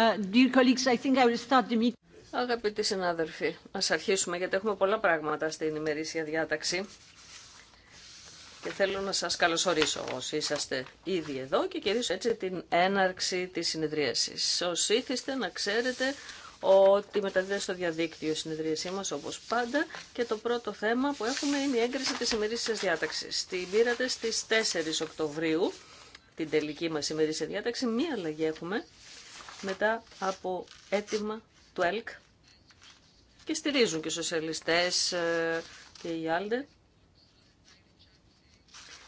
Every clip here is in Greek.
Uh, Αγαπητοί συνάδελφοι, α αρχίσουμε γιατί έχουμε πολλά πράγματα στην ημερήσια διάταξη και θέλω να σα καλωσορίσω όσοι είσαστε ήδη εδώ και κυρίω έτσι την έναρξη τη συνεδρίασης. Όσοι ήθιστε να ξέρετε ότι μεταδίδεται στο διαδίκτυο η συνεδρίασή μα όπω πάντα και το πρώτο θέμα που έχουμε είναι η έγκριση τη ημερήσιας διάταξη. Την πήρατε στι 4 Οκτωβρίου την τελική μας ημερήσια διάταξη, μία αλλαγή έχουμε μετά από έτοιμα του ΕΛΚ και στηρίζουν και οι σοσιαλιστές ε, και οι άλλοι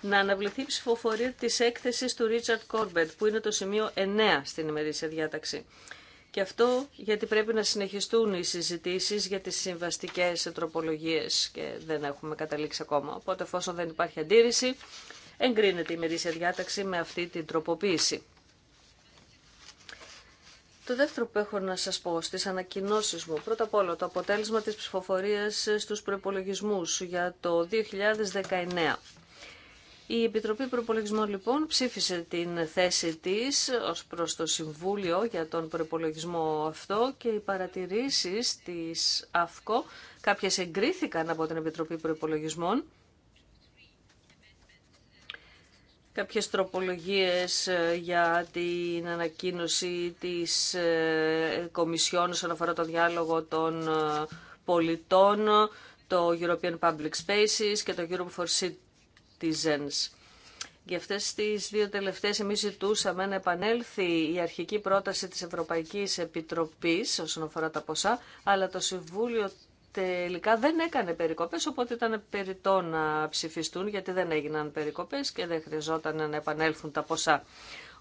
να αναβληθεί η ψηφοφορία της έκθεσης του Ρίτσαρτ Κόρμπετ που είναι το σημείο 9 στην ημερήσια διάταξη. Και αυτό γιατί πρέπει να συνεχιστούν οι συζητήσεις για τις συμβαστικές τροπολογίες και δεν έχουμε καταλήξει ακόμα. Οπότε εφόσον δεν υπάρχει αντίρρηση εγκρίνεται η ημερήσια διάταξη με αυτή την τροποποίηση. Το δεύτερο που έχω να σας πω στις ανακοινώσεις μου, πρώτα απ' όλα το αποτέλεσμα της ψηφοφορίας στους προπολογισμού για το 2019. Η Επιτροπή Προπολογισμών λοιπόν ψήφισε την θέση της ως προς το Συμβούλιο για τον προπολογισμό αυτό και οι παρατηρήσεις της ΑΦΚΟ, κάποιες εγκρίθηκαν από την Επιτροπή Προπολογισμών κάποιες τροπολογίες ε, για την ανακοίνωση της ε, Κομισιόν όσον αφορά τον διάλογο των ε, πολιτών, το European Public Spaces και το Europe for Citizens. Για αυτές τις δύο τελευταίες εμείς ζητούσαμε να επανέλθει η αρχική πρόταση της Ευρωπαϊκής Επιτροπής όσον αφορά τα ποσά, αλλά το Συμβούλιο τελικά δεν έκανε περικοπές, οπότε ήταν περιττό να ψηφιστούν, γιατί δεν έγιναν περικοπές και δεν χρειαζόταν να επανέλθουν τα ποσά.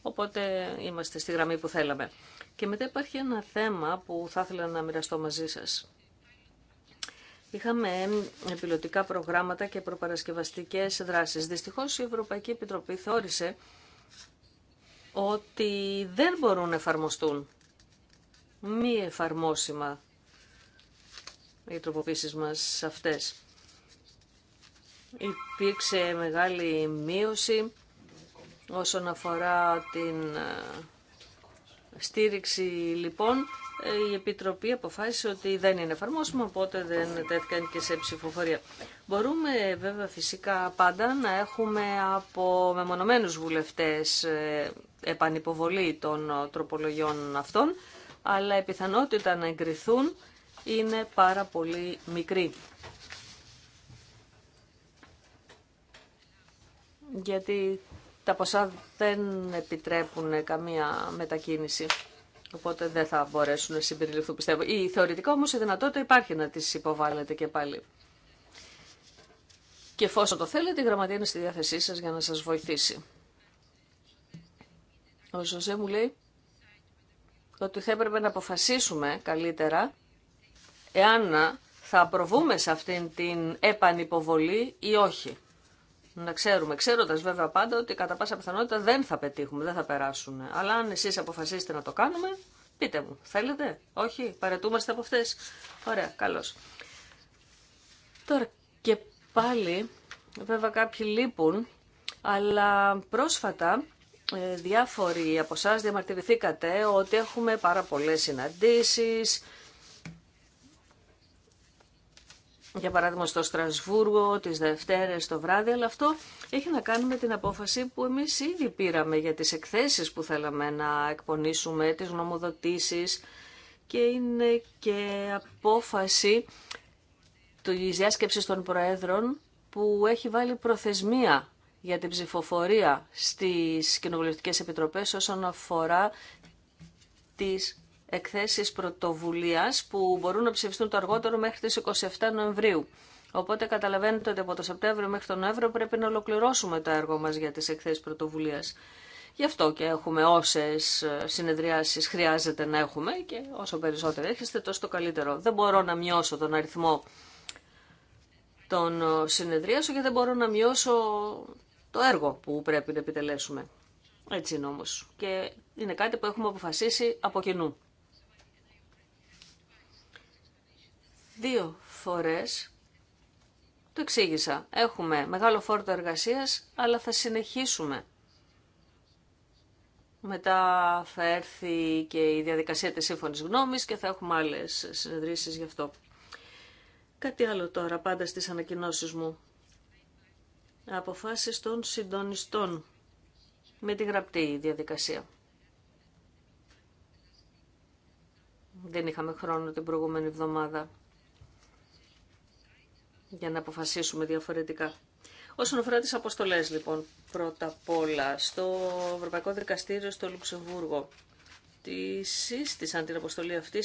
Οπότε είμαστε στη γραμμή που θέλαμε. Και μετά υπάρχει ένα θέμα που θα ήθελα να μοιραστώ μαζί σας. Είχαμε επιλοτικά προγράμματα και προπαρασκευαστικές δράσεις. Δυστυχώς η Ευρωπαϊκή Επιτροπή θεώρησε ότι δεν μπορούν να εφαρμοστούν μη εφαρμόσιμα οι τροποποίησεις μας αυτές. Υπήρξε μεγάλη μείωση όσον αφορά την ε, στήριξη λοιπόν. Ε, η Επιτροπή αποφάσισε ότι δεν είναι εφαρμόσιμο, οπότε δεν τέθηκαν και σε ψηφοφορία. Μπορούμε βέβαια φυσικά πάντα να έχουμε από μεμονωμένους βουλευτές ε, επανυποβολή των τροπολογιών αυτών, αλλά η πιθανότητα να εγκριθούν είναι πάρα πολύ μικρή. Γιατί τα ποσά δεν επιτρέπουν καμία μετακίνηση. Οπότε δεν θα μπορέσουν να συμπεριληφθούν, πιστεύω. Η θεωρητικά όμως η δυνατότητα υπάρχει να τις υποβάλλετε και πάλι. Και εφόσον το θέλετε, η γραμματεία είναι στη διάθεσή σας για να σας βοηθήσει. Ο Ζωζέ μου λέει ότι θα έπρεπε να αποφασίσουμε καλύτερα εάν θα προβούμε σε αυτήν την επανυποβολή ή όχι. Να ξέρουμε, ξέροντα βέβαια πάντα ότι κατά πάσα πιθανότητα δεν θα πετύχουμε, δεν θα περάσουν. Αλλά αν εσεί αποφασίσετε να το κάνουμε, πείτε μου, θέλετε, όχι, παρετούμαστε από αυτέ. Ωραία, καλώ. Τώρα και πάλι, βέβαια κάποιοι λείπουν, αλλά πρόσφατα ε, διάφοροι από εσά διαμαρτυρηθήκατε ότι έχουμε πάρα πολλέ συναντήσει, για παράδειγμα στο Στρασβούργο, τις Δευτέρες το βράδυ, αλλά αυτό έχει να κάνει με την απόφαση που εμείς ήδη πήραμε για τις εκθέσεις που θέλαμε να εκπονήσουμε, τις νομοδοτήσεις και είναι και απόφαση του διάσκεψης των Προέδρων που έχει βάλει προθεσμία για την ψηφοφορία στις κοινοβουλευτικές επιτροπές όσον αφορά τις εκθέσεις πρωτοβουλίας που μπορούν να ψηφιστούν το αργότερο μέχρι τις 27 Νοεμβρίου. Οπότε καταλαβαίνετε ότι από το Σεπτέμβριο μέχρι τον Νοέμβριο πρέπει να ολοκληρώσουμε το έργο μας για τις εκθέσεις πρωτοβουλίας. Γι' αυτό και έχουμε όσες ε, συνεδριάσεις χρειάζεται να έχουμε και όσο περισσότερο έχετε τόσο το καλύτερο. Δεν μπορώ να μειώσω τον αριθμό των ε, συνεδριάσεων και δεν μπορώ να μειώσω το έργο που πρέπει να επιτελέσουμε. Έτσι είναι όμως. Και είναι κάτι που έχουμε αποφασίσει από κοινού. δύο φορές το εξήγησα. Έχουμε μεγάλο φόρτο εργασίας, αλλά θα συνεχίσουμε. Μετά θα έρθει και η διαδικασία της σύμφωνης γνώμης και θα έχουμε άλλες συνεδρίσεις γι' αυτό. Κάτι άλλο τώρα, πάντα στις ανακοινώσεις μου. Αποφάσεις των συντονιστών με τη γραπτή διαδικασία. Δεν είχαμε χρόνο την προηγούμενη εβδομάδα για να αποφασίσουμε διαφορετικά. Όσον αφορά τις αποστολές λοιπόν, πρώτα απ' όλα στο Ευρωπαϊκό Δικαστήριο στο Λουξεμβούργο τη σύστησαν την αποστολή αυτή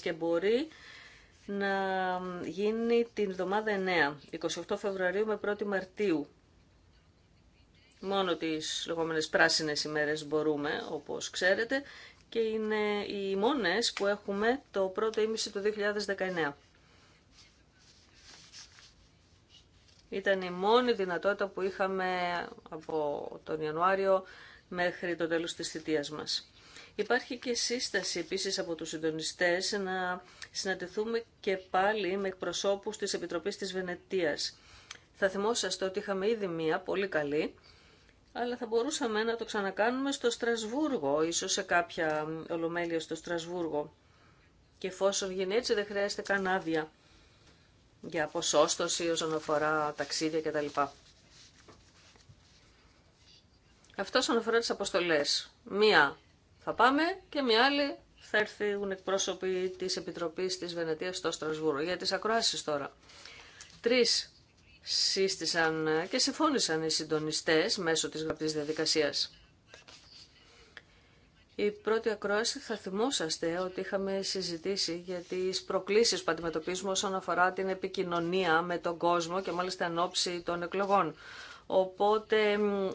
και μπορεί να γίνει την εβδομάδα 9, 28 Φεβρουαρίου με 1 Μαρτίου. Μόνο τις λεγόμενες πράσινες ημέρες μπορούμε, όπως ξέρετε, και είναι οι μόνες που έχουμε το πρώτο ήμιση του 2019. Ήταν η μόνη δυνατότητα που είχαμε από τον Ιανουάριο μέχρι το τέλος της θητείας μας. Υπάρχει και σύσταση επίσης από τους συντονιστές να συναντηθούμε και πάλι με εκπροσώπους της Επιτροπής της Βενετίας. Θα θυμόσαστε ότι είχαμε ήδη μία πολύ καλή, αλλά θα μπορούσαμε να το ξανακάνουμε στο Στρασβούργο, ίσως σε κάποια ολομέλεια στο Στρασβούργο. Και εφόσον γίνει έτσι δεν χρειάζεται καν άδεια για ποσόστοση όσον αφορά ταξίδια κτλ. Αυτό όσον αφορά τις αποστολές. Μία θα πάμε και μία άλλη θα έρθουν εκπρόσωποι της Επιτροπής της Βενετίας στο Στρασβούρο. Για τις ακροάσεις τώρα. Τρεις σύστησαν και συμφώνησαν οι συντονιστές μέσω της γραπτής διαδικασίας. Η πρώτη ακρόαση θα θυμόσαστε ότι είχαμε συζητήσει για τις προκλήσεις που αντιμετωπίζουμε όσον αφορά την επικοινωνία με τον κόσμο και μάλιστα εν ώψη των εκλογών. Οπότε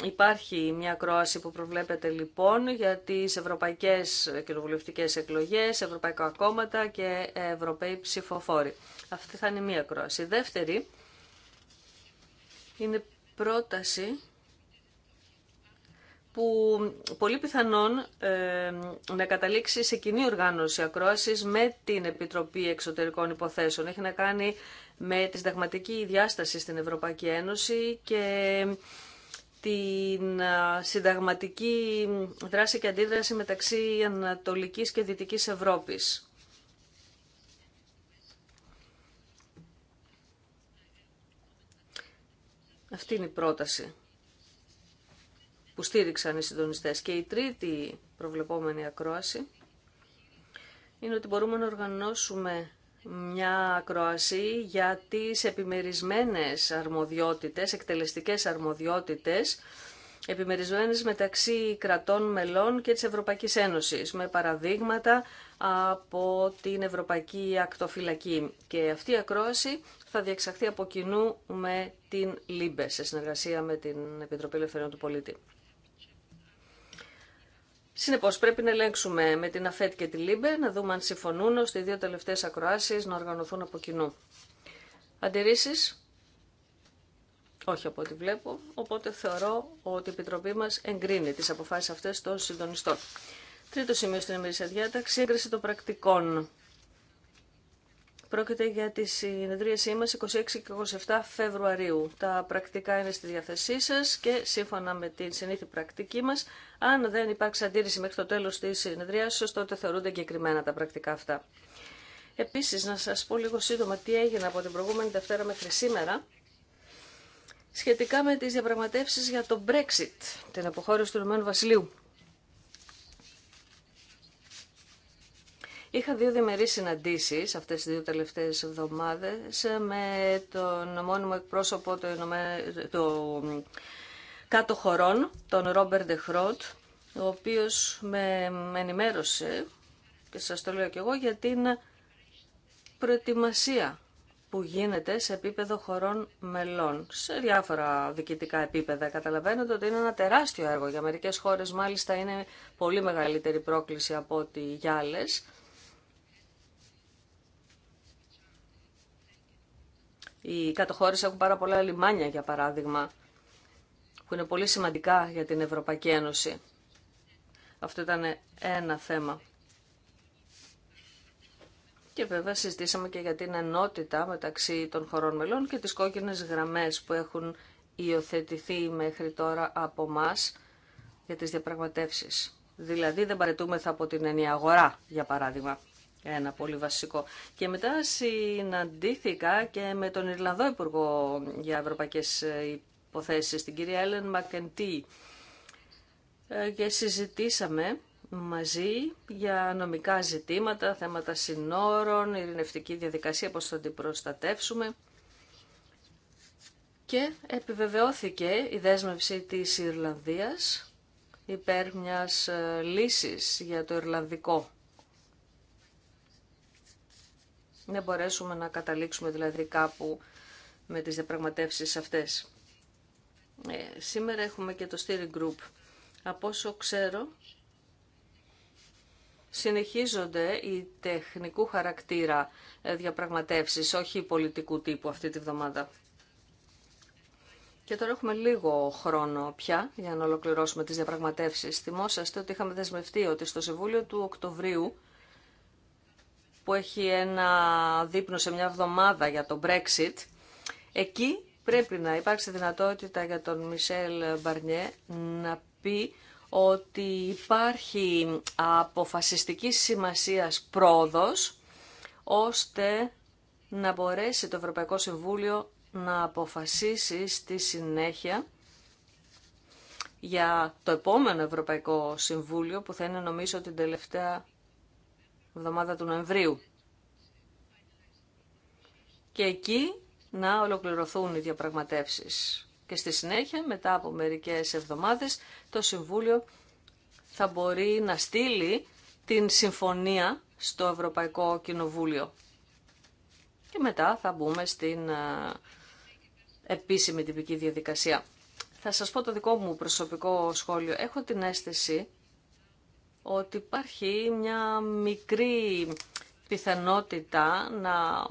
υπάρχει μια ακρόαση που προβλέπεται λοιπόν για τις ευρωπαϊκές κοινοβουλευτικές εκλογές, ευρωπαϊκά κόμματα και ευρωπαίοι ψηφοφόροι. Αυτή θα είναι μια ακρόαση. Η δεύτερη είναι πρόταση που πολύ πιθανόν ε, να καταλήξει σε κοινή οργάνωση ακρόασης με την Επιτροπή Εξωτερικών Υποθέσεων. Έχει να κάνει με τη συνταγματική διάσταση στην Ευρωπαϊκή Ένωση και την συνταγματική δράση και αντίδραση μεταξύ Ανατολικής και Δυτικής Ευρώπης. Αυτή είναι η πρόταση που στήριξαν οι συντονιστές. Και η τρίτη προβλεπόμενη ακρόαση είναι ότι μπορούμε να οργανώσουμε μια ακρόαση για τις επιμερισμένες αρμοδιότητες, εκτελεστικές αρμοδιότητες, επιμερισμένες μεταξύ κρατών μελών και της Ευρωπαϊκής Ένωσης, με παραδείγματα από την Ευρωπαϊκή Ακτοφυλακή. Και αυτή η ακρόαση θα διεξαχθεί από κοινού με την ΛΥΜΠΕ, σε συνεργασία με την Επιτροπή Λευθεριών του Πολίτη. Συνεπώς πρέπει να ελέγξουμε με την ΑΦΕΤ και τη ΛΥΜΠΕ, να δούμε αν συμφωνούν ώστε οι δύο τελευταίε ακροασει να οργανωθούν από κοινού. Αντιρρήσει. όχι από ό,τι βλέπω, οπότε θεωρώ ότι η Επιτροπή μα εγκρίνει τις αποφάσεις αυτές των συντονιστών. Τρίτο σημείο στην ημερήσια διάταξη, έγκριση των πρακτικών. Πρόκειται για τη συνεδρίασή μας 26 και 27 Φεβρουαρίου. Τα πρακτικά είναι στη διάθεσή σας και σύμφωνα με την συνήθη πρακτική μας, αν δεν υπάρξει αντίρρηση μέχρι το τέλος της συνεδρίασης, τότε θεωρούνται εγκεκριμένα τα πρακτικά αυτά. Επίσης, να σας πω λίγο σύντομα τι έγινε από την προηγούμενη Δευτέρα μέχρι σήμερα σχετικά με τις διαπραγματεύσεις για το Brexit, την αποχώρηση του Ηνωμένου Βασιλείου. Είχα δύο διμερείς συναντήσεις αυτές τις δύο τελευταίες εβδομάδες με τον μόνιμο εκπρόσωπο του, το... κάτω χωρών, τον Ρόμπερ Ντεχρότ, ο οποίος με ενημέρωσε, και σας το λέω και εγώ, για την προετοιμασία που γίνεται σε επίπεδο χωρών μελών, σε διάφορα διοικητικά επίπεδα. Καταλαβαίνετε ότι είναι ένα τεράστιο έργο. Για μερικές χώρες μάλιστα είναι πολύ μεγαλύτερη πρόκληση από ό,τι για άλλες. Οι κατοχώρες έχουν πάρα πολλά λιμάνια, για παράδειγμα, που είναι πολύ σημαντικά για την Ευρωπαϊκή Ένωση. Αυτό ήταν ένα θέμα. Και βέβαια συζητήσαμε και για την ενότητα μεταξύ των χωρών μελών και τις κόκκινες γραμμές που έχουν υιοθετηθεί μέχρι τώρα από εμά για τις διαπραγματεύσεις. Δηλαδή δεν παρετούμεθα από την ενιαγορά, για παράδειγμα ένα πολύ βασικό. Και μετά συναντήθηκα και με τον Ιρλανδό Υπουργό για Ευρωπαϊκές Υποθέσεις, την κυρία Έλεν Μακεντή. Ε, και συζητήσαμε μαζί για νομικά ζητήματα, θέματα συνόρων, ειρηνευτική διαδικασία, πώς θα την προστατεύσουμε. Και επιβεβαιώθηκε η δέσμευση της Ιρλανδίας υπέρ μιας ε, λύσης για το Ιρλανδικό να μπορέσουμε να καταλήξουμε δηλαδή κάπου με τις διαπραγματεύσεις αυτές. Ε, σήμερα έχουμε και το steering group. Από όσο ξέρω, συνεχίζονται οι τεχνικού χαρακτήρα ε, διαπραγματεύσεις, όχι πολιτικού τύπου αυτή τη βδομάδα. Και τώρα έχουμε λίγο χρόνο πια για να ολοκληρώσουμε τις διαπραγματεύσεις. Θυμόσαστε ότι είχαμε δεσμευτεί ότι στο Συμβούλιο του Οκτωβρίου που έχει ένα δείπνο σε μια εβδομάδα για το Brexit, εκεί πρέπει να υπάρξει δυνατότητα για τον Μισελ Μπαρνιέ να πει ότι υπάρχει αποφασιστική σημασίας πρόοδος ώστε να μπορέσει το Ευρωπαϊκό Συμβούλιο να αποφασίσει στη συνέχεια για το επόμενο Ευρωπαϊκό Συμβούλιο που θα είναι νομίζω την τελευταία εβδομάδα του Νοεμβρίου. Και εκεί να ολοκληρωθούν οι διαπραγματεύσεις. Και στη συνέχεια, μετά από μερικές εβδομάδες, το Συμβούλιο θα μπορεί να στείλει την συμφωνία στο Ευρωπαϊκό Κοινοβούλιο. Και μετά θα μπούμε στην επίσημη τυπική διαδικασία. Θα σας πω το δικό μου προσωπικό σχόλιο. Έχω την αίσθηση ότι υπάρχει μια μικρή πιθανότητα να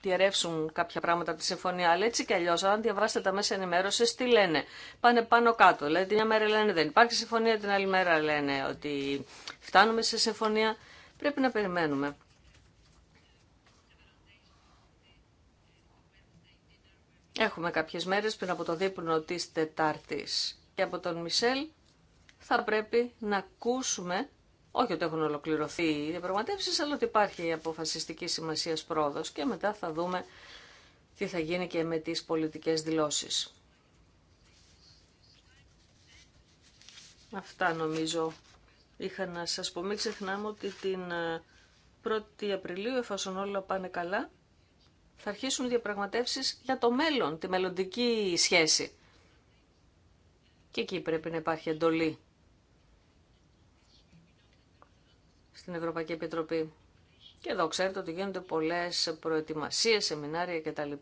διαρρεύσουν κάποια πράγματα από τη συμφωνία. Αλλά έτσι κι αλλιώ, αν διαβάσετε τα μέσα ενημέρωση, τι λένε. Πάνε πάνω κάτω. Δηλαδή, μια μέρα λένε δεν υπάρχει συμφωνία, την άλλη μέρα λένε ότι φτάνουμε σε συμφωνία. Πρέπει να περιμένουμε. Έχουμε κάποιες μέρες πριν από το δείπνο της Τετάρτης και από τον Μισελ θα πρέπει να ακούσουμε όχι ότι έχουν ολοκληρωθεί οι διαπραγματεύσει, αλλά ότι υπάρχει αποφασιστική σημασία πρόοδο και μετά θα δούμε τι θα γίνει και με τις πολιτικές δηλώσεις. Αυτά νομίζω είχα να σας πω. Μην ξεχνάμε ότι την 1η ε, Απριλίου, εφόσον όλα πάνε καλά, θα αρχίσουν οι διαπραγματεύσεις για το μέλλον, τη μελλοντική σχέση. Και εκεί πρέπει να υπάρχει εντολή στην Ευρωπαϊκή Επιτροπή. Και εδώ ξέρετε ότι γίνονται πολλές προετοιμασίες, σεμινάρια κτλ.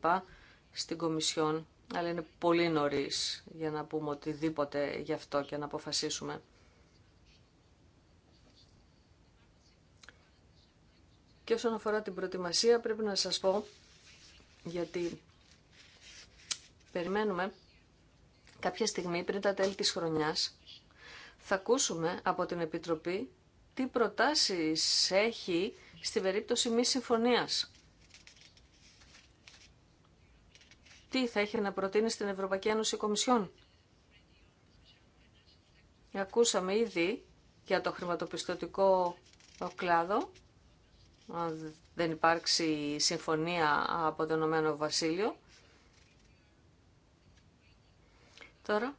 στην Κομισιόν, αλλά είναι πολύ νωρίς για να πούμε οτιδήποτε γι' αυτό και να αποφασίσουμε. Και όσον αφορά την προετοιμασία πρέπει να σας πω, γιατί περιμένουμε κάποια στιγμή πριν τα τέλη της χρονιάς, θα ακούσουμε από την Επιτροπή τι προτάσεις έχει στην περίπτωση μη συμφωνίας. Τι θα έχει να προτείνει στην Ευρωπαϊκή Ένωση Κομισιόν. Ακούσαμε ήδη για το χρηματοπιστωτικό κλάδο, αν δεν υπάρξει συμφωνία από το Ηνωμένο Βασίλειο. Τώρα,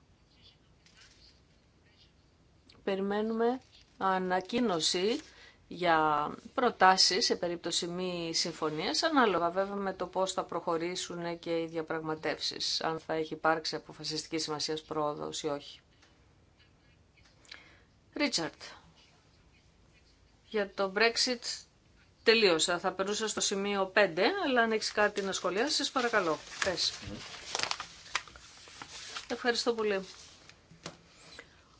περιμένουμε ανακοίνωση για προτάσεις σε περίπτωση μη συμφωνίας, ανάλογα βέβαια με το πώς θα προχωρήσουν και οι διαπραγματεύσεις, αν θα έχει υπάρξει αποφασιστική σημασία πρόοδος ή όχι. Ρίτσαρτ, για το Brexit τελείωσα. Θα περούσα στο σημείο 5, αλλά αν έχει κάτι να σχολιάσεις, παρακαλώ. Πες. Ναι. Ευχαριστώ πολύ.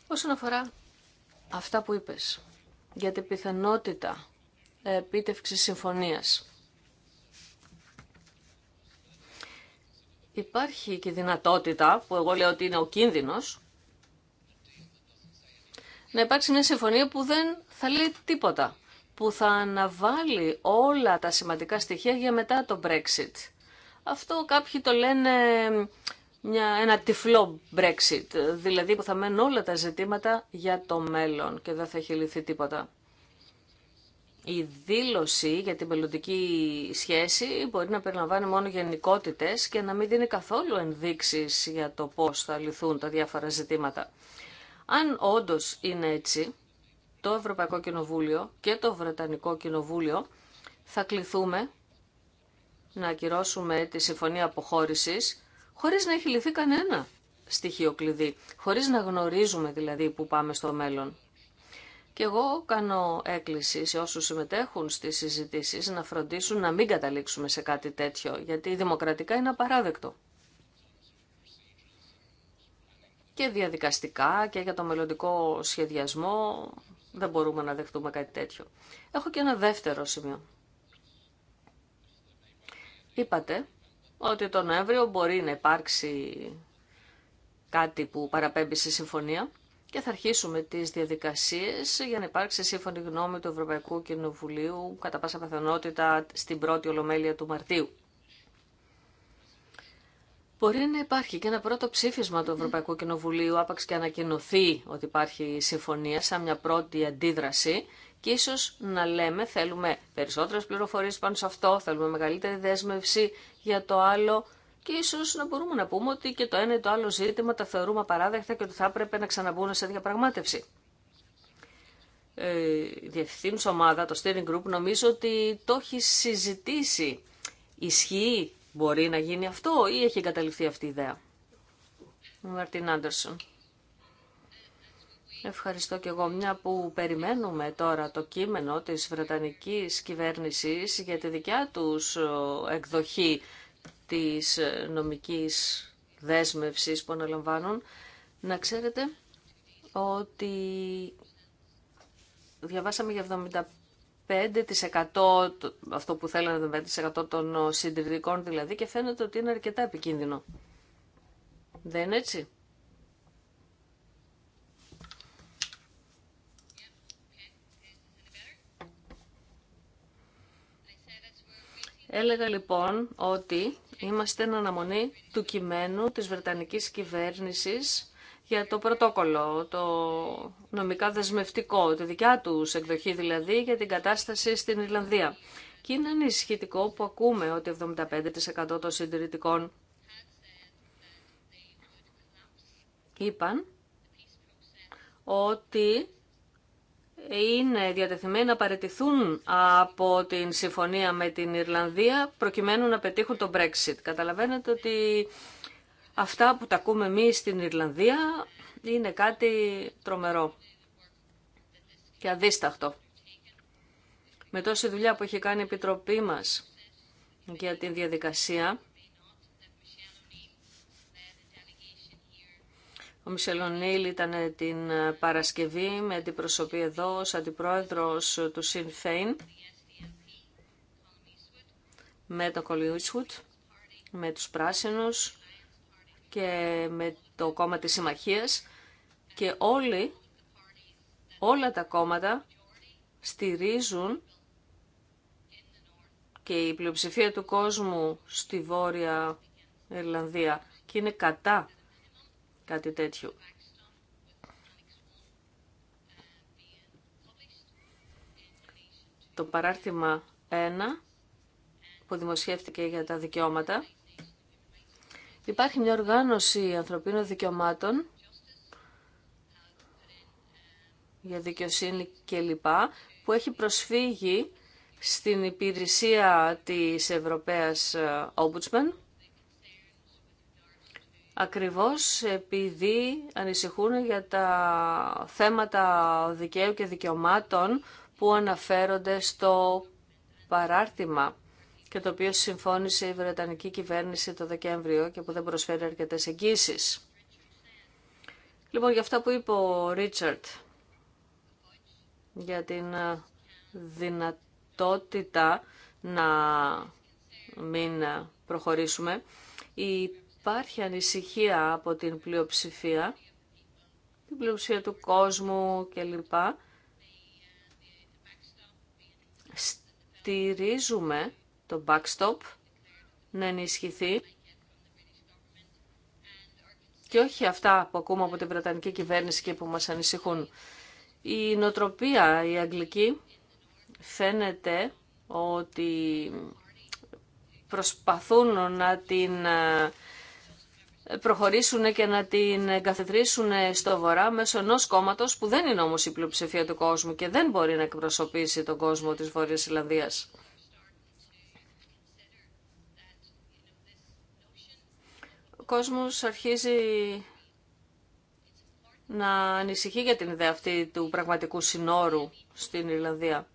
Όσον αφορά αυτά που είπες για την πιθανότητα επίτευξης συμφωνίας. Υπάρχει και δυνατότητα, που εγώ λέω ότι είναι ο κίνδυνος, να υπάρξει μια συμφωνία που δεν θα λέει τίποτα, που θα αναβάλει όλα τα σημαντικά στοιχεία για μετά το Brexit. Αυτό κάποιοι το λένε μια, ένα τυφλό Brexit, δηλαδή που θα μένουν όλα τα ζητήματα για το μέλλον και δεν θα έχει λυθεί τίποτα. Η δήλωση για την μελλοντική σχέση μπορεί να περιλαμβάνει μόνο γενικότητες και να μην δίνει καθόλου ενδείξεις για το πώς θα λυθούν τα διάφορα ζητήματα. Αν όντω είναι έτσι, το Ευρωπαϊκό Κοινοβούλιο και το Βρετανικό Κοινοβούλιο θα κληθούμε να ακυρώσουμε τη Συμφωνία Αποχώρησης χωρίς να έχει λυθεί κανένα στοιχείο κλειδί, χωρίς να γνωρίζουμε δηλαδή που πάμε στο μέλλον. Και εγώ κάνω έκκληση σε όσους συμμετέχουν στις συζητήσεις να φροντίσουν να μην καταλήξουμε σε κάτι τέτοιο, γιατί δημοκρατικά είναι απαράδεκτο. Και διαδικαστικά και για το μελλοντικό σχεδιασμό δεν μπορούμε να δεχτούμε κάτι τέτοιο. Έχω και ένα δεύτερο σημείο. Είπατε ότι τον Νοέμβριο μπορεί να υπάρξει κάτι που παραπέμπει στη συμφωνία και θα αρχίσουμε τις διαδικασίες για να υπάρξει σύμφωνη γνώμη του Ευρωπαϊκού Κοινοβουλίου κατά πάσα πιθανότητα στην πρώτη ολομέλεια του Μαρτίου. Μπορεί να υπάρχει και ένα πρώτο ψήφισμα του Ευρωπαϊκού Κοινοβουλίου, άπαξ και ανακοινωθεί ότι υπάρχει συμφωνία, σαν μια πρώτη αντίδραση και ίσως να λέμε θέλουμε περισσότερες πληροφορίες πάνω σε αυτό, θέλουμε μεγαλύτερη δέσμευση για το άλλο και ίσως να μπορούμε να πούμε ότι και το ένα ή το άλλο ζήτημα τα θεωρούμε απαράδεκτα και ότι θα έπρεπε να ξαναμπούν σε διαπραγμάτευση. Ε, η διευθύνουσα ομάδα, το steering group, νομίζω ότι το έχει συζητήσει. Ισχύει, μπορεί να γίνει αυτό ή έχει εγκαταληφθεί αυτή η ιδέα. Μαρτίν Άντερσον. Ευχαριστώ και εγώ. Μια που περιμένουμε τώρα το κείμενο της Βρετανικής κυβέρνησης για τη δικιά τους εκδοχή της ε, νομικής δέσμευσης που αναλαμβάνουν, να ξέρετε ότι διαβάσαμε για 75% αυτό που θέλανε 75% των ε, συντηρητικών δηλαδή και φαίνεται ότι είναι αρκετά επικίνδυνο. Δεν είναι έτσι. Έλεγα λοιπόν ότι είμαστε εν αναμονή του κειμένου της Βρετανικής κυβέρνησης για το πρωτόκολλο, το νομικά δεσμευτικό, τη δικιά του εκδοχή δηλαδή για την κατάσταση στην Ιρλανδία. Και είναι ανησυχητικό που ακούμε ότι 75% των συντηρητικών είπαν ότι είναι διατεθειμένοι να παραιτηθούν από την συμφωνία με την Ιρλανδία προκειμένου να πετύχουν το Brexit. Καταλαβαίνετε ότι αυτά που τα ακούμε εμεί στην Ιρλανδία είναι κάτι τρομερό και αδίσταχτο. Με τόση δουλειά που έχει κάνει η Επιτροπή μας για την διαδικασία Ο Μισελονίλ ήταν ε, την ε, Παρασκευή με την αντιπροσωπή εδώ ως αντιπρόεδρος ε, του Sinn με τον Κολιούτσχουτ, με τους Πράσινους και με το κόμμα της Συμμαχίας και όλοι, όλα τα κόμματα στηρίζουν και η πλειοψηφία του κόσμου στη Βόρεια Ιρλανδία και είναι κατά κάτι τέτοιο. Το παράρτημα 1 που δημοσιεύτηκε για τα δικαιώματα. Υπάρχει μια οργάνωση ανθρωπίνων δικαιωμάτων για δικαιοσύνη κλπ. που έχει προσφύγει στην υπηρεσία της Ευρωπαίας Ombudsman ακριβώς επειδή ανησυχούν για τα θέματα δικαίου και δικαιωμάτων που αναφέρονται στο παράρτημα και το οποίο συμφώνησε η Βρετανική κυβέρνηση το Δεκέμβριο και που δεν προσφέρει αρκετές εγγύσεις. Λοιπόν, για αυτά που είπε ο Ρίτσαρτ, για την ε, δυνατότητα να μην ε, προχωρήσουμε, η υπάρχει ανησυχία από την πλειοψηφία, την πλειοψηφία του κόσμου κλπ. Στηρίζουμε το backstop να ενισχυθεί και όχι αυτά που ακούμε από την Βρετανική κυβέρνηση και που μας ανησυχούν. Η νοτροπία η αγγλική φαίνεται ότι προσπαθούν να την ε, προχωρήσουν και να την καθετρήσουν στο βορρά μέσω ενό κόμματο που δεν είναι όμω η πλειοψηφία του κόσμου και δεν μπορεί να εκπροσωπήσει τον κόσμο της Βόρειας Ιλανδίας. Ο κόσμος αρχίζει να ανησυχεί για την ιδέα αυτή του πραγματικού συνόρου στην Ιρλανδία.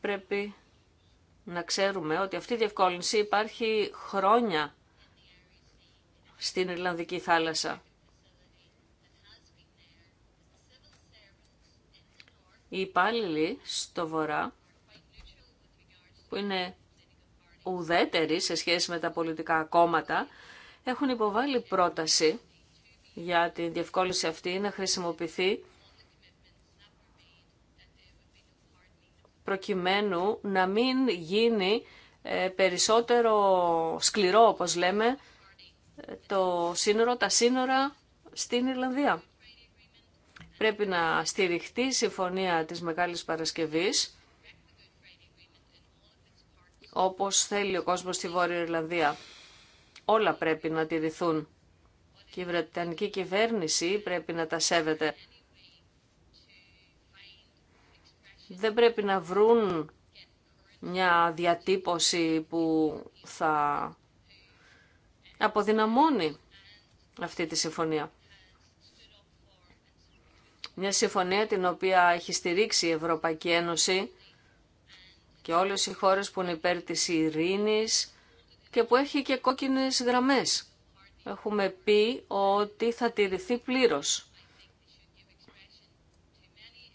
Πρέπει να ξέρουμε ότι αυτή η διευκόλυνση υπάρχει χρόνια στην Ιρλανδική θάλασσα. Οι υπάλληλοι στο βορρά, που είναι ουδέτεροι σε σχέση με τα πολιτικά κόμματα, έχουν υποβάλει πρόταση για την διευκόλυνση αυτή να χρησιμοποιηθεί προκειμένου να μην γίνει ε, περισσότερο σκληρό, όπως λέμε, το σύνορο, τα σύνορα στην Ιρλανδία. Πρέπει να στηριχτεί η συμφωνία της Μεγάλης Παρασκευής, όπως θέλει ο κόσμος στη Βόρεια Ιρλανδία. Όλα πρέπει να τηρηθούν και η Βρετανική κυβέρνηση πρέπει να τα σέβεται. Δεν πρέπει να βρουν μια διατύπωση που θα αποδυναμώνει αυτή τη συμφωνία. Μια συμφωνία την οποία έχει στηρίξει η Ευρωπαϊκή Ένωση και όλες οι χώρες που είναι υπέρ της ειρήνης και που έχει και κόκκινες γραμμές. Έχουμε πει ότι θα τηρηθεί πλήρως.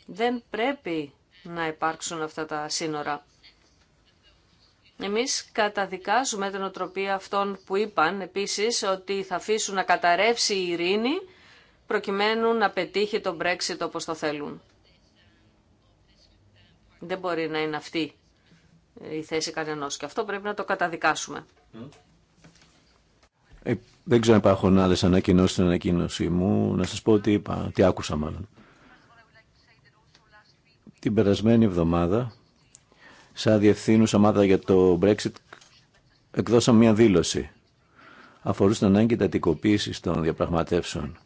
Δεν πρέπει να υπάρξουν αυτά τα σύνορα. Εμείς καταδικάζουμε την οτροπία αυτών που είπαν επίσης ότι θα αφήσουν να καταρρεύσει η ειρήνη προκειμένου να πετύχει το Brexit όπως το θέλουν. Δεν μπορεί να είναι αυτή η θέση κανενός και αυτό πρέπει να το καταδικάσουμε. Ε, δεν ξέρω αν υπάρχουν άλλε ανακοινώσει στην ανακοίνωση μου. Να σα πω τι είπα, τι άκουσα μάλλον. Την περασμένη εβδομάδα σαν διευθύνουσα ομάδα για το Brexit, εκδώσαμε μια δήλωση. Αφορούσε την ανάγκη τατικοποίησης των διαπραγματεύσεων.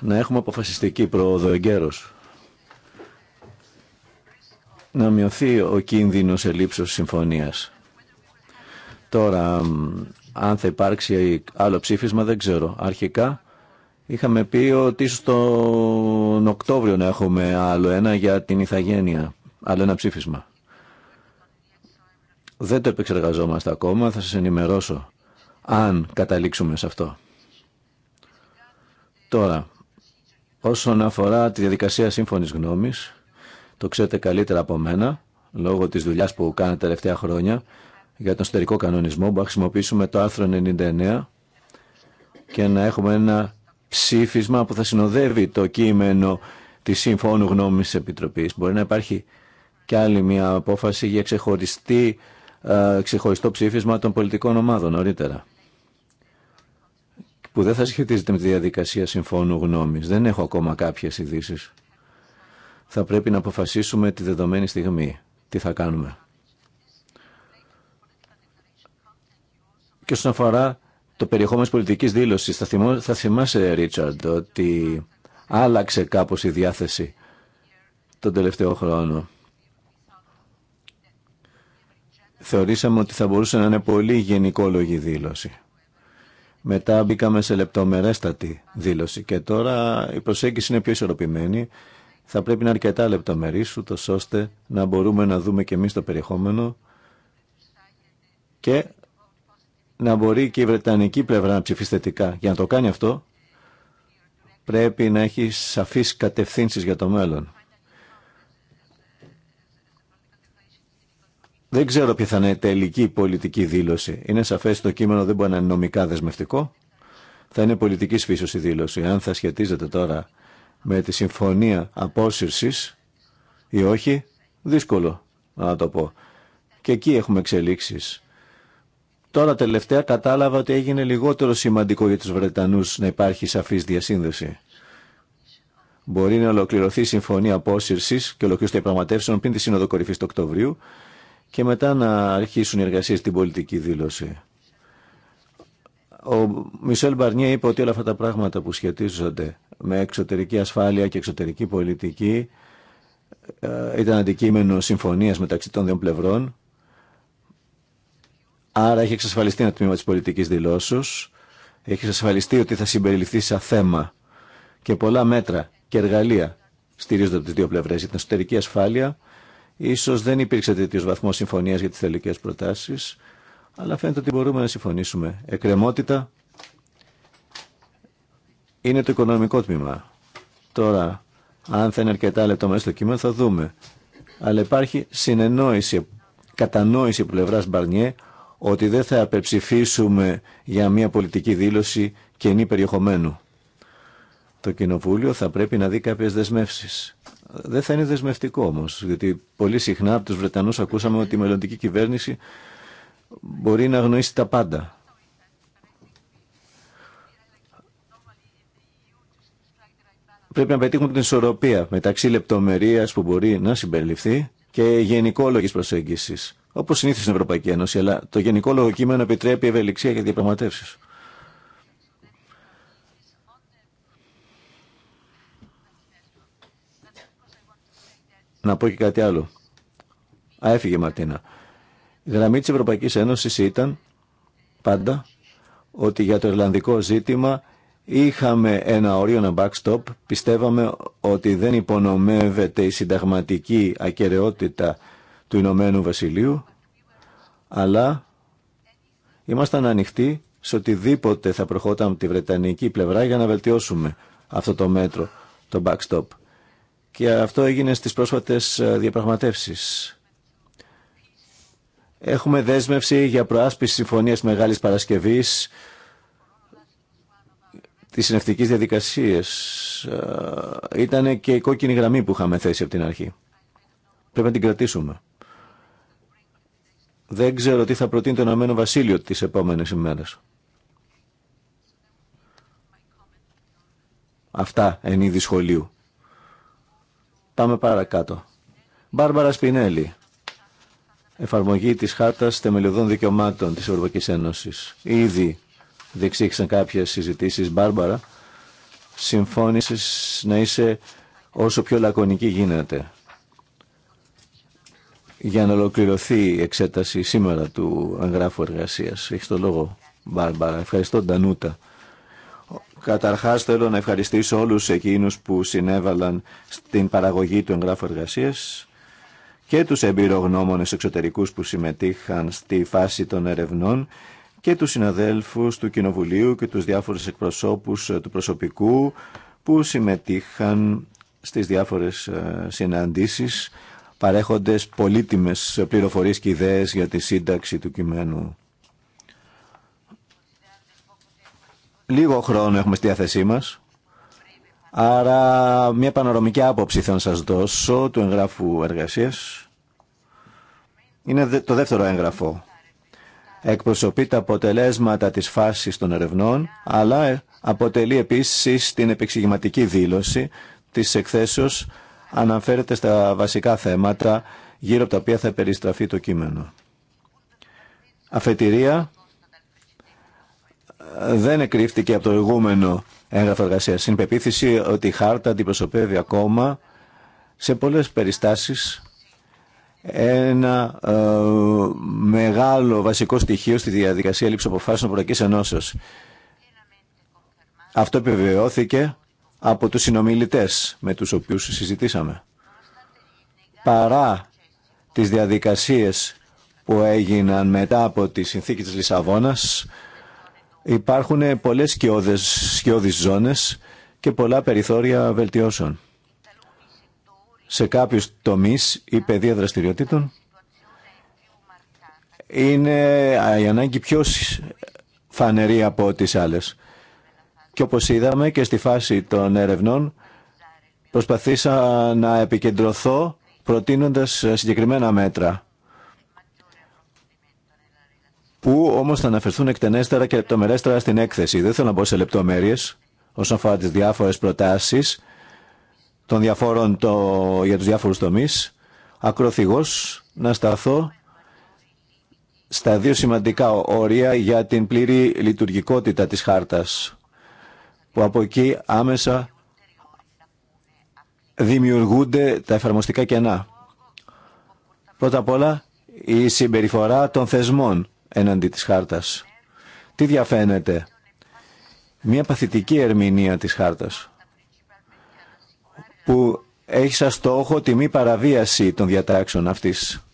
Να έχουμε αποφασιστική πρόοδο εγκαίρω. Να μειωθεί ο κίνδυνος ελλείψεω συμφωνίας. Τώρα, αν θα υπάρξει άλλο ψήφισμα δεν ξέρω. Αρχικά είχαμε πει ότι ίσως τον Οκτώβριο να έχουμε άλλο ένα για την Ιθαγένεια. Άλλο ένα ψήφισμα. Δεν το επεξεργαζόμαστε ακόμα, θα σας ενημερώσω αν καταλήξουμε σε αυτό. Τώρα, όσον αφορά τη διαδικασία σύμφωνης γνώμης, το ξέρετε καλύτερα από μένα, λόγω της δουλειάς που κάνετε τελευταία χρόνια, για τον εσωτερικό κανονισμό που χρησιμοποιήσουμε το άρθρο 99 και να έχουμε ένα ψήφισμα που θα συνοδεύει το κείμενο τη Συμφώνου Γνώμης Επιτροπής. Μπορεί να υπάρχει και άλλη μια απόφαση για ξεχωριστή ε, ξεχωριστό ψήφισμα των πολιτικών ομάδων νωρίτερα που δεν θα σχετίζεται με τη διαδικασία συμφώνου γνώμη. Δεν έχω ακόμα κάποιες ειδήσει. Θα πρέπει να αποφασίσουμε τη δεδομένη στιγμή. Τι θα κάνουμε. Και όσον αφορά το περιεχόμενο πολιτικής δήλωσης, θα, θα θυμάσαι, Ρίτσαρντ, ότι άλλαξε κάπως η διάθεση τον τελευταίο χρόνο. θεωρήσαμε ότι θα μπορούσε να είναι πολύ γενικόλογη δήλωση. Μετά μπήκαμε σε λεπτομερέστατη δήλωση και τώρα η προσέγγιση είναι πιο ισορροπημένη. Θα πρέπει να είναι αρκετά λεπτομερής, το ώστε να μπορούμε να δούμε και εμείς το περιεχόμενο και να μπορεί και η Βρετανική πλευρά να ψηφίσει θετικά. Για να το κάνει αυτό, πρέπει να έχει σαφείς κατευθύνσεις για το μέλλον. Δεν ξέρω ποια θα είναι τελική πολιτική δήλωση. Είναι σαφέ το κείμενο δεν μπορεί να είναι νομικά δεσμευτικό. Θα είναι πολιτική φύσεω η δήλωση. Αν θα σχετίζεται τώρα με τη συμφωνία απόσυρση ή όχι, δύσκολο να το πω. Και εκεί έχουμε εξελίξει. Τώρα τελευταία κατάλαβα ότι έγινε λιγότερο σημαντικό για τους Βρετανούς να υπάρχει σαφής διασύνδεση. Μπορεί να ολοκληρωθεί η συμφωνία απόσυρση και ολοκληρωθεί η πριν τη Σύνοδο Κορυφή του Οκτωβρίου και μετά να αρχίσουν οι εργασίες στην πολιτική δήλωση. Ο Μισελ Μπαρνιέ είπε ότι όλα αυτά τα πράγματα που σχετίζονται με εξωτερική ασφάλεια και εξωτερική πολιτική ε, ήταν αντικείμενο συμφωνίας μεταξύ των δύο πλευρών. Άρα έχει εξασφαλιστεί ένα τμήμα της πολιτικής δηλώσεως. Έχει εξασφαλιστεί ότι θα συμπεριληφθεί σαν θέμα και πολλά μέτρα και εργαλεία στηρίζονται από τις δύο πλευρές για την εσωτερική ασφάλεια Ίσως δεν υπήρξε τέτοιο βαθμό συμφωνία για τις θελικέ προτάσεις, αλλά φαίνεται ότι μπορούμε να συμφωνήσουμε. Εκκρεμότητα είναι το οικονομικό τμήμα. Τώρα, αν θα είναι αρκετά λεπτό μέσα στο κείμενο, θα δούμε. Αλλά υπάρχει συνεννόηση, κατανόηση πλευρά Μπαρνιέ ότι δεν θα απεψηφίσουμε για μια πολιτική δήλωση κενή περιεχομένου. Το Κοινοβούλιο θα πρέπει να δει κάποιες δεσμεύσεις. Δεν θα είναι δεσμευτικό όμως, γιατί πολύ συχνά από του Βρετανούς ακούσαμε ότι η μελλοντική κυβέρνηση μπορεί να αγνοήσει τα πάντα. Πρέπει να πετύχουμε την ισορροπία μεταξύ λεπτομερία που μπορεί να συμπεριληφθεί και γενικόλογη προσέγγιση. όπως συνήθω στην Ευρωπαϊκή Ένωση, αλλά το γενικόλογο κείμενο επιτρέπει ευελιξία για διαπραγματεύσει. Να πω και κάτι άλλο. Α, έφυγε η Μαρτίνα. Η γραμμή της Ευρωπαϊκής Ένωσης ήταν πάντα ότι για το Ιρλανδικό ζήτημα είχαμε ένα όριο, ένα backstop. Πιστεύαμε ότι δεν υπονομεύεται η συνταγματική ακαιρεότητα του Ηνωμένου Βασιλείου, αλλά ήμασταν ανοιχτοί σε οτιδήποτε θα προχώταν από τη Βρετανική πλευρά για να βελτιώσουμε αυτό το μέτρο, το backstop και αυτό έγινε στις πρόσφατες ε, διαπραγματεύσεις. Έχουμε δέσμευση για προάσπιση συμφωνίας Μεγάλης Παρασκευής της συνευτικής διαδικασίας. Ε, Ήταν και η κόκκινη γραμμή που είχαμε θέσει από την αρχή. Πρέπει να την κρατήσουμε. Δεν ξέρω τι θα προτείνει το Ενωμένο Βασίλειο τις επόμενες ημέρες. Αυτά εν είδη σχολείου. Πάμε παρακάτω. Μπάρμπαρα Σπινέλη. Εφαρμογή της Χάρτας Θεμελιωδών Δικαιωμάτων της Ευρωπαϊκής Ένωσης. Ήδη διεξήχθησαν κάποιες συζητήσεις, Μπάρμπαρα. Συμφώνησες να είσαι όσο πιο λακωνική γίνεται για να ολοκληρωθεί η εξέταση σήμερα του εγγράφου εργασίας. Έχει το λόγο, Μπάρμπαρα. Ευχαριστώ, Ντανούτα. Καταρχάς θέλω να ευχαριστήσω όλους εκείνους που συνέβαλαν στην παραγωγή του εγγράφου εργασίας και τους εμπειρογνώμονες εξωτερικούς που συμμετείχαν στη φάση των ερευνών και τους συναδέλφους του Κοινοβουλίου και τους διάφορους εκπροσώπους του προσωπικού που συμμετείχαν στις διάφορες ε, συναντήσεις παρέχοντες πολύτιμες πληροφορίες και ιδέες για τη σύνταξη του κειμένου. Λίγο χρόνο έχουμε στη διάθεσή μας. Άρα μια πανορομική άποψη θα σας δώσω του εγγράφου εργασίας. Είναι το δεύτερο έγγραφο. Εκπροσωπεί τα αποτελέσματα της φάσης των ερευνών, αλλά ε, αποτελεί επίσης την επεξηγηματική δήλωση της εκθέσεως αναφέρεται στα βασικά θέματα γύρω από τα οποία θα περιστραφεί το κείμενο. Αφετηρία δεν εκρύφτηκε από το προηγούμενο έγγραφο εργασία. Είναι πεποίθηση ότι η χάρτα αντιπροσωπεύει ακόμα σε πολλές περιστάσεις ένα ε, μεγάλο βασικό στοιχείο στη διαδικασία λήψη αποφάσεων Ευρωπαϊκής ενώσεω. Αυτό επιβεβαιώθηκε από τους συνομιλητές με τους οποίους συζητήσαμε. Παρά τις διαδικασίες που έγιναν μετά από τη συνθήκη της Λισαβόνας, Υπάρχουν πολλές σκιώδες, σκιώδεις ζώνες και πολλά περιθώρια βελτιώσεων. Σε κάποιους τομείς η παιδεία δραστηριοτήτων είναι η ανάγκη πιο φανερή από τις άλλες. Και όπως είδαμε και στη φάση των ερευνών προσπαθήσα να επικεντρωθώ προτείνοντας συγκεκριμένα μέτρα που όμως θα αναφερθούν εκτενέστερα και λεπτομερέστερα στην έκθεση. Δεν θέλω να μπω σε λεπτομέρειε όσον αφορά τις διάφορες προτάσεις των διαφόρων το, για τους διάφορους τομείς. Ακροθυγός να σταθώ στα δύο σημαντικά όρια για την πλήρη λειτουργικότητα της χάρτας που από εκεί άμεσα δημιουργούνται τα εφαρμοστικά κενά. Πρώτα απ' όλα η συμπεριφορά των θεσμών έναντι της χάρτας. Τι διαφαίνεται. Μια παθητική ερμηνεία της χάρτας που έχει σαν στόχο τη μη παραβίαση των διατάξεων αυτής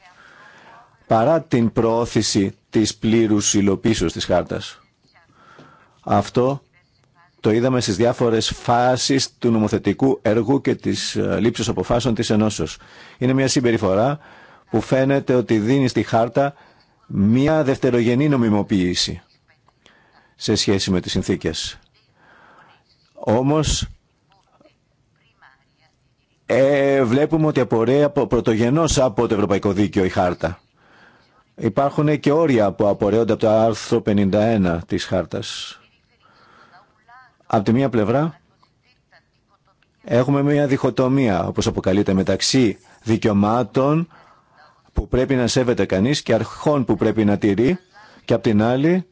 παρά την προώθηση της πλήρους υλοποίησης της χάρτας. Αυτό το είδαμε στις διάφορες φάσεις του νομοθετικού έργου και της ε, λήψης αποφάσεων της ενώσεως. Είναι μια συμπεριφορά που φαίνεται ότι δίνει στη χάρτα μία δευτερογενή νομιμοποίηση σε σχέση με τις συνθήκες. Όμως ε, βλέπουμε ότι απορρέει από, πρωτογενώς από το Ευρωπαϊκό Δίκαιο η χάρτα. Υπάρχουν και όρια που απορρέονται από το άρθρο 51 της χάρτας. Από τη μία πλευρά έχουμε μια διχοτομία, όπως αποκαλείται, μεταξύ δικαιωμάτων που πρέπει να σέβεται κανείς και αρχών που πρέπει να τηρεί και απ' την άλλη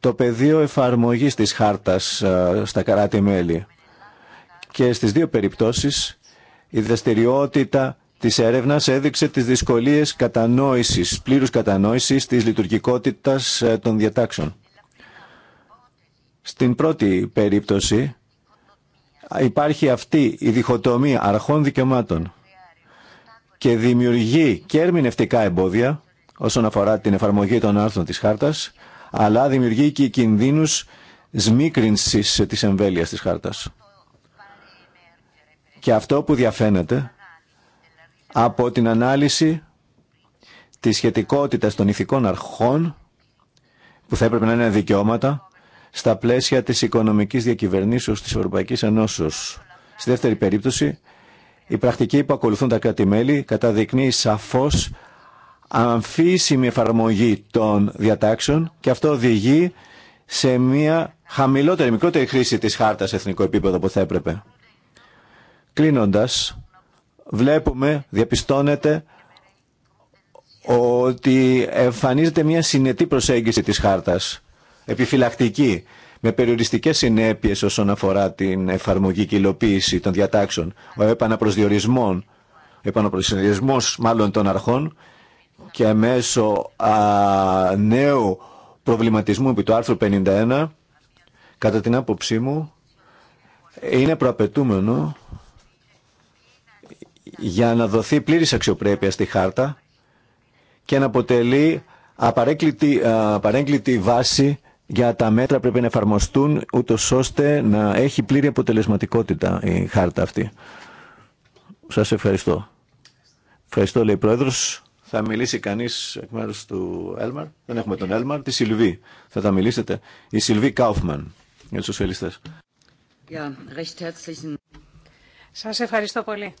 το πεδίο εφαρμογής της χάρτας στα κράτη-μέλη. Και στις δύο περιπτώσεις η δραστηριότητα της έρευνας έδειξε τις δυσκολίες κατανόησης, πλήρους κατανόησης της λειτουργικότητας των διατάξεων. Στην πρώτη περίπτωση υπάρχει αυτή η διχοτομία αρχών δικαιωμάτων και δημιουργεί και ερμηνευτικά εμπόδια όσον αφορά την εφαρμογή των άρθρων της χάρτας, αλλά δημιουργεί και κινδύνους σμίκρινσης της εμβέλειας της χάρτας. Και αυτό που διαφαίνεται από την ανάλυση της σχετικότητας των ηθικών αρχών που θα έπρεπε να είναι δικαιώματα στα πλαίσια της οικονομικής διακυβερνήσεως της Ευρωπαϊκής Ενώσεως. Στη δεύτερη περίπτωση η πρακτική που ακολουθούν τα κράτη-μέλη καταδεικνύει σαφώς αμφίσιμη εφαρμογή των διατάξεων και αυτό οδηγεί σε μια χαμηλότερη, μικρότερη χρήση της χάρτας σε εθνικό επίπεδο που θα έπρεπε. Κλείνοντας, βλέπουμε, διαπιστώνεται ότι εμφανίζεται μια συνετή προσέγγιση της χάρτας, επιφυλακτική με περιοριστικές συνέπειες όσον αφορά την εφαρμογή και υλοποίηση των διατάξεων, ο επαναπροσδιορισμός, επαναπροσδιορισμός μάλλον των αρχών και μέσω α, νέου προβληματισμού επί του άρθρου 51, κατά την άποψή μου, είναι προαπαιτούμενο για να δοθεί πλήρης αξιοπρέπεια στη χάρτα και να αποτελεί απαρέγκλητη, απαρέγκλητη βάση για τα μέτρα πρέπει να εφαρμοστούν ούτω ώστε να έχει πλήρη αποτελεσματικότητα η χάρτα αυτή. Σας ευχαριστώ. Ευχαριστώ λέει η Πρόεδρος. Θα μιλήσει κανείς εκ μέρους του Έλμαρ. Δεν έχουμε τον Έλμαρ. Τη Σιλβί. Θα τα μιλήσετε. Η Σιλβί Κάουφμαν για του σοσιαλιστέ. Σας ευχαριστώ πολύ.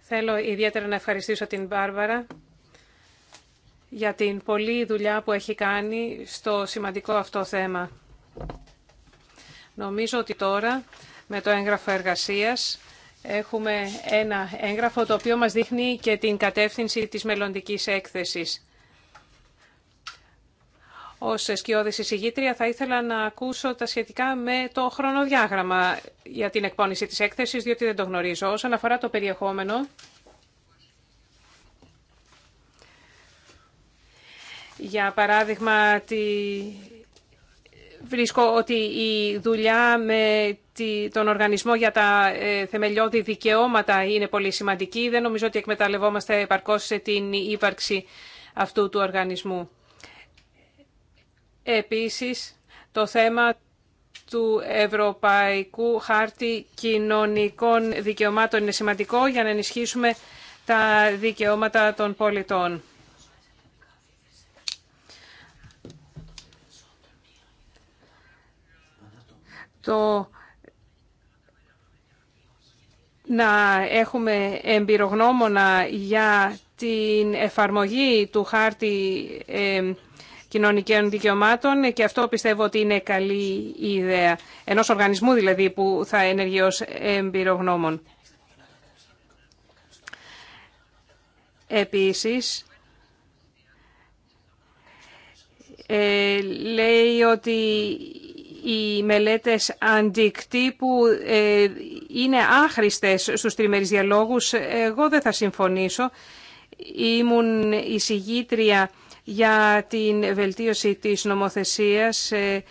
Θέλω ιδιαίτερα να ευχαριστήσω την Μπάρβαρα για την πολλή δουλειά που έχει κάνει στο σημαντικό αυτό θέμα. Νομίζω ότι τώρα με το έγγραφο εργασίας έχουμε ένα έγγραφο το οποίο μας δείχνει και την κατεύθυνση της μελλοντική έκθεσης. Ως σκιώδης εισηγήτρια θα ήθελα να ακούσω τα σχετικά με το χρονοδιάγραμμα για την εκπόνηση της έκθεσης, διότι δεν το γνωρίζω. Όσον αφορά το περιεχόμενο, Για παράδειγμα, τη... βρίσκω ότι η δουλειά με τον οργανισμό για τα ε, θεμελιώδη δικαιώματα είναι πολύ σημαντική. Δεν νομίζω ότι εκμεταλλευόμαστε επαρκώς σε την ύπαρξη αυτού του οργανισμού. Επίσης, το θέμα του Ευρωπαϊκού Χάρτη Κοινωνικών Δικαιωμάτων είναι σημαντικό για να ενισχύσουμε τα δικαιώματα των πολιτών. το να έχουμε εμπειρογνώμονα για την εφαρμογή του χάρτη ε, κοινωνικών δικαιωμάτων και αυτό πιστεύω ότι είναι καλή ιδέα. Ενός οργανισμού δηλαδή που θα ενεργεί ως εμπειρογνώμων. Επίσης, ε, λέει ότι οι μελέτες αντικτύπου ε, είναι άχρηστες στους τριμερείς διαλόγους. Εγώ δεν θα συμφωνήσω. Ήμουν εισηγήτρια για την βελτίωση της νομοθεσίας ε,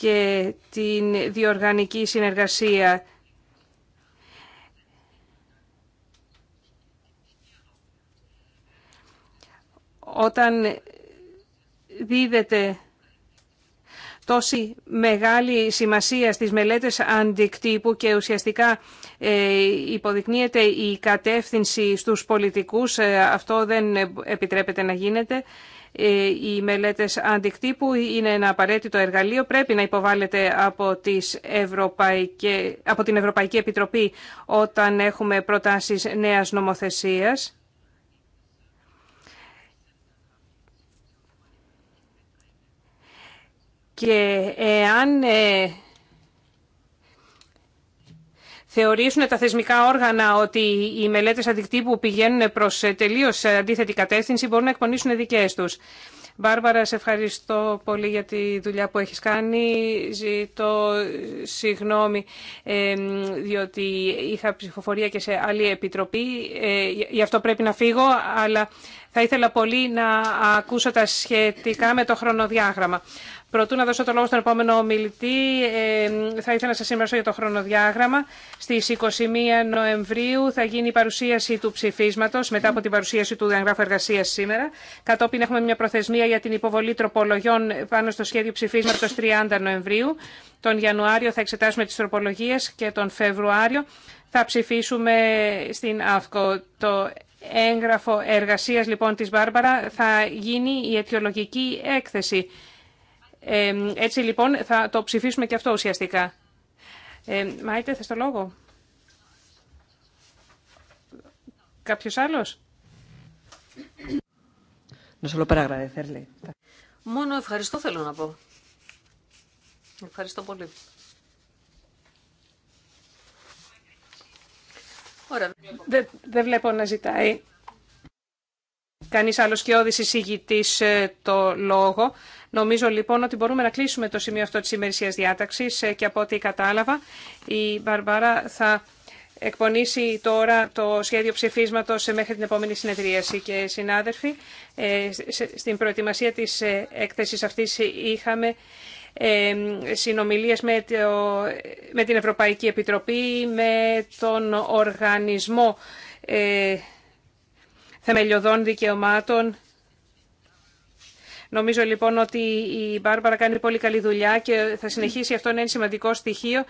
και την διοργανική συνεργασία. Όταν δίδεται τόση μεγάλη σημασία στις μελέτες αντικτύπου και ουσιαστικά ε, υποδεικνύεται η κατεύθυνση στους πολιτικούς. Ε, αυτό δεν επιτρέπεται να γίνεται. Ε, οι μελέτες αντικτύπου είναι ένα απαραίτητο εργαλείο. Πρέπει να υποβάλλεται από, τις από την Ευρωπαϊκή Επιτροπή όταν έχουμε προτάσεις νέας νομοθεσίας. Και εάν ε, θεωρήσουν τα θεσμικά όργανα ότι οι μελέτες αντικτύπου πηγαίνουν προς ε, τελείως αντίθετη κατεύθυνση, μπορούν να εκπονήσουν δικές τους. Μπάρμπαρα, σε ευχαριστώ πολύ για τη δουλειά που έχεις κάνει. Ζητώ συγγνώμη, ε, διότι είχα ψηφοφορία και σε άλλη επιτροπή. Γι' αυτό πρέπει να φύγω, αλλά θα ήθελα πολύ να ακούσω τα σχετικά με το χρονοδιάγραμμα. Προτού να δώσω το λόγο στον επόμενο ομιλητή, ε, θα ήθελα να σα ενημερώσω για το χρονοδιάγραμμα. Στι 21 Νοεμβρίου θα γίνει η παρουσίαση του ψηφίσματο μετά από την παρουσίαση του εγγράφου εργασία σήμερα. Κατόπιν έχουμε μια προθεσμία για την υποβολή τροπολογιών πάνω στο σχέδιο ψηφίσματο 30 Νοεμβρίου. Τον Ιανουάριο θα εξετάσουμε τι τροπολογίε και τον Φεβρουάριο θα ψηφίσουμε στην ΑΦΚΟ. Το έγγραφο εργασία λοιπόν τη Μπάρμπαρα θα γίνει η αιτιολογική έκθεση έτσι λοιπόν θα το ψηφίσουμε και αυτό ουσιαστικά. Ε, Μάιτε, θες το λόγο. Κάποιος άλλος. Μόνο ευχαριστώ θέλω να πω. Ευχαριστώ πολύ. Δεν, βλέπω να ζητάει κανείς άλλος και όδηση ε, το λόγο. Νομίζω λοιπόν ότι μπορούμε να κλείσουμε το σημείο αυτό της ημερησίας διάταξης ε, και από ό,τι κατάλαβα η Μπαρμπάρα θα εκπονήσει τώρα το σχέδιο ψηφίσματος ε, μέχρι την επόμενη συνεδρίαση. Και συνάδελφοι, ε, στην προετοιμασία της έκθεσης αυτής είχαμε συνομιλίες με, το, με την Ευρωπαϊκή Επιτροπή, με τον Οργανισμό Θεμελιωδών Δικαιωμάτων Νομίζω λοιπόν ότι η Μπάρμπαρα κάνει πολύ καλή δουλειά και θα συνεχίσει αυτό να είναι σημαντικό στοιχείο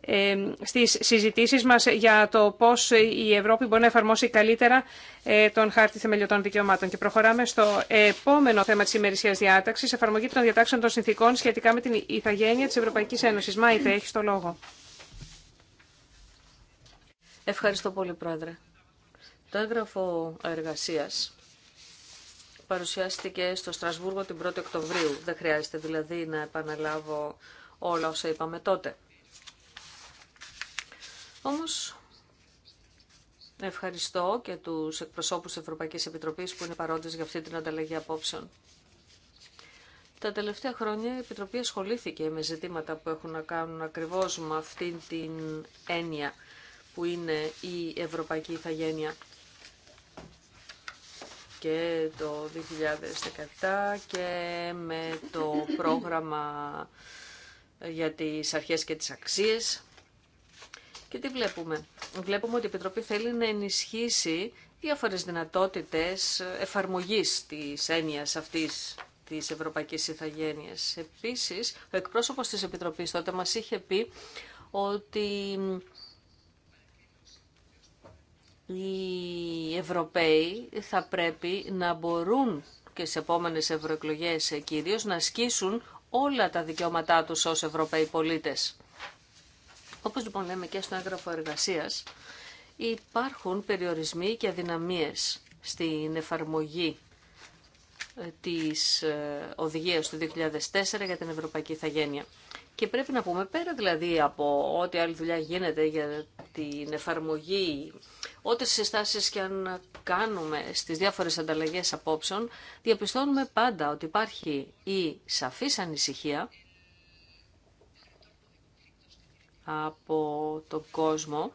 ε, στις συζητήσεις μας για το πώς η Ευρώπη μπορεί να εφαρμόσει καλύτερα ε, τον χάρτη θεμελιωτών δικαιωμάτων. Και προχωράμε στο επόμενο θέμα της ημερησίας διάταξης, εφαρμογή των διατάξεων των συνθήκων σχετικά με την ηθαγένεια της Ευρωπαϊκής Ένωσης. Μάιτε, έχεις το λόγο. Ευχαριστώ πολύ, Πρόεδρε. Το έγγραφο εργασίας παρουσιάστηκε στο Στρασβούργο την 1η Οκτωβρίου. Δεν χρειάζεται δηλαδή να επαναλάβω όλα όσα είπαμε τότε. Όμως ευχαριστώ και τους εκπροσώπους της Ευρωπαϊκής Επιτροπής που είναι παρόντες για αυτή την ανταλλαγή απόψεων. Τα τελευταία χρόνια η Επιτροπή ασχολήθηκε με ζητήματα που έχουν να κάνουν ακριβώς με αυτήν την έννοια που είναι η Ευρωπαϊκή Ιθαγένεια και το 2017 και με το πρόγραμμα για τις αρχές και τις αξίες. Και τι βλέπουμε. Βλέπουμε ότι η Επιτροπή θέλει να ενισχύσει διάφορες δυνατότητες εφαρμογής της έννοιας αυτής της Ευρωπαϊκής Ιθαγένειας. Επίσης, ο εκπρόσωπος της Επιτροπής τότε μας είχε πει ότι οι Ευρωπαίοι θα πρέπει να μπορούν και σε επόμενες ευρωεκλογέ κυρίως να ασκήσουν όλα τα δικαιώματά τους ως Ευρωπαίοι πολίτες. Όπως λοιπόν λέμε και στο έγγραφο εργασία υπάρχουν περιορισμοί και αδυναμίες στην εφαρμογή ε, της ε, οδηγίας του 2004 για την Ευρωπαϊκή Ιθαγένεια. Και πρέπει να πούμε πέρα δηλαδή από ό,τι άλλη δουλειά γίνεται για την εφαρμογή ό,τι συστάσει και αν κάνουμε στις διάφορες ανταλλαγέ απόψεων, διαπιστώνουμε πάντα ότι υπάρχει η σαφής ανησυχία από τον κόσμο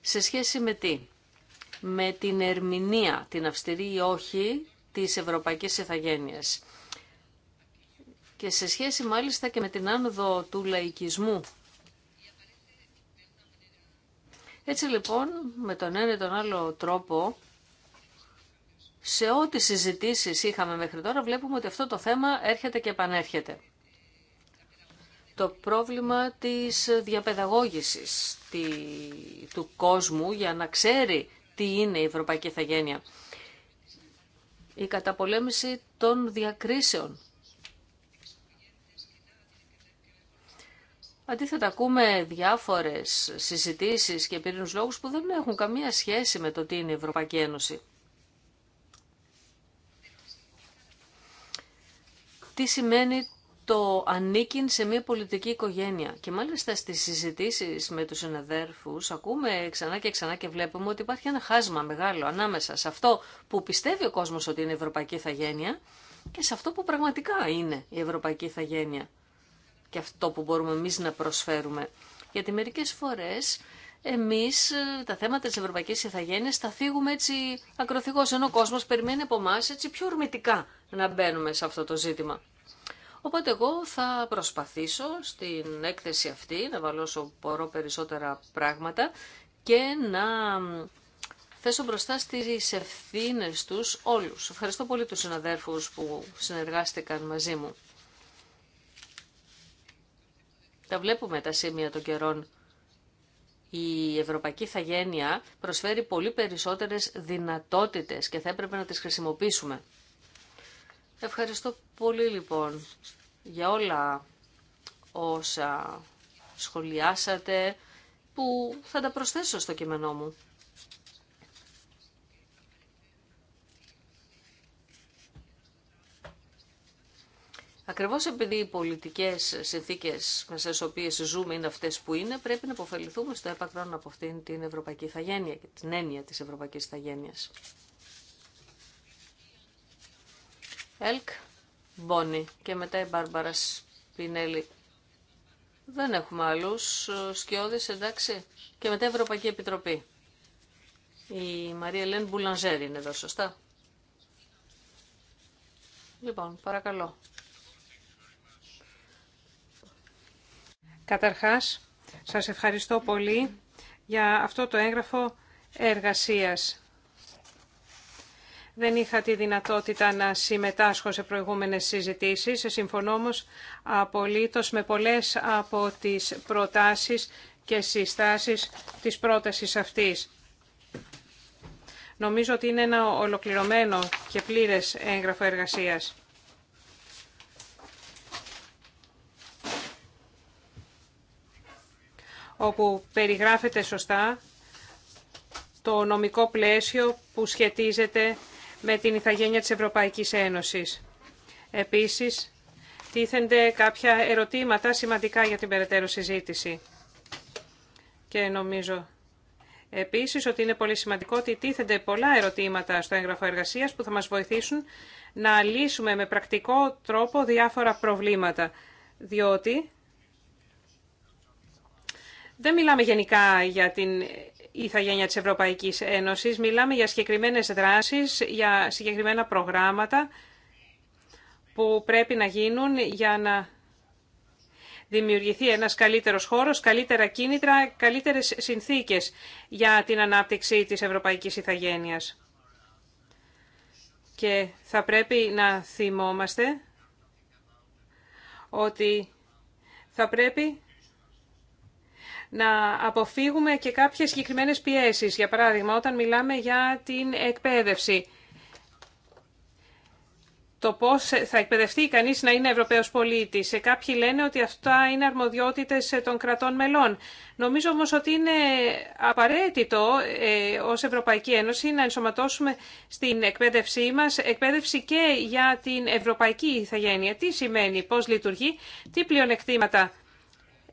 σε σχέση με τι. Με την ερμηνεία, την αυστηρή ή όχι, της Ευρωπαϊκής Ιθαγένειας. Και σε σχέση μάλιστα και με την άνοδο του λαϊκισμού έτσι λοιπόν, με τον ένα ή τον άλλο τρόπο, σε ό,τι συζητήσεις είχαμε μέχρι τώρα, βλέπουμε ότι αυτό το θέμα έρχεται και επανέρχεται. Το πρόβλημα της διαπαιδαγώγησης του κόσμου για να ξέρει τι είναι η Ευρωπαϊκή Θαγένεια. Η καταπολέμηση των διακρίσεων Αντίθετα, ακούμε διάφορες συζητήσεις και πυρήνους λόγου που δεν έχουν καμία σχέση με το τι είναι η Ευρωπαϊκή Ένωση. Τι σημαίνει το ανήκειν σε μια πολιτική οικογένεια. Και μάλιστα στι συζητήσεις με τους συναδέρφους ακούμε ξανά και ξανά και βλέπουμε ότι υπάρχει ένα χάσμα μεγάλο ανάμεσα σε αυτό που πιστεύει ο κόσμο ότι είναι η Ευρωπαϊκή Θαγένεια και σε αυτό που πραγματικά είναι η Ευρωπαϊκή Θαγένεια και αυτό που μπορούμε εμείς να προσφέρουμε. Γιατί μερικές φορές εμείς ε, τα θέματα της Ευρωπαϊκής Ιθαγένειας τα φύγουμε έτσι ακροθυγώς, ενώ ο κόσμος περιμένει από εμά έτσι πιο ορμητικά να μπαίνουμε σε αυτό το ζήτημα. Οπότε εγώ θα προσπαθήσω στην έκθεση αυτή να βάλω όσο περισσότερα πράγματα και να θέσω μπροστά στις ευθύνε τους όλους. Ευχαριστώ πολύ τους συναδέρφους που συνεργάστηκαν μαζί μου. Τα βλέπουμε τα σημεία των καιρών. Η ευρωπαϊκή θαγένεια προσφέρει πολύ περισσότερες δυνατότητες και θα έπρεπε να τις χρησιμοποιήσουμε. Ευχαριστώ πολύ λοιπόν για όλα όσα σχολιάσατε που θα τα προσθέσω στο κείμενό μου. Ακριβώς επειδή οι πολιτικές συνθήκες μέσα στις οποίες ζούμε είναι αυτές που είναι, πρέπει να αποφεληθούμε στο έπακρον από αυτήν την ευρωπαϊκή θαγένεια και την έννοια της ευρωπαϊκής θαγένειας. Ελκ, Μπόνι και μετά η Μπάρμπαρα Σπινέλη. Δεν έχουμε άλλους σκιώδες, εντάξει. Και μετά η Ευρωπαϊκή Επιτροπή. Η Μαρία Ελέν Μπουλανζέρη είναι εδώ, σωστά. Λοιπόν, παρακαλώ. Καταρχάς, σας ευχαριστώ πολύ για αυτό το έγγραφο εργασίας. Δεν είχα τη δυνατότητα να συμμετάσχω σε προηγούμενες συζητήσεις. Συμφωνώ όμως απολύτως με πολλές από τις προτάσεις και συστάσεις της πρότασης αυτής. Νομίζω ότι είναι ένα ολοκληρωμένο και πλήρες έγγραφο εργασίας. όπου περιγράφεται σωστά το νομικό πλαίσιο που σχετίζεται με την ηθαγένεια της Ευρωπαϊκής Ένωσης. Επίσης, τίθενται κάποια ερωτήματα σημαντικά για την περαιτέρω συζήτηση. Και νομίζω επίσης ότι είναι πολύ σημαντικό ότι τίθενται πολλά ερωτήματα στο έγγραφο εργασίας που θα μας βοηθήσουν να λύσουμε με πρακτικό τρόπο διάφορα προβλήματα, διότι δεν μιλάμε γενικά για την ηθαγένεια της Ευρωπαϊκής Ένωσης, μιλάμε για συγκεκριμένες δράσεις, για συγκεκριμένα προγράμματα που πρέπει να γίνουν για να δημιουργηθεί ένας καλύτερος χώρος, καλύτερα κίνητρα, καλύτερες συνθήκες για την ανάπτυξη της ευρωπαϊκής ιθαγένειας Και θα πρέπει να θυμόμαστε ότι θα πρέπει να αποφύγουμε και κάποιες συγκεκριμένες πιέσεις. Για παράδειγμα, όταν μιλάμε για την εκπαίδευση. Το πώς θα εκπαιδευτεί κανείς να είναι Ευρωπαίος πολίτης. Ε, κάποιοι λένε ότι αυτά είναι αρμοδιότητες ε, των κρατών μελών. Νομίζω όμως ότι είναι απαραίτητο ε, ως Ευρωπαϊκή Ένωση να ενσωματώσουμε στην εκπαίδευσή μας εκπαίδευση και για την ευρωπαϊκή Ιθαγένεια. Τι σημαίνει, πώς λειτουργεί, τι πλειονεκτήματα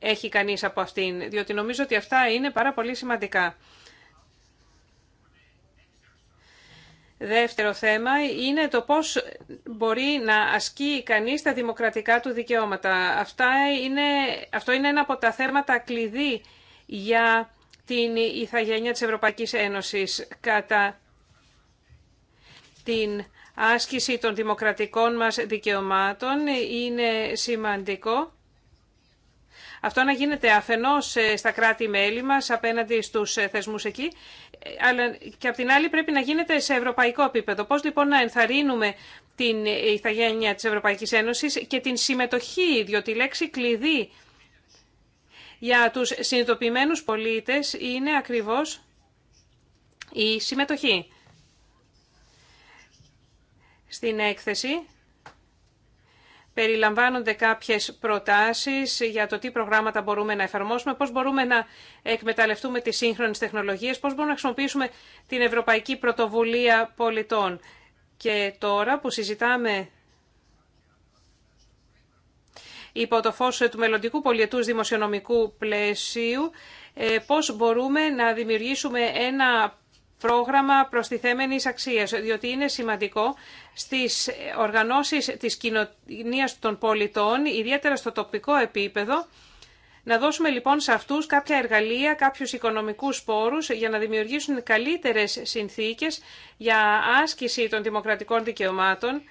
έχει κανείς από αυτήν, διότι νομίζω ότι αυτά είναι πάρα πολύ σημαντικά. Δεύτερο θέμα είναι το πώς μπορεί να ασκεί κανείς τα δημοκρατικά του δικαιώματα. Αυτά είναι, αυτό είναι ένα από τα θέματα κλειδί για την ηθαγένεια της Ευρωπαϊκής Ένωσης κατά την άσκηση των δημοκρατικών μας δικαιωμάτων. Είναι σημαντικό αυτό να γίνεται αφενός ε, στα κράτη-μέλη μας απέναντι στους ε, θεσμούς εκεί, ε, αλλά και απ' την άλλη πρέπει να γίνεται σε ευρωπαϊκό επίπεδο. Πώς λοιπόν να ενθαρρύνουμε την ηθαγένεια της Ευρωπαϊκής Ένωσης και την συμμετοχή, διότι η λέξη κλειδί για τους συνειδητοποιημένους πολίτες είναι ακριβώς η συμμετοχή. Στην έκθεση περιλαμβάνονται κάποιες προτάσεις για το τι προγράμματα μπορούμε να εφαρμόσουμε, πώς μπορούμε να εκμεταλλευτούμε τις σύγχρονες τεχνολογίες, πώς μπορούμε να χρησιμοποιήσουμε την Ευρωπαϊκή Πρωτοβουλία Πολιτών. Και τώρα που συζητάμε υπό το φως του μελλοντικού πολιετούς δημοσιονομικού πλαίσιου, ε, πώς μπορούμε να δημιουργήσουμε ένα πρόγραμμα προστιθέμενης αξίας, διότι είναι σημαντικό στις οργανώσεις της κοινωνίας των πολιτών, ιδιαίτερα στο τοπικό επίπεδο, να δώσουμε λοιπόν σε αυτούς κάποια εργαλεία, κάποιους οικονομικούς πόρους για να δημιουργήσουν καλύτερες συνθήκες για άσκηση των δημοκρατικών δικαιωμάτων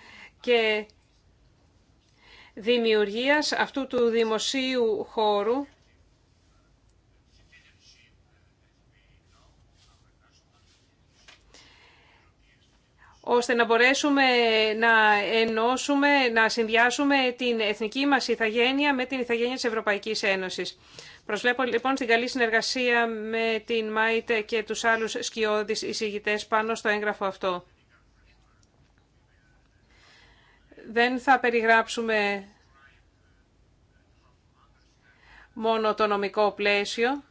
και δημιουργίας αυτού του δημοσίου χώρου ώστε να μπορέσουμε να ενώσουμε, να συνδυάσουμε την εθνική μας ηθαγένεια με την ηθαγένεια της Ευρωπαϊκής Ένωσης. Προσβλέπω λοιπόν την καλή συνεργασία με την Μάιτε και τους άλλους σκιώδεις εισηγητές πάνω στο έγγραφο αυτό. Δεν θα περιγράψουμε μόνο το νομικό πλαίσιο,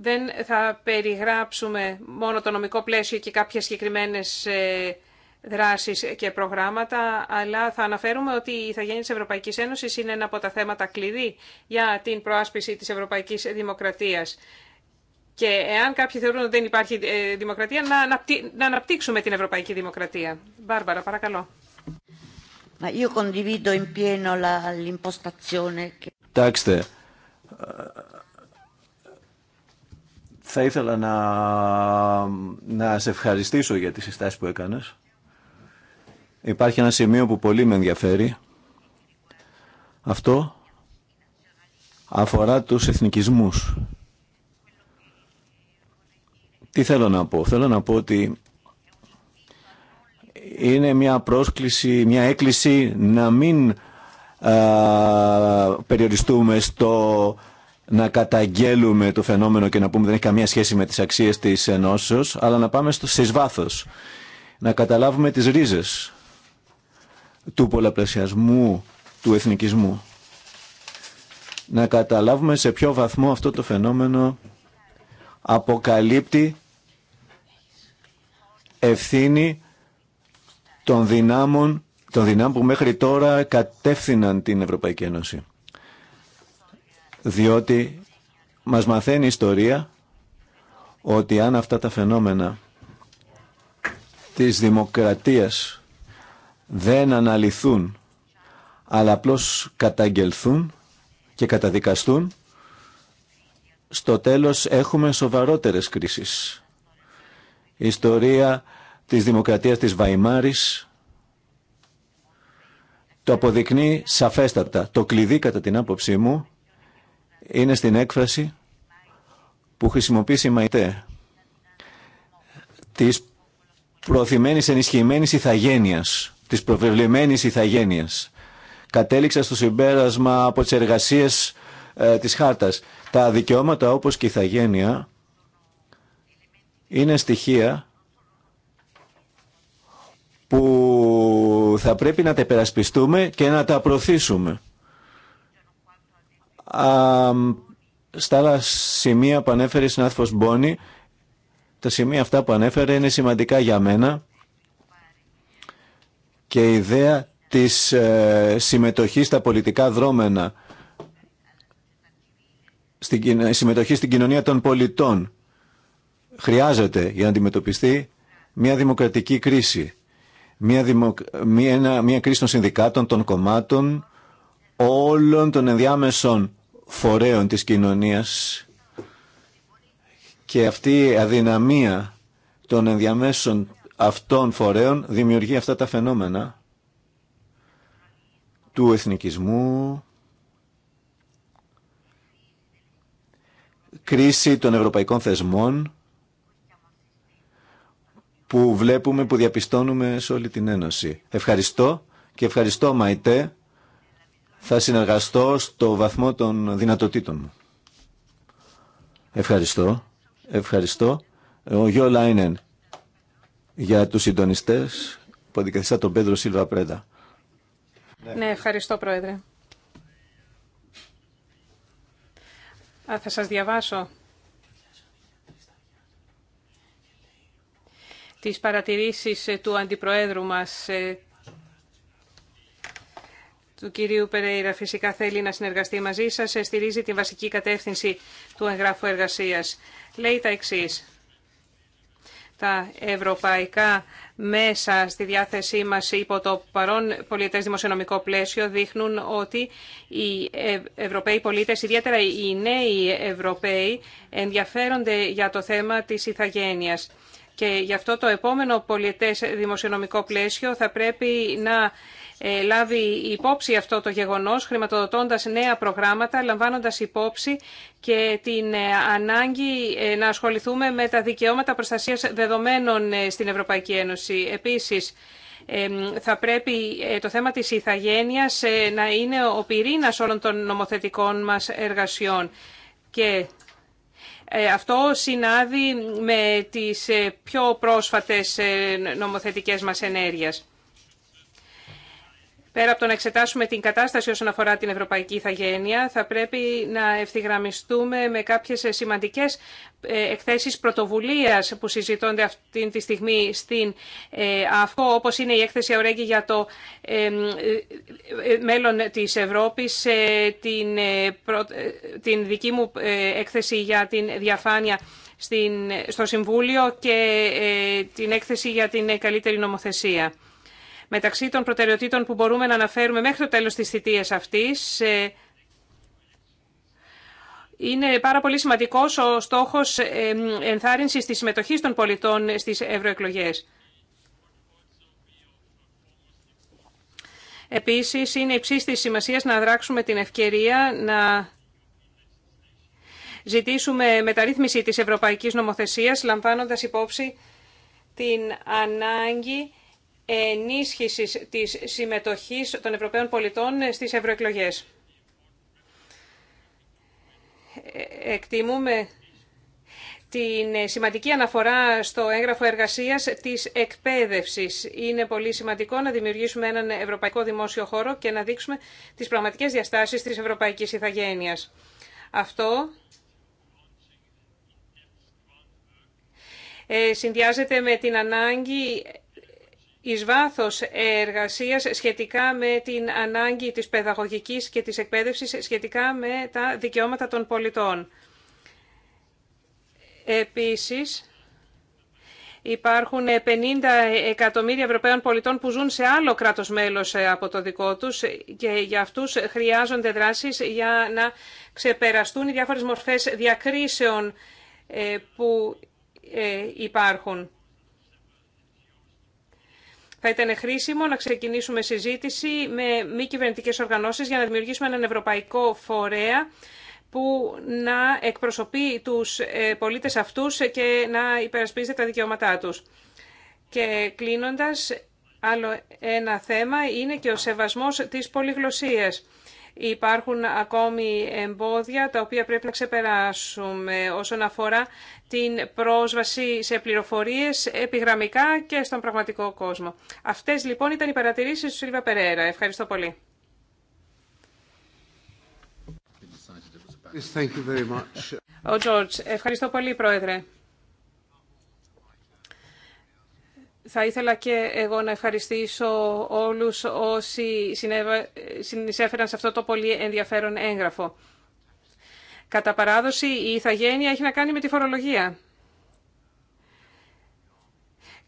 Δεν θα περιγράψουμε μόνο το νομικό πλαίσιο και κάποιες συγκεκριμένε ε, δράσεις και προγράμματα, αλλά θα αναφέρουμε ότι η Ιθαγένεια της Ευρωπαϊκής Ένωσης είναι ένα από τα θέματα κλειδί για την προάσπιση της Ευρωπαϊκής Δημοκρατίας. Και εάν κάποιοι θεωρούν ότι δεν υπάρχει ε, δημοκρατία, να αναπτύξουμε την Ευρωπαϊκή Δημοκρατία. Μπάρμπαρα, παρακαλώ. Θα ήθελα να, να σε ευχαριστήσω για τις συστάσεις που έκανες. Υπάρχει ένα σημείο που πολύ με ενδιαφέρει. Αυτό αφορά τους εθνικισμούς. Τι θέλω να πω. Θέλω να πω ότι είναι μια πρόσκληση, μια έκκληση να μην περιοριστούμε στο να καταγγέλουμε το φαινόμενο και να πούμε δεν έχει καμία σχέση με τις αξίες της ενώσεως, αλλά να πάμε στο στις να καταλάβουμε τις ρίζες του πολλαπλασιασμού, του εθνικισμού. Να καταλάβουμε σε ποιο βαθμό αυτό το φαινόμενο αποκαλύπτει ευθύνη των δυνάμων, των δυνάμων που μέχρι τώρα κατεύθυναν την Ευρωπαϊκή Ένωση διότι μας μαθαίνει η ιστορία ότι αν αυτά τα φαινόμενα της δημοκρατίας δεν αναλυθούν αλλά απλώς καταγγελθούν και καταδικαστούν στο τέλος έχουμε σοβαρότερες κρίσεις. Η ιστορία της δημοκρατίας της Βαϊμάρης το αποδεικνύει σαφέστατα. Το κλειδί κατά την άποψή μου είναι στην έκφραση που χρησιμοποίησε η Μαϊτέ της προωθημένης ενισχυμένης ηθαγένειας, της προβεβλημένης ηθαγένειας. Κατέληξα στο συμπέρασμα από τις εργασίες ε, της χάρτας. Τα δικαιώματα όπως και η ηθαγένεια είναι στοιχεία που θα πρέπει να τα υπερασπιστούμε και να τα προωθήσουμε. Α, στα άλλα σημεία που ανέφερε η συνάδελφος Μπόνη, τα σημεία αυτά που ανέφερε είναι σημαντικά για μένα και η ιδέα της ε, συμμετοχής στα πολιτικά δρόμενα, στην, συμμετοχή στην κοινωνία των πολιτών χρειάζεται για να αντιμετωπιστεί μια δημοκρατική κρίση. Μια, μια, μια κρίση των συνδικάτων, των κομμάτων, όλων των ενδιάμεσων φορέων της κοινωνίας και αυτή η αδυναμία των ενδιαμέσων αυτών φορέων δημιουργεί αυτά τα φαινόμενα του εθνικισμού, κρίση των ευρωπαϊκών θεσμών που βλέπουμε, που διαπιστώνουμε σε όλη την Ένωση. Ευχαριστώ και ευχαριστώ Μαϊτέ θα συνεργαστώ στο βαθμό των δυνατοτήτων μου. Ευχαριστώ. Ευχαριστώ. Ο Γιώ Λάινεν για τους συντονιστές που αντικαθιστά τον Πέντρο Σίλβα Πρέντα. Ναι, ευχαριστώ Πρόεδρε. θα σας διαβάσω τις παρατηρήσεις ε, του Αντιπροέδρου μας ε, του κυρίου Περέιρα φυσικά θέλει να συνεργαστεί μαζί σας, ε, στηρίζει την βασική κατεύθυνση του εγγράφου εργασίας. Λέει τα εξής. Τα ευρωπαϊκά μέσα στη διάθεσή μας υπό το παρόν πολιτές δημοσιονομικό πλαίσιο δείχνουν ότι οι ε, Ευρωπαίοι πολίτες, ιδιαίτερα οι νέοι Ευρωπαίοι, ενδιαφέρονται για το θέμα της ηθαγένειας. Και γι' αυτό το επόμενο πολιτές δημοσιονομικό πλαίσιο θα πρέπει να ε, λάβει υπόψη αυτό το γεγονός, χρηματοδοτώντας νέα προγράμματα, λαμβάνοντας υπόψη και την ε, ανάγκη ε, να ασχοληθούμε με τα δικαιώματα προστασίας δεδομένων στην Ευρωπαϊκή Ένωση. Επίσης, θα πρέπει το θέμα της ηθαγένειας να είναι ο πυρήνας όλων των νομοθετικών μας εργασιών. Και αυτό συνάδει με τις πιο πρόσφατες νομοθετικές μας ενέργειες. Πέρα από το να εξετάσουμε την κατάσταση όσον αφορά την ευρωπαϊκή ηθαγένεια, θα πρέπει να ευθυγραμμιστούμε με κάποιες σημαντικέ ε, εκθέσεις πρωτοβουλία που συζητώνται αυτή τη στιγμή στην ε, ΑΦΚΟ, όπως είναι η έκθεση ΑΟΡΕΚΙ για το ε, μέλλον της Ευρώπης, την δική μου έκθεση για την διαφάνεια στο Συμβούλιο και την έκθεση για την καλύτερη νομοθεσία. Μεταξύ των προτεραιοτήτων που μπορούμε να αναφέρουμε μέχρι το τέλος της θητείας αυτής, ε, είναι πάρα πολύ σημαντικός ο στόχος ε, ενθάρρυνσης της συμμετοχής των πολιτών στις ευρωεκλογές. Επίσης, είναι υψίστης σημασίας να δράξουμε την ευκαιρία να ζητήσουμε μεταρρύθμιση της ευρωπαϊκής νομοθεσίας, λαμβάνοντας υπόψη την ανάγκη ενίσχυσης της συμμετοχής των Ευρωπαίων πολιτών στις ευρωεκλογές. Εκτιμούμε την σημαντική αναφορά στο έγγραφο εργασίας της εκπαίδευσης. Είναι πολύ σημαντικό να δημιουργήσουμε έναν ευρωπαϊκό δημόσιο χώρο και να δείξουμε τις πραγματικές διαστάσεις της ευρωπαϊκής ηθαγένειας. Αυτό ε, συνδυάζεται με την ανάγκη εις βάθος εργασίας σχετικά με την ανάγκη της παιδαγωγικής και της εκπαίδευσης σχετικά με τα δικαιώματα των πολιτών. Επίσης, υπάρχουν 50 εκατομμύρια Ευρωπαίων πολιτών που ζουν σε άλλο κράτος μέλος ε, από το δικό τους και για αυτούς χρειάζονται δράσεις για να ξεπεραστούν οι διάφορες μορφές διακρίσεων ε, που ε, υπάρχουν. Θα ήταν χρήσιμο να ξεκινήσουμε συζήτηση με μη κυβερνητικέ οργανώσει για να δημιουργήσουμε έναν ευρωπαϊκό φορέα που να εκπροσωπεί τους ε, πολίτες αυτούς και να υπερασπίζεται τα δικαιώματά τους. Και κλείνοντας, άλλο ένα θέμα είναι και ο σεβασμός της πολυγλωσσίας υπάρχουν ακόμη εμπόδια τα οποία πρέπει να ξεπεράσουμε όσον αφορά την πρόσβαση σε πληροφορίες επιγραμμικά και στον πραγματικό κόσμο. Αυτές λοιπόν ήταν οι παρατηρήσεις του Σίλβα Περέρα. Ευχαριστώ πολύ. Ο ευχαριστώ πολύ, Πρόεδρε. Θα ήθελα και εγώ να ευχαριστήσω όλους όσοι συνεισέφεραν σε αυτό το πολύ ενδιαφέρον έγγραφο. Κατά παράδοση, η ηθαγένεια έχει να κάνει με τη φορολογία.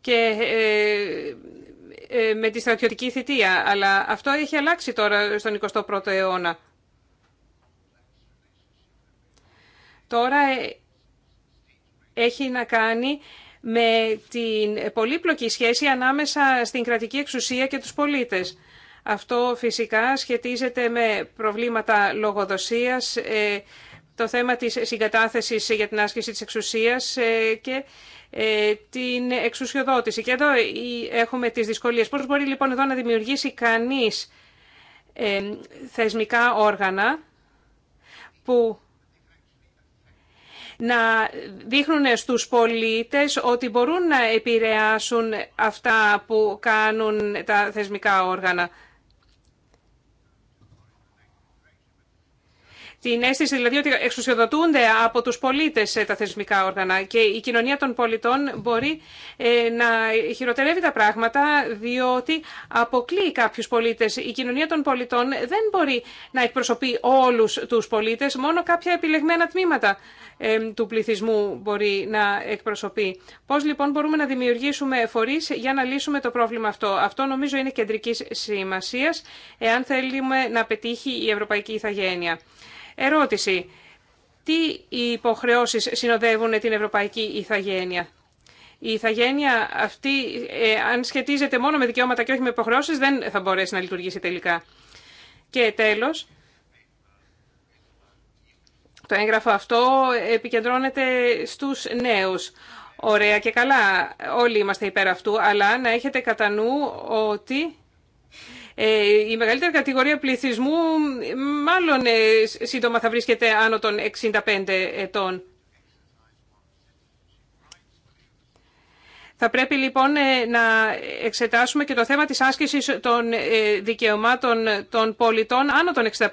Και ε, ε, με τη στρατιωτική θητεία. Αλλά αυτό έχει αλλάξει τώρα στον 21ο αιώνα. Τώρα ε, έχει να κάνει με την πολύπλοκη σχέση ανάμεσα στην κρατική εξουσία και τους πολίτες. Αυτό φυσικά σχετίζεται με προβλήματα λογοδοσίας, ε, το θέμα της συγκατάθεσης για την άσκηση της εξουσίας ε, και ε, την εξουσιοδότηση. Και εδώ έχουμε τις δυσκολίες. Πώς μπορεί λοιπόν εδώ να δημιουργήσει κανείς θεσμικά όργανα που να δείχνουν στους πολίτες ότι μπορούν να επηρεάσουν αυτά που κάνουν τα θεσμικά όργανα. την αίσθηση δηλαδή ότι εξουσιοδοτούνται από τους πολίτες ε, τα θεσμικά όργανα και η κοινωνία των πολιτών μπορεί ε, να χειροτερεύει τα πράγματα διότι αποκλείει κάποιους πολίτες. Η κοινωνία των πολιτών δεν μπορεί να εκπροσωπεί όλους τους πολίτες, μόνο κάποια επιλεγμένα τμήματα ε, του πληθυσμού μπορεί να εκπροσωπεί. Πώς λοιπόν μπορούμε να δημιουργήσουμε φορείς για να λύσουμε το πρόβλημα αυτό. Αυτό νομίζω είναι κεντρικής σημασίας εάν θέλουμε να πετύχει η Ευρωπαϊκή Ιθαγένεια. Ερώτηση. Τι υποχρεώσεις συνοδεύουν την ευρωπαϊκή ηθαγένεια. Η ιθαγένεια αυτή, ε, αν σχετίζεται μόνο με δικαιώματα και όχι με υποχρεώσεις, δεν θα μπορέσει να λειτουργήσει τελικά. Και τέλος, το έγγραφο αυτό επικεντρώνεται στους νέους. Ωραία και καλά, όλοι είμαστε υπέρ αυτού, αλλά να έχετε κατά νου ότι ε, η μεγαλύτερη κατηγορία πληθυσμού μάλλον ε, σύντομα θα βρίσκεται άνω των 65 ετών. Θα πρέπει λοιπόν ε, να εξετάσουμε και το θέμα της άσκησης των δικαιωμάτων των πολιτών άνω των 65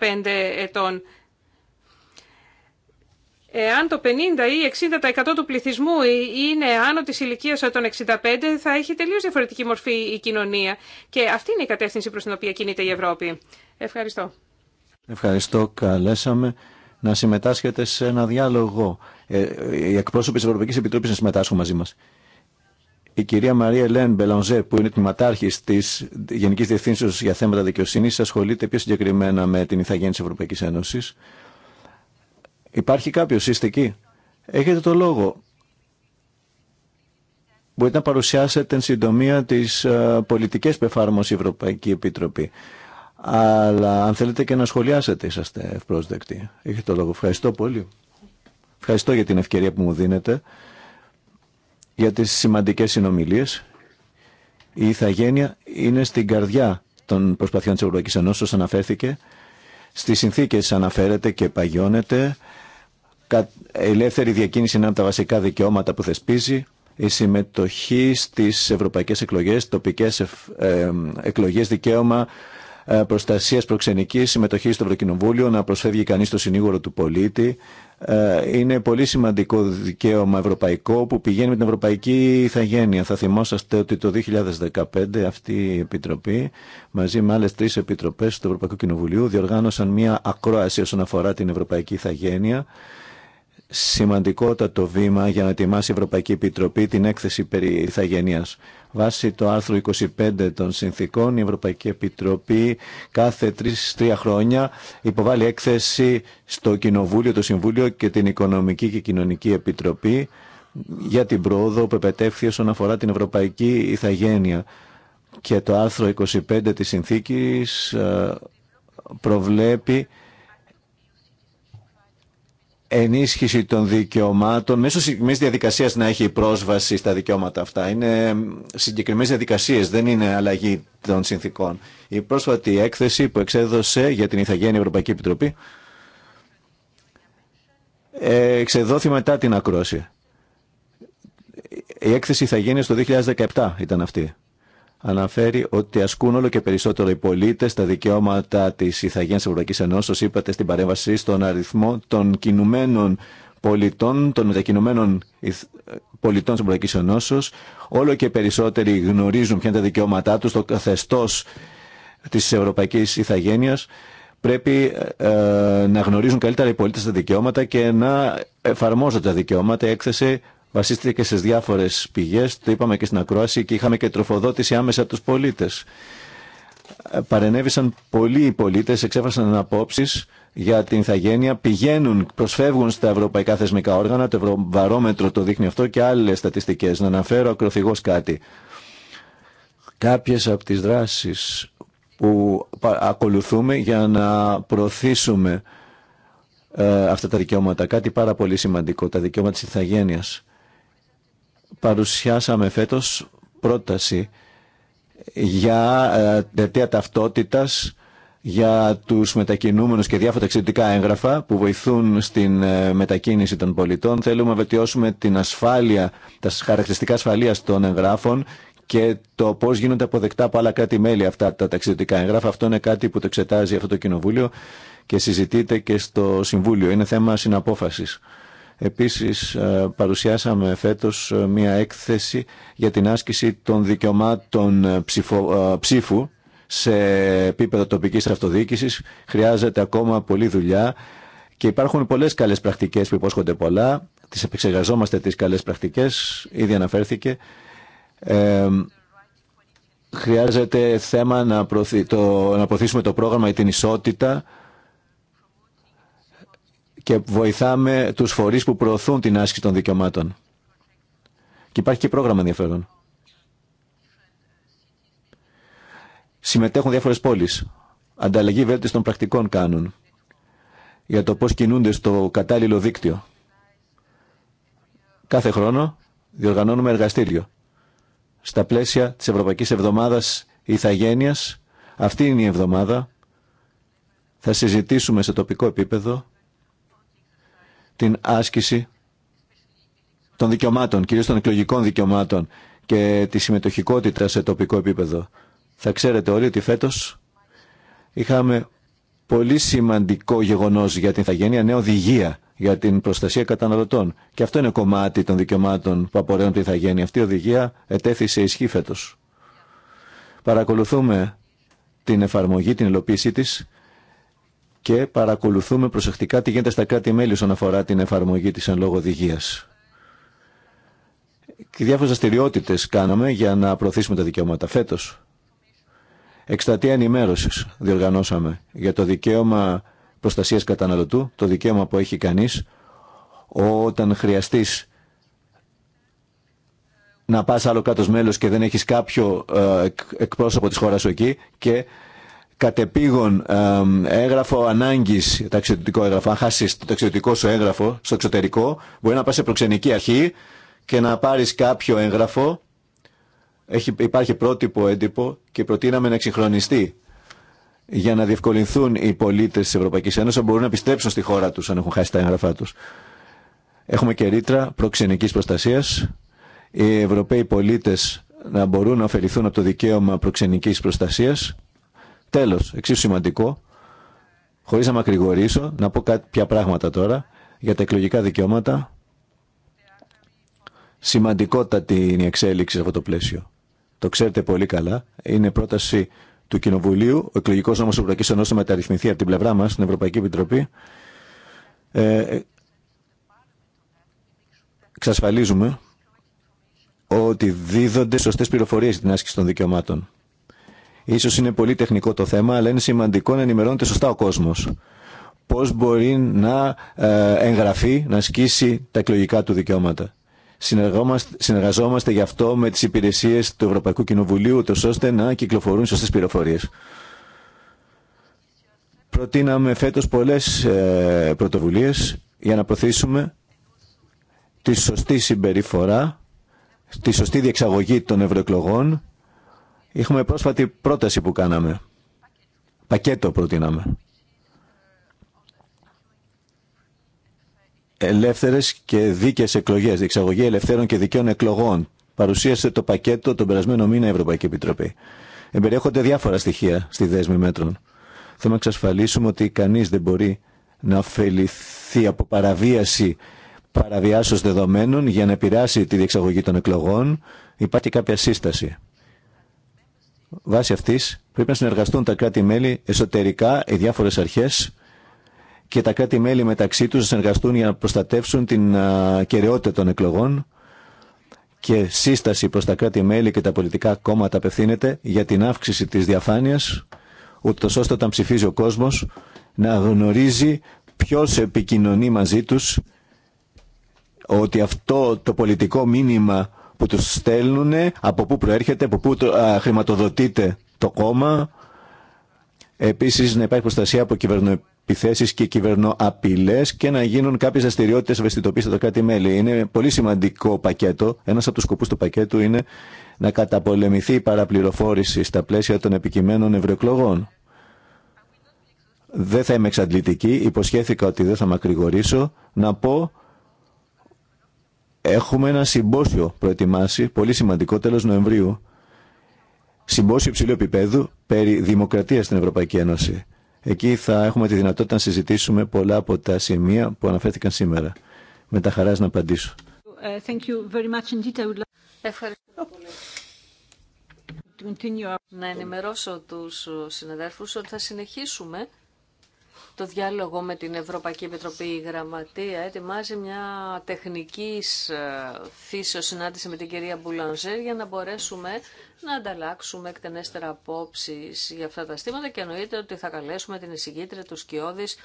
ετών. Εάν το 50 ή 60% του πληθυσμού ε, είναι άνω της ηλικίας των 65, θα έχει τελείως διαφορετική μορφή η κοινωνία. Και αυτή είναι η κατεύθυνση προς την οποία κινείται η Ευρώπη. Ευχαριστώ. Ευχαριστώ. Καλέσαμε να συμμετάσχετε σε ένα διάλογο. Ε, οι εκπρόσωποι της Ευρωπαϊκής Επιτροπής να συμμετάσχουν μαζί μας. Η κυρία Μαρία Ελέν Μπελανζέ, που είναι τμήματάρχη τη Γενική Διευθύνσεω για θέματα δικαιοσύνη, ασχολείται πιο συγκεκριμένα με την ηθαγένεια τη Ευρωπαϊκή Ένωση. Υπάρχει κάποιος, είστε εκεί. Έχετε το λόγο. Μπορείτε να παρουσιάσετε εν συντομία τις ε, πολιτικές που εφάρμοσε η Ευρωπαϊκή Επίτροπη. Αλλά αν θέλετε και να σχολιάσετε είσαστε ευπρόσδεκτοι. Έχετε το λόγο. Ευχαριστώ πολύ. Ευχαριστώ για την ευκαιρία που μου δίνετε, για τις σημαντικές συνομιλίες. Η ηθαγένεια είναι στην καρδιά των προσπαθειών της Ευρωπαϊκής Ενώσης, αναφέρθηκε. Στις συνθήκες αναφέρεται και παγιώνεται. Η ελεύθερη διακίνηση είναι ένα από τα βασικά δικαιώματα που θεσπίζει. Η συμμετοχή στις ευρωπαϊκές εκλογές, τοπικές εκλογές, δικαίωμα ε, προστασίας προξενικής, συμμετοχή στο Ευρωκοινοβούλιο, να προσφεύγει κανείς στο συνήγορο του πολίτη. Ε, είναι πολύ σημαντικό δικαίωμα ευρωπαϊκό που πηγαίνει με την ευρωπαϊκή ηθαγένεια. Θα θυμόσαστε ότι το 2015 αυτή η Επιτροπή μαζί με άλλες τρεις επιτροπές του Ευρωπαϊκού Κοινοβουλίου διοργάνωσαν μια ακρόαση όσον αφορά την ευρωπαϊκή ηθαγένεια σημαντικότατο βήμα για να ετοιμάσει η Ευρωπαϊκή Επιτροπή την έκθεση περί ηθαγενείας. Βάσει το άρθρο 25 των συνθήκων, η Ευρωπαϊκή Επιτροπή κάθε τρεις-τρία χρόνια υποβάλλει έκθεση στο Κοινοβούλιο, το Συμβούλιο και την Οικονομική και Κοινωνική Επιτροπή για την πρόοδο που επετεύχθη όσον αφορά την Ευρωπαϊκή Ιθαγένεια. Και το άρθρο 25 της συνθήκης ε, προβλέπει ενίσχυση των δικαιωμάτων μέσω συγκεκριμένη διαδικασίας να έχει πρόσβαση στα δικαιώματα αυτά. Είναι συγκεκριμένες διαδικασίες, δεν είναι αλλαγή των συνθήκων. Η πρόσφατη έκθεση που εξέδωσε για την Ιθαγένεια Ευρωπαϊκή Επιτροπή εξεδόθη μετά την ακρόση. Η έκθεση γίνει το 2017 ήταν αυτή αναφέρει ότι ασκούν όλο και περισσότερο οι πολίτες τα δικαιώματα της Ιθαγένειας Ευρωπαϊκής όπως είπατε στην παρέμβαση, στον αριθμό των κινουμένων πολιτών, των μετακινουμένων πολιτών τη ευρωπαϊκή ενώσή. Όλο και περισσότεροι γνωρίζουν ποια είναι τα δικαιώματά τους, στο καθεστώς της Ευρωπαϊκής Ιθαγένειας. Πρέπει ε, ε, να γνωρίζουν καλύτερα οι πολίτες τα δικαιώματα και να εφαρμόζονται τα δικαιώματα. έκθεση βασίστηκε στις διάφορες πηγές, το είπαμε και στην ακρόαση και είχαμε και τροφοδότηση άμεσα από τους πολίτες. Ε, παρενέβησαν πολλοί οι πολίτες, εξέφρασαν απόψει για την ηθαγένεια, πηγαίνουν, προσφεύγουν στα ευρωπαϊκά θεσμικά όργανα, το ευρωβαρόμετρο το δείχνει αυτό και άλλες στατιστικές. Να αναφέρω ακροθυγώς κάτι. Κάποιες από τις δράσεις που ακολουθούμε για να προωθήσουμε ε, αυτά τα δικαιώματα. Κάτι πάρα πολύ σημαντικό, τα δικαιώματα τη ηθαγένεια παρουσιάσαμε φέτος πρόταση για ε, τέτοια ταυτότητας για τους μετακινούμενους και διάφορα ταξιδιτικά έγγραφα που βοηθούν στην ε, μετακίνηση των πολιτών. Θέλουμε να βελτιώσουμε την ασφάλεια, τα χαρακτηριστικά ασφαλείας των εγγράφων και το πώ γίνονται αποδεκτά από άλλα κράτη-μέλη αυτά τα ταξιδιτικά εγγράφα. Αυτό είναι κάτι που το εξετάζει αυτό το Κοινοβούλιο και συζητείται και στο Συμβούλιο. Είναι θέμα συναπόφαση. Επίσης ε, παρουσιάσαμε φέτος ε, μια έκθεση για την άσκηση των δικαιωμάτων ε, ψηφο, ψήφου σε επίπεδο τοπικής αυτοδιοίκησης. Χρειάζεται ακόμα πολλή δουλειά και υπάρχουν πολλές καλές πρακτικές που υπόσχονται πολλά. Τις επεξεργαζόμαστε τις καλές πρακτικές, ήδη αναφέρθηκε. χρειάζεται θέμα να, προωθήσουμε το πρόγραμμα για την ισότητα και βοηθάμε τους φορείς που προωθούν την άσκηση των δικαιωμάτων. Και υπάρχει και πρόγραμμα ενδιαφέρον. Συμμετέχουν διάφορες πόλεις. Ανταλλαγή των πρακτικών κάνουν για το πώς κινούνται στο κατάλληλο δίκτυο. Κάθε χρόνο διοργανώνουμε εργαστήριο. Στα πλαίσια της Ευρωπαϊκής Εβδομάδας Ιθαγένειας, αυτή είναι η εβδομάδα, θα συζητήσουμε σε τοπικό επίπεδο την άσκηση των δικαιωμάτων, κυρίως των εκλογικών δικαιωμάτων και τη συμμετοχικότητα σε τοπικό επίπεδο. Θα ξέρετε όλοι ότι φέτος είχαμε πολύ σημαντικό γεγονός για την Ιθαγένεια, νέα οδηγία για την προστασία καταναλωτών. Και αυτό είναι κομμάτι των δικαιωμάτων που απορρέουν την Ιθαγένεια. Αυτή η οδηγία ετέθησε ισχύ φέτος. Παρακολουθούμε την εφαρμογή, την υλοποίησή της και παρακολουθούμε προσεκτικά τι γίνεται στα κράτη-μέλη όσον αφορά την εφαρμογή της εν λόγω οδηγίας. Και διάφορες δραστηριότητε κάναμε για να προωθήσουμε τα δικαιώματα. Φέτος, εκστατεία ενημέρωση διοργανώσαμε για το δικαίωμα προστασίας καταναλωτού, το δικαίωμα που έχει κανείς όταν χρειαστείς να πας άλλο κάτω μέλος και δεν έχεις κάποιο ε, εκπρόσωπο της χώρα σου εκεί και κατεπήγον έγγραφο ανάγκη, ταξιδιωτικό έγγραφο, αν χάσει το ταξιδιωτικό σου έγγραφο στο εξωτερικό, μπορεί να πα σε προξενική αρχή και να πάρει κάποιο έγγραφο. Έχει, υπάρχει πρότυπο έντυπο και προτείναμε να εξυγχρονιστεί για να διευκολυνθούν οι πολίτε τη Ευρωπαϊκή Ένωση να μπορούν να επιστρέψουν στη χώρα του αν έχουν χάσει τα έγγραφά του. Έχουμε και ρήτρα προξενική προστασία. Οι Ευρωπαίοι πολίτε να μπορούν να ωφεληθούν από το δικαίωμα προξενική προστασία Τέλος, εξίσου σημαντικό, χωρίς να μακρηγορήσω, να πω κάποια πράγματα τώρα για τα εκλογικά δικαιώματα. Σημαντικότατη είναι η εξέλιξη σε αυτό το πλαίσιο. Το ξέρετε πολύ καλά. Είναι πρόταση του Κοινοβουλίου. Ο εκλογικό νόμο Ευρωπαϊκού Ευρωπαϊκή Ενώση μεταρρυθμιστεί από την πλευρά μα, στην Ευρωπαϊκή Επιτροπή. Ε, εξασφαλίζουμε ότι δίδονται σωστέ πληροφορίε για την άσκηση των δικαιωμάτων. Ίσως είναι πολύ τεχνικό το θέμα, αλλά είναι σημαντικό να ενημερώνεται σωστά ο κόσμος. Πώς μπορεί να ε, εγγραφεί, να ασκήσει τα εκλογικά του δικαιώματα. Συνεργαζόμαστε γι' αυτό με τις υπηρεσίες του Ευρωπαϊκού Κοινοβουλίου, ώστε να κυκλοφορούν σωστές πληροφορίες. Προτείναμε φέτος πολλές ε, πρωτοβουλίες για να προθήσουμε τη σωστή συμπεριφορά, τη σωστή διεξαγωγή των ευρωεκλογών Είχαμε πρόσφατη πρόταση που κάναμε. Πακέτο προτείναμε. Ελεύθερες και δίκαιε εκλογές, διεξαγωγή ελευθέρων και δικαίων εκλογών. Παρουσίασε το πακέτο τον περασμένο μήνα η Ευρωπαϊκή Επιτροπή. Εμπεριέχονται διάφορα στοιχεία στη δέσμη μέτρων. Θέλουμε να εξασφαλίσουμε ότι κανεί δεν μπορεί να ωφεληθεί από παραβίαση παραβιάσεως δεδομένων για να επηρεάσει τη διεξαγωγή των εκλογών. Υπάρχει κάποια σύσταση Βάσει αυτή πρέπει να συνεργαστούν τα κράτη-μέλη εσωτερικά, οι διάφορες αρχές και τα κράτη-μέλη μεταξύ τους να συνεργαστούν για να προστατεύσουν την κεραιότητα των εκλογών και σύσταση προς τα κράτη-μέλη και τα πολιτικά κόμματα απευθύνεται για την αύξηση της διαφάνειας ούτω ώστε όταν ψηφίζει ο κόσμος να γνωρίζει ποιο επικοινωνεί μαζί τους ότι αυτό το πολιτικό μήνυμα που τους στέλνουν, από πού προέρχεται, από πού χρηματοδοτείται το κόμμα. Επίσης να υπάρχει προστασία από κυβερνοεπιθέσεις και κυβερνοαπειλές και να γίνουν κάποιες δραστηριότητε ευαισθητοποίησης από τα κράτη-μέλη. Είναι πολύ σημαντικό πακέτο. Ένας από τους σκοπούς του πακέτου είναι να καταπολεμηθεί η παραπληροφόρηση στα πλαίσια των επικειμένων ευρωεκλογών. Δεν θα είμαι εξαντλητική, υποσχέθηκα ότι δεν θα μακρηγορήσω. Να πω Έχουμε ένα συμπόσιο προετοιμάσει, πολύ σημαντικό, τέλος Νοεμβρίου. Συμπόσιο υψηλού επίπεδου περί δημοκρατίας στην Ευρωπαϊκή Ένωση. Εκεί θα έχουμε τη δυνατότητα να συζητήσουμε πολλά από τα σημεία που αναφέρθηκαν σήμερα. Με τα χαράς να απαντήσω. Ε, Ευχαριστώ πολύ. Να ενημερώσω τους συναδέλφους ότι θα συνεχίσουμε το διάλογο με την Ευρωπαϊκή Επιτροπή η Γραμματεία ετοιμάζει μια τεχνική ε, φύσεως συνάντηση με την κυρία Μπουλανζέρ για να μπορέσουμε να ανταλλάξουμε εκτενέστερα απόψει για αυτά τα στήματα και εννοείται ότι θα καλέσουμε την εισηγήτρια του Σκιώδης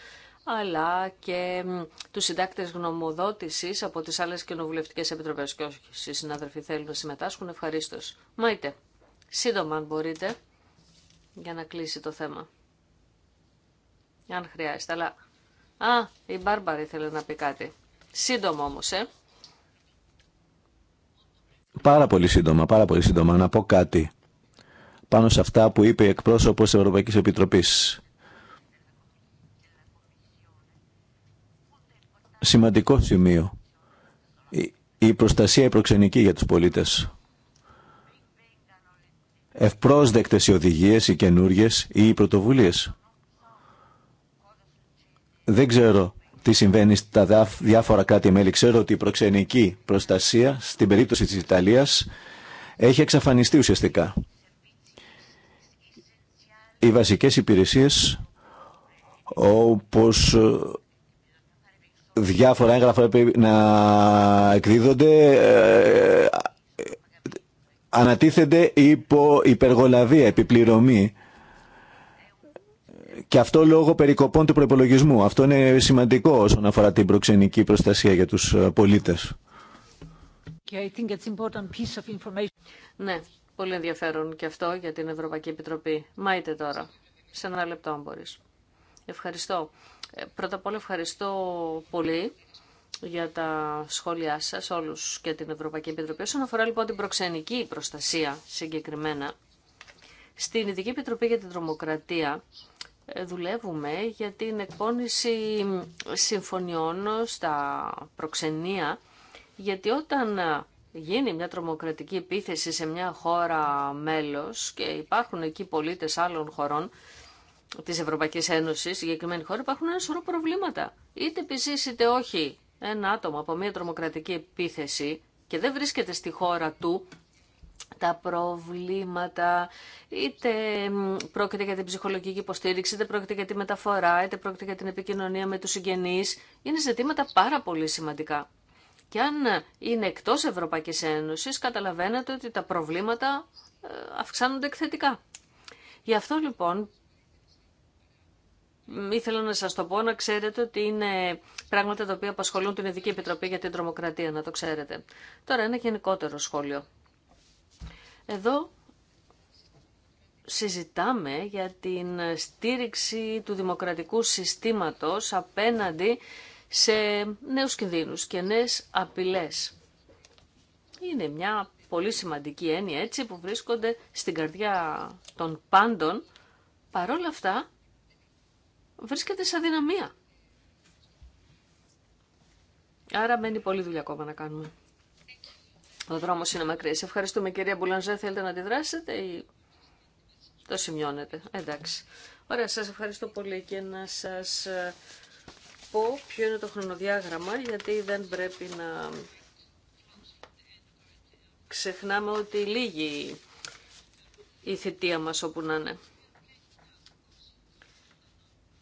αλλά και τους συντάκτες γνωμοδότησης από τις άλλες κοινοβουλευτικές επιτροπές και όσοι συνάδελφοι θέλουν να συμμετάσχουν Ευχαριστώ. Μάιτε, σύντομα αν μπορείτε για να κλείσει το θέμα αν χρειάζεται. Αλλά, α, η Μπάρμπαρη ήθελε να πει κάτι. Σύντομο όμως, ε. Πάρα πολύ σύντομα, πάρα πολύ σύντομα. Να πω κάτι πάνω σε αυτά που είπε η εκπρόσωπος της Ευρωπαϊκής Επιτροπής. Σημαντικό σημείο. Η προστασία η προξενική για τους πολίτες. Ευπρόσδεκτες οι οδηγίες, οι καινούριε ή οι πρωτοβουλίες. Δεν ξέρω τι συμβαίνει στα διάφορα κράτη-μέλη. Ξέρω ότι η προξενική προστασία στην περίπτωση της Ιταλίας έχει εξαφανιστεί ουσιαστικά. Οι βασικές υπηρεσίες όπως ε, διάφορα έγγραφα πρέπει να εκδίδονται ε, ε, ανατίθενται υπό υπεργολαβία, επιπληρωμή και αυτό λόγω περικοπών του προπολογισμού. Αυτό είναι σημαντικό όσον αφορά την προξενική προστασία για τους ε, πολίτες. Ναι, πολύ ενδιαφέρον και αυτό για την Ευρωπαϊκή Επιτροπή. Μάιτε τώρα, σε ένα λεπτό αν μπορείς. Ευχαριστώ. Ε, πρώτα απ' όλα ευχαριστώ πολύ για τα σχόλιά σας όλους και την Ευρωπαϊκή Επιτροπή. Όσον αφορά λοιπόν την προξενική προστασία συγκεκριμένα, στην Ειδική Επιτροπή για την Τρομοκρατία δουλεύουμε για την εκπόνηση συμφωνιών στα προξενία, γιατί όταν γίνει μια τρομοκρατική επίθεση σε μια χώρα μέλος και υπάρχουν εκεί πολίτες άλλων χωρών της Ευρωπαϊκής Ένωσης, συγκεκριμένη χώρα, υπάρχουν ένα σωρό προβλήματα. Είτε επιζήσει είτε όχι ένα άτομο από μια τρομοκρατική επίθεση και δεν βρίσκεται στη χώρα του, τα προβλήματα, είτε πρόκειται για την ψυχολογική υποστήριξη, είτε πρόκειται για τη μεταφορά, είτε πρόκειται για την επικοινωνία με τους συγγενείς. Είναι ζητήματα πάρα πολύ σημαντικά. Και αν είναι εκτός Ευρωπαϊκής Ένωσης, καταλαβαίνετε ότι τα προβλήματα ε, αυξάνονται εκθετικά. Γι' αυτό λοιπόν ήθελα να σας το πω να ξέρετε ότι είναι πράγματα τα οποία απασχολούν την Ειδική Επιτροπή για την Τρομοκρατία, να το ξέρετε. Τώρα ένα γενικότερο σχόλιο. Εδώ συζητάμε για την στήριξη του δημοκρατικού συστήματος απέναντι σε νέους κινδύνους και νέες απειλές. Είναι μια πολύ σημαντική έννοια έτσι που βρίσκονται στην καρδιά των πάντων, παρόλα αυτά βρίσκεται σε αδυναμία. Άρα μένει πολύ δουλειά ακόμα να κάνουμε. Ο δρόμος είναι μακρύς. Ευχαριστούμε κυρία Μπουλανζέ. Θέλετε να αντιδράσετε ή το σημειώνετε. Εντάξει. Ωραία, σας ευχαριστώ πολύ και να σας ε, πω ποιο είναι το χρονοδιάγραμμα γιατί δεν πρέπει να ξεχνάμε ότι λίγη η θητεία μας όπου να είναι.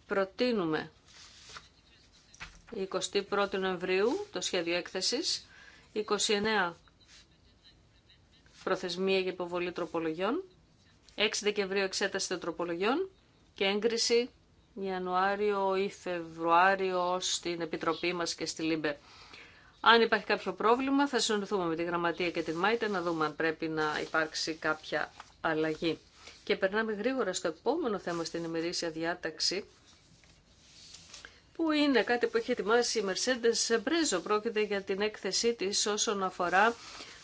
Προτείνουμε 21 Νοεμβρίου το σχέδιο έκθεσης, 29 προθεσμία για υποβολή τροπολογιών, 6 Δεκεμβρίου εξέταση των τροπολογιών και έγκριση Ιανουάριο ή Φεβρουάριο στην Επιτροπή μας και στη ΛΥΜΠΕ. Αν υπάρχει κάποιο πρόβλημα θα συνοηθούμε με τη Γραμματεία και την ΜΑΙΤΕ να δούμε αν πρέπει να υπάρξει κάποια αλλαγή. Και περνάμε γρήγορα στο επόμενο θέμα στην ημερήσια διάταξη που είναι κάτι που έχει ετοιμάσει η Mercedes Μπρέζο. Πρόκειται για την έκθεσή της όσον αφορά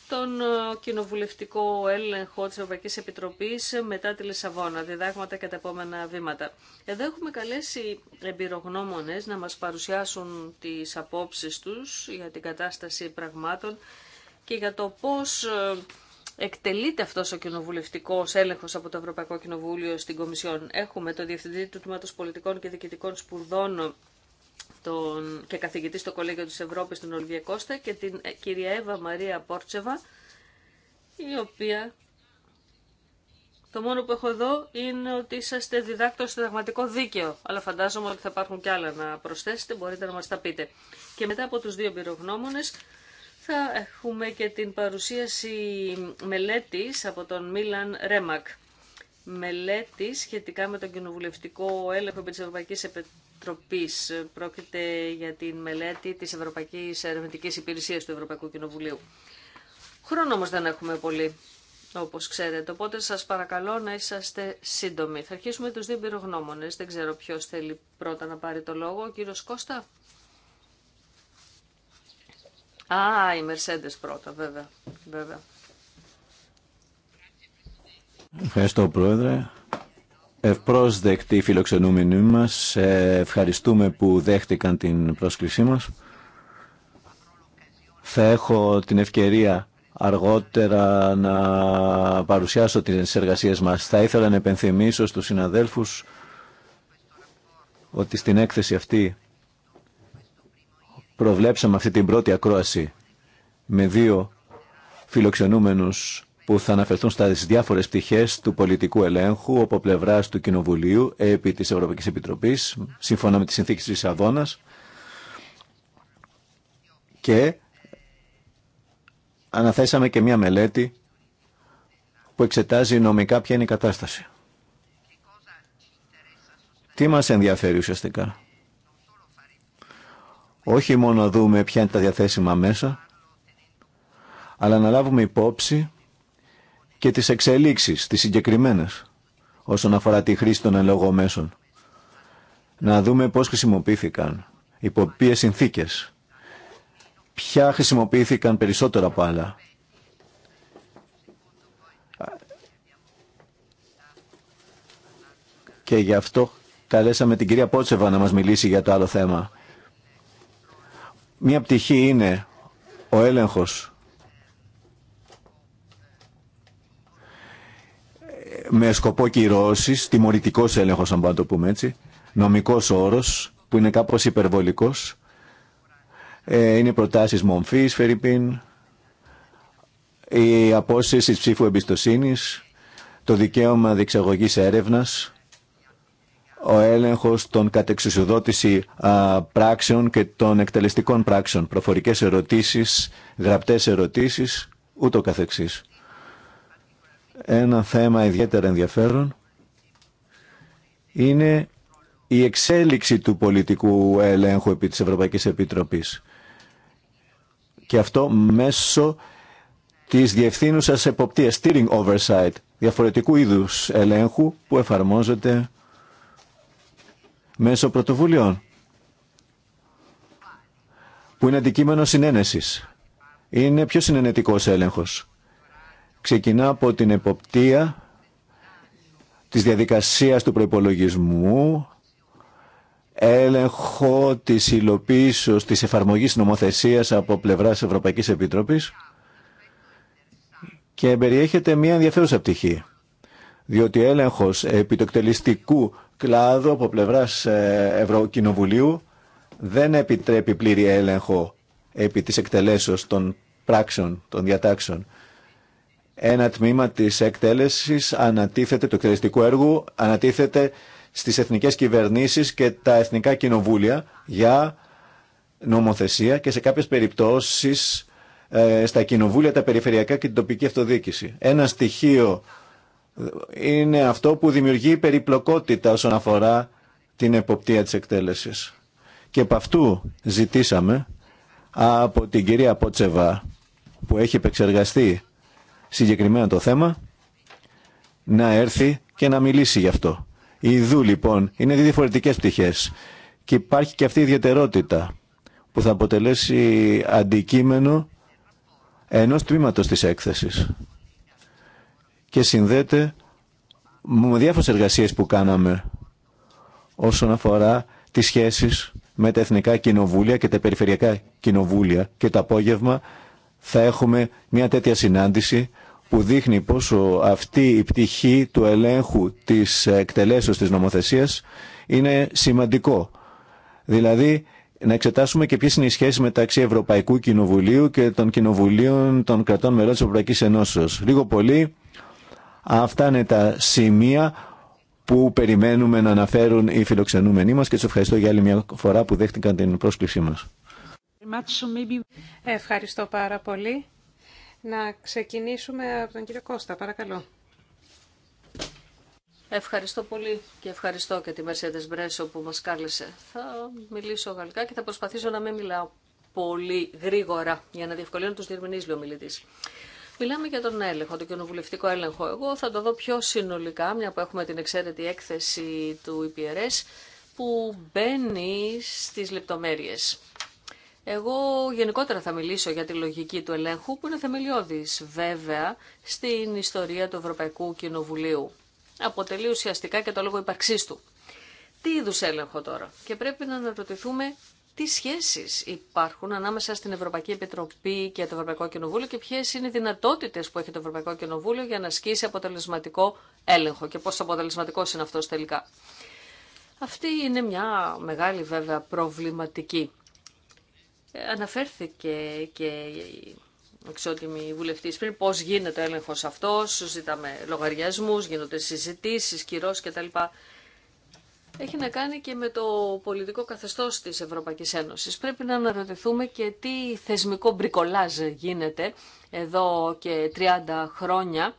τον ε, κοινοβουλευτικό έλεγχο της Ευρωπαϊκής Επιτροπής μετά τη Λισαβόνα, διδάγματα και τα επόμενα βήματα. Εδώ έχουμε καλέσει εμπειρογνώμονες να μας παρουσιάσουν τις απόψεις τους για την κατάσταση πραγμάτων και για το πώς ε, εκτελείται αυτός ο κοινοβουλευτικός έλεγχος από το Ευρωπαϊκό Κοινοβούλιο στην Κομισιόν. Έχουμε το Διευθυντή του Τμήματος Πολιτικών και Διοικητικών Σπουδών τον, και καθηγητή στο Κολέγιο της Ευρώπης στην Ολυβία Κώστα και την ε, κυρία Εύα Μαρία Πόρτσεβα, η οποία το μόνο που έχω εδώ είναι ότι είσαστε διδάκτος στο δαγματικό δίκαιο, αλλά φαντάζομαι ότι θα υπάρχουν και άλλα να προσθέσετε, μπορείτε να μας τα πείτε. Και μετά από τους δύο πυρογνώμονες θα έχουμε και την παρουσίαση μελέτης από τον Μίλαν Ρέμακ μελέτη σχετικά με τον κοινοβουλευτικό έλεγχο τη Ευρωπαϊκή Επιτροπή. Πρόκειται για τη μελέτη της Ευρωπαϊκής Ερευνητική Υπηρεσία του Ευρωπαϊκού Κοινοβουλίου. Χρόνο όμω δεν έχουμε πολύ, όπως ξέρετε, οπότε σας παρακαλώ να είσαστε σύντομοι. Θα αρχίσουμε τους δύο πυρογνώμονες. Δεν ξέρω ποιος θέλει πρώτα να πάρει το λόγο. Ο κύριος Κώστα. Α, η Μερσέντε πρώτα, βέβαια. βέβαια. Ευχαριστώ Πρόεδρε. Ευπρόσδεκτοι φιλοξενούμενοι μας, ε, ευχαριστούμε που δέχτηκαν την πρόσκλησή μας. Θα έχω την ευκαιρία αργότερα να παρουσιάσω τις εργασίες μας. Θα ήθελα να επενθυμίσω στους συναδέλφους ότι στην έκθεση αυτή προβλέψαμε αυτή την πρώτη ακρόαση με δύο φιλοξενούμενους που θα αναφερθούν στα διάφορε πτυχέ του πολιτικού ελέγχου από πλευρά του Κοινοβουλίου επί τη Ευρωπαϊκή Επιτροπή, σύμφωνα με τη συνθήκη τη Λισαβόνα. Και αναθέσαμε και μία μελέτη που εξετάζει νομικά ποια είναι η κατάσταση. Τι μας ενδιαφέρει ουσιαστικά. Όχι μόνο δούμε ποια είναι τα διαθέσιμα μέσα, αλλά να λάβουμε υπόψη και τις εξελίξεις, τις συγκεκριμένες, όσον αφορά τη χρήση των ελόγω μέσων. Να δούμε πώς χρησιμοποιήθηκαν, υπό ποιες συνθήκες, ποια χρησιμοποιήθηκαν περισσότερο από άλλα. Και γι' αυτό καλέσαμε την κυρία Πότσεβα να μας μιλήσει για το άλλο θέμα. Μία πτυχή είναι ο έλεγχος με σκοπό κυρώσεις, τιμωρητικός έλεγχος αν το πούμε έτσι, νομικός όρο που είναι κάπως υπερβολικός. Ε, είναι προτάσει μομφή, Φερρυπίν, η απόσυρση ψήφου εμπιστοσύνη, το δικαίωμα διεξαγωγή έρευνα, ο έλεγχος των κατεξουσιοδότηση πράξεων και των εκτελεστικών πράξεων, προφορικές ερωτήσεις, γραπτές ερωτήσει ούτω καθεξής. Ένα θέμα ιδιαίτερα ενδιαφέρον είναι η εξέλιξη του πολιτικού έλεγχου επί της Ευρωπαϊκής Επιτροπής. Και αυτό μέσω της διευθύνουσας εποπτείας, steering oversight, διαφορετικού είδους ελέγχου που εφαρμόζεται μέσω πρωτοβουλειών, που είναι αντικείμενο συνένεσης. Είναι πιο συνενετικός έλεγχος ξεκινά από την εποπτεία της διαδικασίας του προϋπολογισμού, έλεγχο της υλοποίησης της εφαρμογής νομοθεσίας από πλευράς Ευρωπαϊκής Επιτροπής και περιέχεται μια ενδιαφέρουσα πτυχή, διότι έλεγχος επί κλάδου από πλευράς ε, Ευρωκοινοβουλίου δεν επιτρέπει πλήρη έλεγχο επί της εκτελέσεως των πράξεων, των διατάξεων. Ένα τμήμα της εκτέλεσης ανατίθεται του εκτελεστικού έργου, ανατίθεται στις εθνικές κυβερνήσεις και τα εθνικά κοινοβούλια για νομοθεσία και σε κάποιες περιπτώσεις ε, στα κοινοβούλια, τα περιφερειακά και την τοπική αυτοδιοίκηση. Ένα στοιχείο ε, είναι αυτό που δημιουργεί περιπλοκότητα όσον αφορά την εποπτεία της εκτέλεσης. Και από αυτού ζητήσαμε από την κυρία Πότσεβα που έχει επεξεργαστεί συγκεκριμένα το θέμα, να έρθει και να μιλήσει γι' αυτό. Ιδού λοιπόν είναι δύο διαφορετικέ πτυχές και υπάρχει και αυτή η ιδιαιτερότητα που θα αποτελέσει αντικείμενο ενός τμήματος της έκθεσης και συνδέεται με διάφορες εργασίες που κάναμε όσον αφορά τις σχέσεις με τα εθνικά κοινοβούλια και τα περιφερειακά κοινοβούλια και το απόγευμα θα έχουμε μια τέτοια συνάντηση που δείχνει πόσο αυτή η πτυχή του ελέγχου της εκτελέσεως της νομοθεσίας είναι σημαντικό. Δηλαδή να εξετάσουμε και ποιες είναι οι σχέσεις μεταξύ Ευρωπαϊκού Κοινοβουλίου και των Κοινοβουλίων των κρατών μελών της Ευρωπαϊκής Ενώσεως. Λίγο πολύ αυτά είναι τα σημεία που περιμένουμε να αναφέρουν οι φιλοξενούμενοι μας και του ευχαριστώ για άλλη μια φορά που δέχτηκαν την πρόσκλησή μας. Ευχαριστώ πάρα πολύ. Να ξεκινήσουμε από τον κύριο Κώστα, παρακαλώ. Ευχαριστώ πολύ και ευχαριστώ και τη Mercedes Μπρέσο που μας κάλεσε. Θα μιλήσω γαλλικά και θα προσπαθήσω να μην μιλάω πολύ γρήγορα για να διευκολύνω τους διερμηνείς λιομιλητής. Μιλάμε για τον έλεγχο, τον κοινοβουλευτικό έλεγχο. Εγώ θα το δω πιο συνολικά, μια που έχουμε την εξαίρετη έκθεση του EPRS, που μπαίνει στις λεπτομέρειες. Εγώ γενικότερα θα μιλήσω για τη λογική του ελέγχου που είναι θεμελιώδης βέβαια στην ιστορία του Ευρωπαϊκού Κοινοβουλίου. Αποτελεί ουσιαστικά και το λόγο υπαρξής του. Τι είδου έλεγχο τώρα και πρέπει να αναρωτηθούμε τι σχέσεις υπάρχουν ανάμεσα στην Ευρωπαϊκή Επιτροπή και το Ευρωπαϊκό Κοινοβούλιο και ποιες είναι οι δυνατότητες που έχει το Ευρωπαϊκό Κοινοβούλιο για να ασκήσει αποτελεσματικό έλεγχο και πόσο αποτελεσματικός είναι αυτός τελικά. Αυτή είναι μια μεγάλη βέβαια προβληματική. Αναφέρθηκε και η εξότιμη βουλευτή πριν πώς γίνεται ο έλεγχος αυτός, ζητάμε λογαριασμούς, γίνονται συζητήσει, κυρώσεις κτλ. Έχει να κάνει και με το πολιτικό καθεστώς της Ευρωπαϊκή Ένωση. Πρέπει να αναρωτηθούμε και τι θεσμικό μπρικολάζ γίνεται εδώ και 30 χρόνια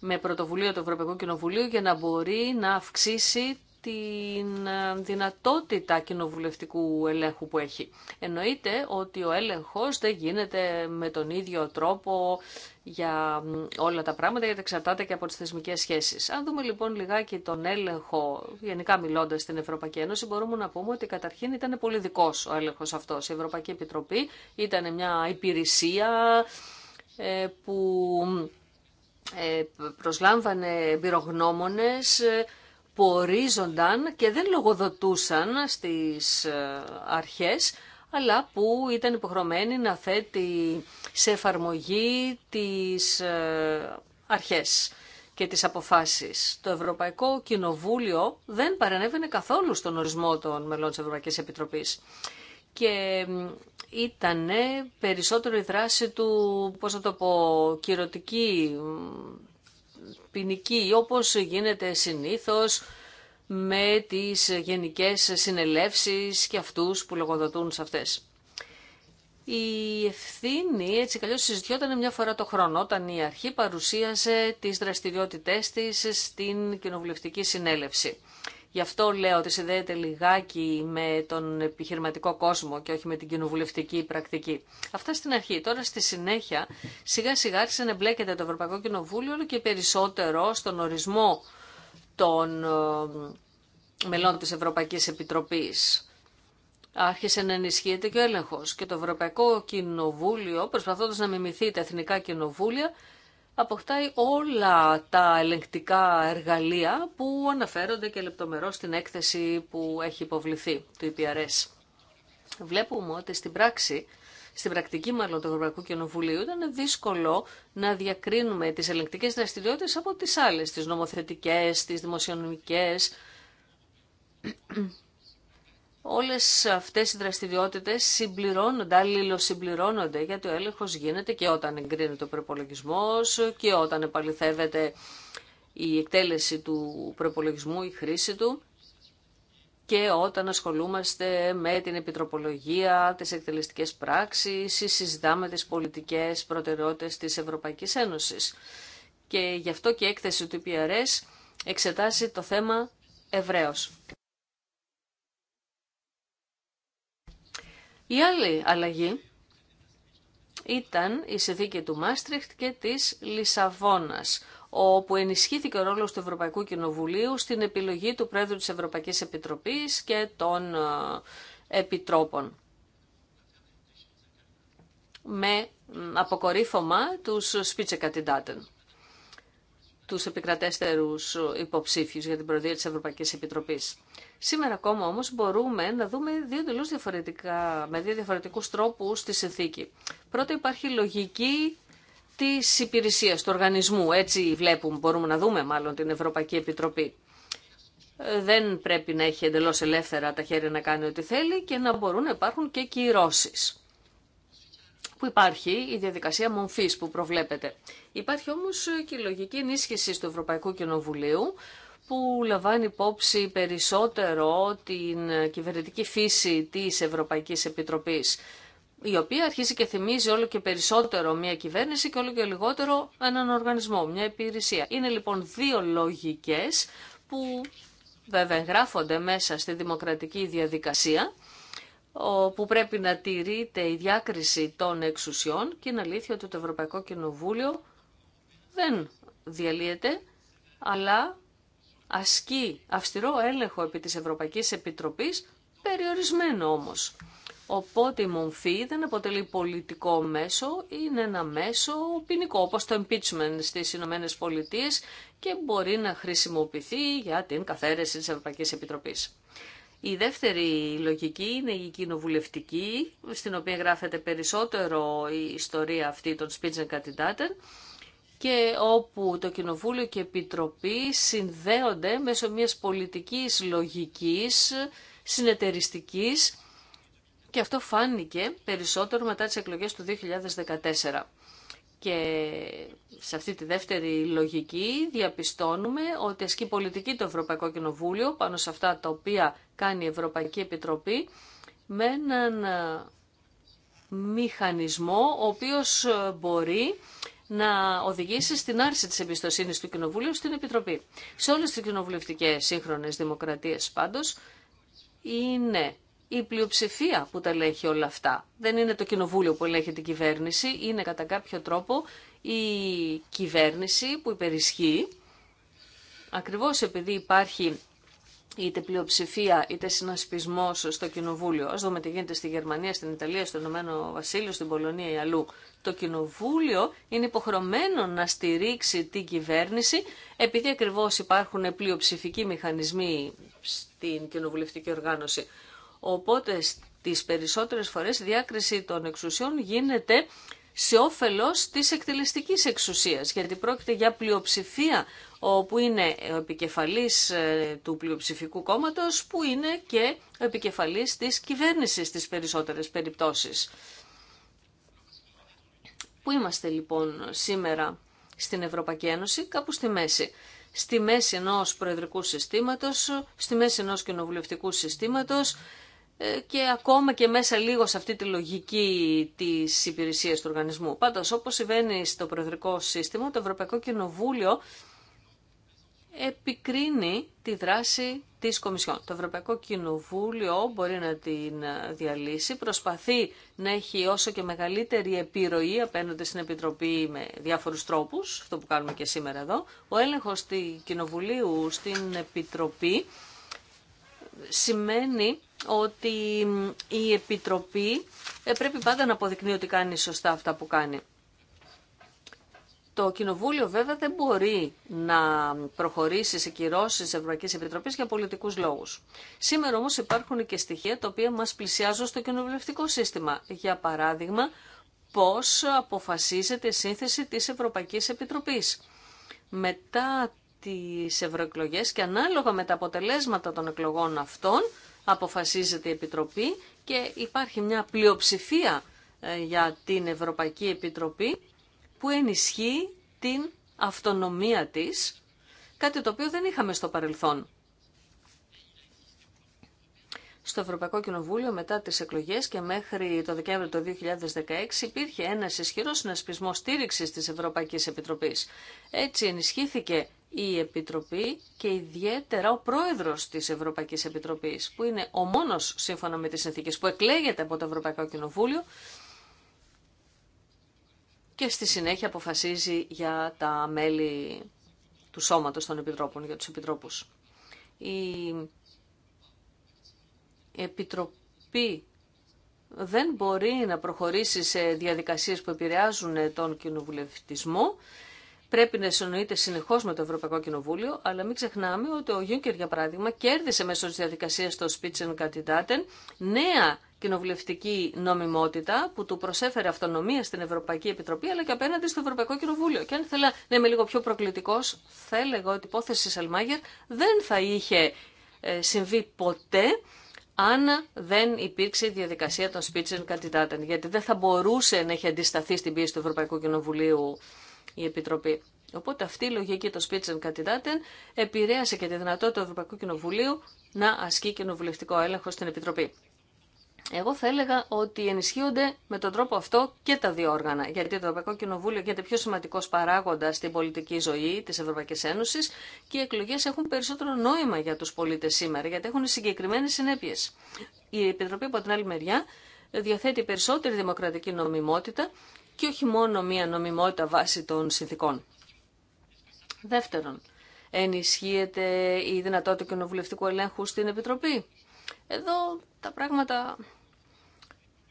με πρωτοβουλία του Ευρωπαϊκού Κοινοβουλίου για να μπορεί να αυξήσει την ε, δυνατότητα κοινοβουλευτικού ελέγχου που έχει. Εννοείται ότι ο έλεγχος δεν γίνεται με τον ίδιο τρόπο για όλα τα πράγματα, γιατί εξαρτάται και από τις θεσμικές σχέσεις. Αν δούμε λοιπόν λιγάκι τον έλεγχο, γενικά μιλώντας στην Ευρωπαϊκή Ένωση, μπορούμε να πούμε ότι καταρχήν ήταν πολύ ο έλεγχος αυτός. Η Ευρωπαϊκή Επιτροπή ήταν μια υπηρεσία ε, που ε, προσλάμβανε εμπειρογνώμονες, που ορίζονταν και δεν λογοδοτούσαν στις ε, αρχές, αλλά που ήταν υποχρεωμένη να θέτει σε εφαρμογή τις ε, αρχές και τις αποφάσεις. Το Ευρωπαϊκό Κοινοβούλιο δεν παρενέβαινε καθόλου στον ορισμό των μελών της Ευρωπαϊκής Επιτροπής. Και ήταν περισσότερο η δράση του, πώς το πω, κυρωτική ποινική, όπως γίνεται συνήθως με τις γενικές συνελεύσεις και αυτούς που λογοδοτούν σε αυτές. Η ευθύνη έτσι καλώ συζητιόταν μια φορά το χρόνο όταν η αρχή παρουσίασε τις δραστηριότητές της στην κοινοβουλευτική συνέλευση. Γι' αυτό λέω ότι συνδέεται λιγάκι με τον επιχειρηματικό κόσμο και όχι με την κοινοβουλευτική πρακτική. Αυτά στην αρχή. Τώρα στη συνέχεια σιγά σιγά άρχισε να εμπλέκεται το Ευρωπαϊκό Κοινοβούλιο και περισσότερο στον ορισμό των ε, μελών της Ευρωπαϊκής Επιτροπής. Άρχισε να ενισχύεται και ο έλεγχος και το Ευρωπαϊκό Κοινοβούλιο, προσπαθώντας να μιμηθεί τα εθνικά κοινοβούλια, αποκτάει όλα τα ελεγκτικά εργαλεία που αναφέρονται και λεπτομερώς στην έκθεση που έχει υποβληθεί του EPRS. Βλέπουμε ότι στην πράξη στην πρακτική μάλλον του Ευρωπαϊκού Κοινοβουλίου ήταν δύσκολο να διακρίνουμε τις ελεγκτικές δραστηριότητες από τις άλλες, τις νομοθετικές, τις δημοσιονομικές. Όλες αυτές οι δραστηριότητες συμπληρώνονται, αλληλοσυμπληρώνονται, γιατί ο έλεγχος γίνεται και όταν εγκρίνεται ο προπολογισμό και όταν επαληθεύεται η εκτέλεση του προπολογισμού, η χρήση του και όταν ασχολούμαστε με την επιτροπολογία, τις εκτελεστικές πράξεις ή συζητάμε τις πολιτικές προτεραιότητες της Ευρωπαϊκής Ένωσης. Και γι' αυτό και η έκθεση του PRS εξετάσει το θέμα ευρέως. Η άλλη αλλαγή ήταν η συνθήκη του Μάστριχτ και της Λισαβόνας, όπου ενισχύθηκε ο ρόλος του Ευρωπαϊκού Κοινοβουλίου στην επιλογή του Πρόεδρου της Ευρωπαϊκής Επιτροπής και των ε, Επιτρόπων. Με αποκορύφωμα τους Σπίτσε Κατιντάτεν τους επικρατέστερους υποψήφιους για την Προεδρία της Ευρωπαϊκής Επιτροπής. Σήμερα ακόμα όμως μπορούμε να δούμε δύο τελείως διαφορετικά, με δύο διαφορετικούς τρόπους τη συνθήκη. Πρώτα υπάρχει λογική της υπηρεσίας, του οργανισμού. Έτσι βλέπουμε, μπορούμε να δούμε μάλλον την Ευρωπαϊκή Επιτροπή. Δεν πρέπει να έχει εντελώς ελεύθερα τα χέρια να κάνει ό,τι θέλει και να μπορούν να υπάρχουν και κυρώσεις που υπάρχει η διαδικασία μομφής που προβλέπεται. Υπάρχει όμως και η λογική ενίσχυση του Ευρωπαϊκού Κοινοβουλίου που λαμβάνει υπόψη περισσότερο την κυβερνητική φύση της Ευρωπαϊκής Επιτροπής η οποία αρχίζει και θυμίζει όλο και περισσότερο μια κυβέρνηση και όλο και λιγότερο έναν οργανισμό, μια υπηρεσία. Είναι λοιπόν δύο λογικές που βέβαια εγγράφονται μέσα στη δημοκρατική διαδικασία που πρέπει να τηρείται η διάκριση των εξουσιών και είναι αλήθεια ότι το Ευρωπαϊκό Κοινοβούλιο δεν διαλύεται, αλλά ασκεί αυστηρό έλεγχο επί της Ευρωπαϊκής Επιτροπής, περιορισμένο όμως. Οπότε η μομφή δεν αποτελεί πολιτικό μέσο, είναι ένα μέσο ποινικό, όπως το impeachment στις Ηνωμένε Πολιτείε και μπορεί να χρησιμοποιηθεί για την καθαίρεση της Ευρωπαϊκής Επιτροπής. Η δεύτερη λογική είναι η κοινοβουλευτική, στην οποία γράφεται περισσότερο η ιστορία αυτή των Spitzenkandidaten και όπου το Κοινοβούλιο και η Επιτροπή συνδέονται μέσω μιας πολιτικής λογικής, συνεταιριστικής και αυτό φάνηκε περισσότερο μετά τις εκλογές του 2014. Και σε αυτή τη δεύτερη λογική διαπιστώνουμε ότι ασκεί πολιτική το Ευρωπαϊκό Κοινοβούλιο πάνω σε αυτά τα οποία κάνει η Ευρωπαϊκή Επιτροπή με έναν ε, μηχανισμό ο οποίος ε, μπορεί να οδηγήσει στην άρση της εμπιστοσύνης του Κοινοβουλίου στην Επιτροπή. Σε όλες τις κοινοβουλευτικές σύγχρονες δημοκρατίες πάντως είναι η πλειοψηφία που τα λέει όλα αυτά. Δεν είναι το κοινοβούλιο που ελέγχει την κυβέρνηση, είναι κατά κάποιο τρόπο η κυβέρνηση που υπερισχύει, ακριβώς επειδή υπάρχει είτε πλειοψηφία είτε συνασπισμό στο κοινοβούλιο. Α δούμε τι γίνεται στη Γερμανία, στην Ιταλία, στο Ηνωμένο Βασίλειο, στην Πολωνία ή αλλού. Το κοινοβούλιο είναι υποχρεωμένο να στηρίξει την κυβέρνηση, επειδή ακριβώ υπάρχουν πλειοψηφικοί μηχανισμοί στην κοινοβουλευτική οργάνωση. Οπότε τις περισσότερες φορές η διάκριση των εξουσιών γίνεται σε όφελος της εκτελεστικής εξουσίας, γιατί πρόκειται για πλειοψηφία όπου είναι ο επικεφαλής ε, του πλειοψηφικού κόμματος, που είναι και ο επικεφαλής της κυβέρνησης στις περισσότερες περιπτώσεις. Πού είμαστε λοιπόν σήμερα στην Ευρωπαϊκή Ένωση, κάπου στη μέση. Στη μέση ενός προεδρικού συστήματος, στη μέση ενός κοινοβουλευτικού συστήματος, ε, και ακόμα και μέσα λίγο σε αυτή τη λογική της υπηρεσίας του οργανισμού. Πάντως, όπως συμβαίνει στο προεδρικό σύστημα, το Ευρωπαϊκό Κοινοβούλιο επικρίνει τη δράση της Κομισιόν. Το Ευρωπαϊκό Κοινοβούλιο μπορεί να την διαλύσει, προσπαθεί να έχει όσο και μεγαλύτερη επιρροή απέναντι στην Επιτροπή με διάφορους τρόπους, αυτό που κάνουμε και σήμερα εδώ. Ο έλεγχος του Κοινοβουλίου στην Επιτροπή σημαίνει ότι η Επιτροπή ε, πρέπει πάντα να αποδεικνύει ότι κάνει σωστά αυτά που κάνει. Το Κοινοβούλιο βέβαια δεν μπορεί να προχωρήσει σε κυρώσει τη Ευρωπαϊκή Επιτροπή για πολιτικού λόγου. Σήμερα όμω υπάρχουν και στοιχεία τα οποία μα πλησιάζουν στο κοινοβουλευτικό σύστημα. Για παράδειγμα, πώ αποφασίζεται η σύνθεση τη Ευρωπαϊκή Επιτροπή. Μετά τι ευρωεκλογέ και ανάλογα με τα αποτελέσματα των εκλογών αυτών, αποφασίζεται η Επιτροπή και υπάρχει μια πλειοψηφία ε, για την Ευρωπαϊκή Επιτροπή που ενισχύει την αυτονομία της, κάτι το οποίο δεν είχαμε στο παρελθόν. Στο Ευρωπαϊκό Κοινοβούλιο μετά τις εκλογές και μέχρι το Δεκέμβριο του 2016 υπήρχε ένας ισχυρός συνασπισμός στήριξης της Ευρωπαϊκής Επιτροπής. Έτσι ενισχύθηκε η Επιτροπή και ιδιαίτερα ο πρόεδρος της Ευρωπαϊκής Επιτροπής, που είναι ο μόνος σύμφωνα με τις συνθήκες που εκλέγεται από το Ευρωπαϊκό Κοινοβούλιο και στη συνέχεια αποφασίζει για τα μέλη του σώματος των Επιτρόπων, για τους Επιτρόπους. Η Επιτροπή δεν μπορεί να προχωρήσει σε διαδικασίες που επηρεάζουν τον κοινοβουλευτισμό πρέπει να συνοείται συνεχώ με το Ευρωπαϊκό Κοινοβούλιο, αλλά μην ξεχνάμε ότι ο Γιούνκερ, για παράδειγμα, κέρδισε μέσω τη διαδικασία των Spitzenkandidaten νέα κοινοβουλευτική νομιμότητα που του προσέφερε αυτονομία στην Ευρωπαϊκή Επιτροπή αλλά και απέναντι στο Ευρωπαϊκό Κοινοβούλιο. Και αν ήθελα να είμαι λίγο πιο προκλητικό, θα έλεγα ότι η υπόθεση Σαλμάγερ δεν θα είχε ε, συμβεί ποτέ αν δεν υπήρξε η διαδικασία των Spitzenkandidaten, γιατί δεν θα μπορούσε να έχει αντισταθεί στην πίεση του Ευρωπαϊκού Κοινοβουλίου η Επιτροπή. Οπότε αυτή η λογική των Spitzenkandidaten επηρέασε και τη δυνατότητα του Ευρωπαϊκού Κοινοβουλίου να ασκεί κοινοβουλευτικό έλεγχο στην Επιτροπή. Εγώ θα έλεγα ότι ενισχύονται με τον τρόπο αυτό και τα δύο όργανα. Γιατί το Ευρωπαϊκό Κοινοβούλιο γίνεται πιο σημαντικό παράγοντα στην πολιτική ζωή τη Ευρωπαϊκή Ένωση και οι εκλογέ έχουν περισσότερο νόημα για του πολίτε σήμερα, γιατί έχουν συγκεκριμένε συνέπειε. Η Επιτροπή από την άλλη μεριά διαθέτει περισσότερη δημοκρατική νομιμότητα και όχι μόνο μία νομιμότητα βάσει των συνθήκων. Δεύτερον, ενισχύεται η δυνατότητα κοινοβουλευτικού ελέγχου στην Επιτροπή. Εδώ τα πράγματα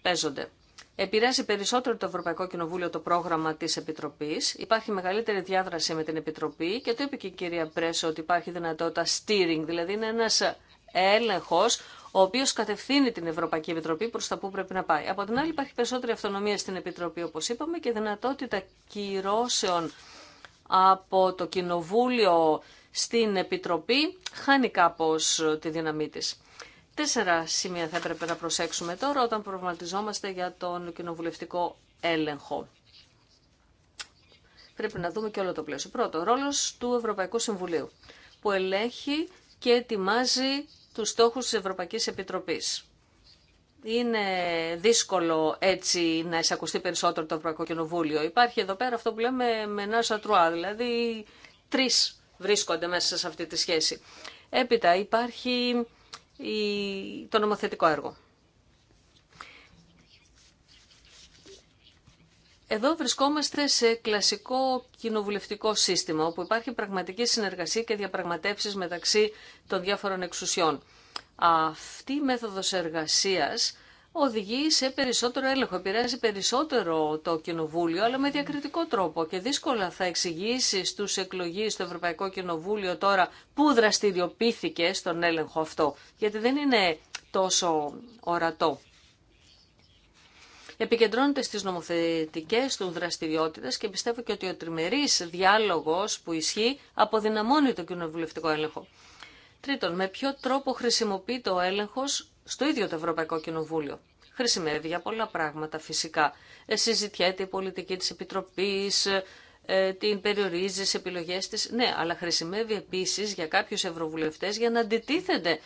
παίζονται. Επηρεάζει περισσότερο το Ευρωπαϊκό Κοινοβούλιο το πρόγραμμα τη Επιτροπή. Υπάρχει μεγαλύτερη διάδραση με την Επιτροπή και το είπε και η κυρία Πρέσο ότι υπάρχει δυνατότητα steering, δηλαδή είναι ένα έλεγχος ο οποίο κατευθύνει την Ευρωπαϊκή Επιτροπή προ τα που πρέπει να πάει. Από την άλλη, υπάρχει περισσότερη αυτονομία στην Επιτροπή, όπω είπαμε, και δυνατότητα κυρώσεων από το Κοινοβούλιο στην Επιτροπή χάνει κάπω τη δύναμή τη. Τέσσερα σημεία θα έπρεπε να προσέξουμε τώρα όταν προβληματιζόμαστε για τον κοινοβουλευτικό έλεγχο. Πρέπει να δούμε και όλο το πλαίσιο. Πρώτο, ρόλος του Ευρωπαϊκού Συμβουλίου, που ελέγχει και ετοιμάζει του στόχου τη Ευρωπαϊκή Επιτροπής. Είναι δύσκολο έτσι να εισακουστεί περισσότερο το Ευρωπαϊκό Κοινοβούλιο. Υπάρχει εδώ πέρα αυτό που λέμε με ένα σατρουά, δηλαδή τρεις βρίσκονται μέσα σε αυτή τη σχέση. Έπειτα υπάρχει το νομοθετικό έργο. Εδώ βρισκόμαστε σε κλασικό κοινοβουλευτικό σύστημα, όπου υπάρχει πραγματική συνεργασία και διαπραγματεύσεις μεταξύ των διάφορων εξουσιών. Αυτή η μέθοδος εργασίας οδηγεί σε περισσότερο έλεγχο, επηρεάζει περισσότερο το Κοινοβούλιο, αλλά με διακριτικό τρόπο. Και δύσκολα θα εξηγήσει στους εκλογείς στο Ευρωπαϊκό Κοινοβούλιο τώρα πού δραστηριοποιήθηκε στον έλεγχο αυτό, γιατί δεν είναι τόσο ορατό επικεντρώνεται στις νομοθετικές του δραστηριότητες και πιστεύω και ότι ο τριμερής διάλογος που ισχύει αποδυναμώνει το κοινοβουλευτικό έλεγχο. Τρίτον, με ποιο τρόπο χρησιμοποιείται ο έλεγχος στο ίδιο το Ευρωπαϊκό Κοινοβούλιο. Χρησιμεύει για πολλά πράγματα φυσικά. Ε, συζητιέται η πολιτική της Επιτροπής, ε, την περιορίζει σε επιλογές της. Ναι, αλλά χρησιμεύει επίσης για κάποιους ευρωβουλευτές για να αντιτίθενται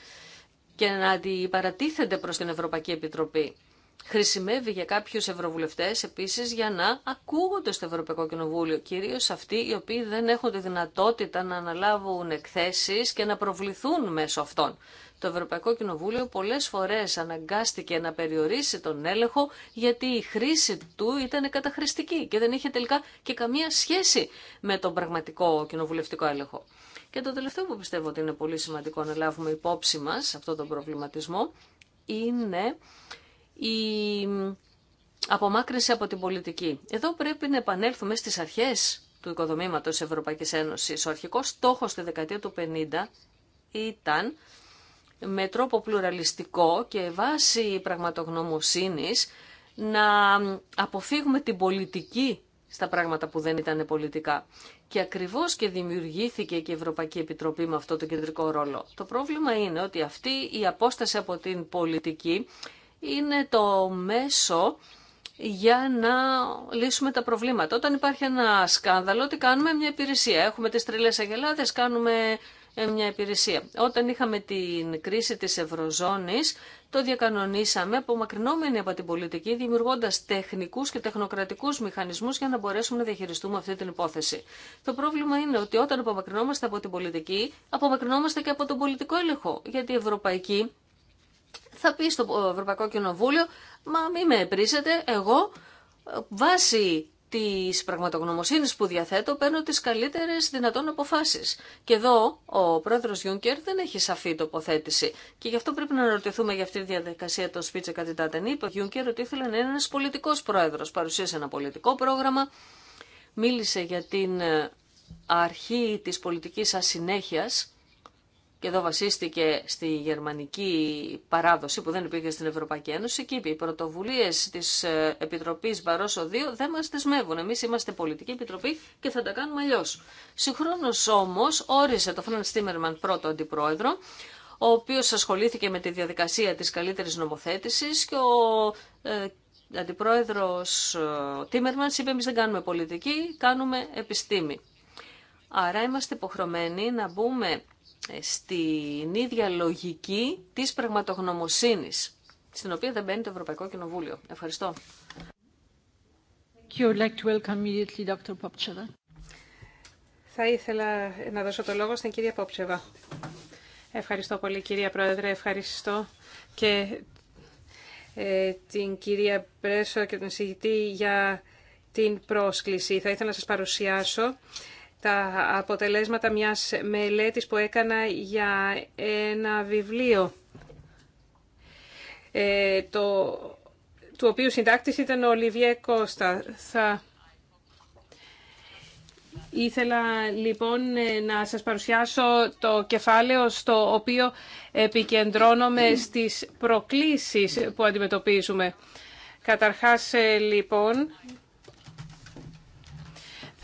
και να αντιπαρατίθενται προς την Ευρωπαϊκή Επιτροπή χρησιμεύει για κάποιου ευρωβουλευτέ επίση για να ακούγονται στο Ευρωπαϊκό Κοινοβούλιο, Κυρίω αυτοί οι οποίοι δεν έχουν τη δυνατότητα να αναλάβουν εκθέσει και να προβληθούν μέσω αυτών. Το Ευρωπαϊκό Κοινοβούλιο πολλέ φορέ αναγκάστηκε να περιορίσει τον έλεγχο γιατί η χρήση του ήταν καταχρηστική και δεν είχε τελικά και καμία σχέση με τον πραγματικό κοινοβουλευτικό έλεγχο. Και το τελευταίο που πιστεύω ότι είναι πολύ σημαντικό να λάβουμε υπόψη μα αυτό τον προβληματισμό είναι η απομάκρυνση από την πολιτική. Εδώ πρέπει να επανέλθουμε στις αρχές του οικοδομήματος Ευρωπαϊκής Ένωσης. Ο αρχικός στόχος στη δεκαετία του 50 ήταν με τρόπο πλουραλιστικό και βάση πραγματογνωμοσύνης να αποφύγουμε την πολιτική στα πράγματα που δεν ήταν πολιτικά. Και ακριβώς και δημιουργήθηκε και η Ευρωπαϊκή Επιτροπή με αυτό το κεντρικό ρόλο. Το πρόβλημα είναι ότι αυτή η απόσταση από την πολιτική είναι το μέσο για να λύσουμε τα προβλήματα. Όταν υπάρχει ένα σκάνδαλο, τι κάνουμε, μια υπηρεσία. Έχουμε τις τρελές αγελάδες, κάνουμε ε, μια υπηρεσία. Όταν είχαμε την κρίση της Ευρωζώνης, το διακανονίσαμε απομακρυνόμενοι από την πολιτική, δημιουργώντας τεχνικούς και τεχνοκρατικούς μηχανισμούς για να μπορέσουμε να διαχειριστούμε αυτή την υπόθεση. Το πρόβλημα είναι ότι όταν απομακρυνόμαστε από την πολιτική, απομακρυνόμαστε και από τον πολιτικό έλεγχο, γιατί η Ευρωπαϊκή θα πει στο Ευρωπαϊκό Κοινοβούλιο, μα μη με επρίσετε, εγώ βάσει της πραγματογνωμοσύνης που διαθέτω παίρνω τις καλύτερες δυνατόν αποφάσεις. Και εδώ ο πρόεδρος Γιούνκερ δεν έχει σαφή τοποθέτηση. Και γι' αυτό πρέπει να ρωτηθούμε για αυτή τη διαδικασία το σπίτσε κατητάτεν. Είπε ο Γιούνκερ ότι ήθελε να είναι ένας πολιτικός πρόεδρος. Παρουσίασε ένα πολιτικό πρόγραμμα, μίλησε για την αρχή της πολιτικής ασυνέχειας και εδώ βασίστηκε στη γερμανική παράδοση που δεν υπήρχε στην Ευρωπαϊκή Ένωση και είπε οι πρωτοβουλίε τη ε, Επιτροπή Μπαρόσο 2 δεν μα δεσμεύουν. Εμεί είμαστε πολιτική επιτροπή και θα τα κάνουμε αλλιώ. Συγχρόνω όμω όρισε το Φραν Τίμερμαν πρώτο αντιπρόεδρο, ο οποίο ασχολήθηκε με τη διαδικασία τη καλύτερη νομοθέτηση και ο ε, αντιπρόεδρο ε, Τίμερμαν είπε: Εμεί δεν κάνουμε πολιτική, κάνουμε επιστήμη. Άρα είμαστε υποχρεωμένοι να μπούμε στην ίδια λογική της πραγματογνωμοσύνης, στην οποία δεν μπαίνει το Ευρωπαϊκό Κοινοβούλιο. Ευχαριστώ. Θα ήθελα να δώσω το λόγο στην κυρία Πόψεβα. Ευχαριστώ πολύ κυρία Πρόεδρε, ευχαριστώ και ε, την κυρία Πρέσο και τον συγητή για την πρόσκληση. Θα ήθελα να σας παρουσιάσω τα αποτελέσματα μιας μελέτης που έκανα για ένα βιβλίο, ε, το, του οποίου συντάκτης ήταν ο Λιβιέ Κώστα. Θα... Ήθελα λοιπόν ε, να σας παρουσιάσω το κεφάλαιο στο οποίο επικεντρώνομαι στις προκλήσεις που αντιμετωπίζουμε. Καταρχάς ε, λοιπόν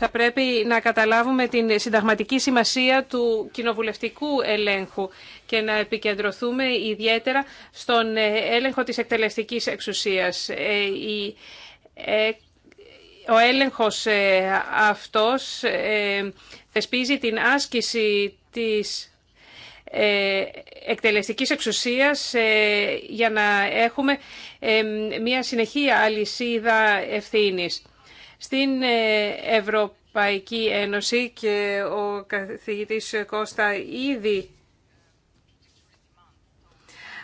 θα πρέπει να καταλάβουμε την συνταγματική σημασία του κοινοβουλευτικού ελέγχου και να επικεντρωθούμε ιδιαίτερα στον ε, έλεγχο της εκτελεστικής εξουσίας. Ε, ε, ο έλεγχος αυτός θεσπίζει την άσκηση της εκτελεστικής εξουσίας για να έχουμε μια συνεχή αλυσίδα ευθύνης. Στην ε, Ευρωπαϊκή Ένωση και ο καθηγητής Κώστα ήδη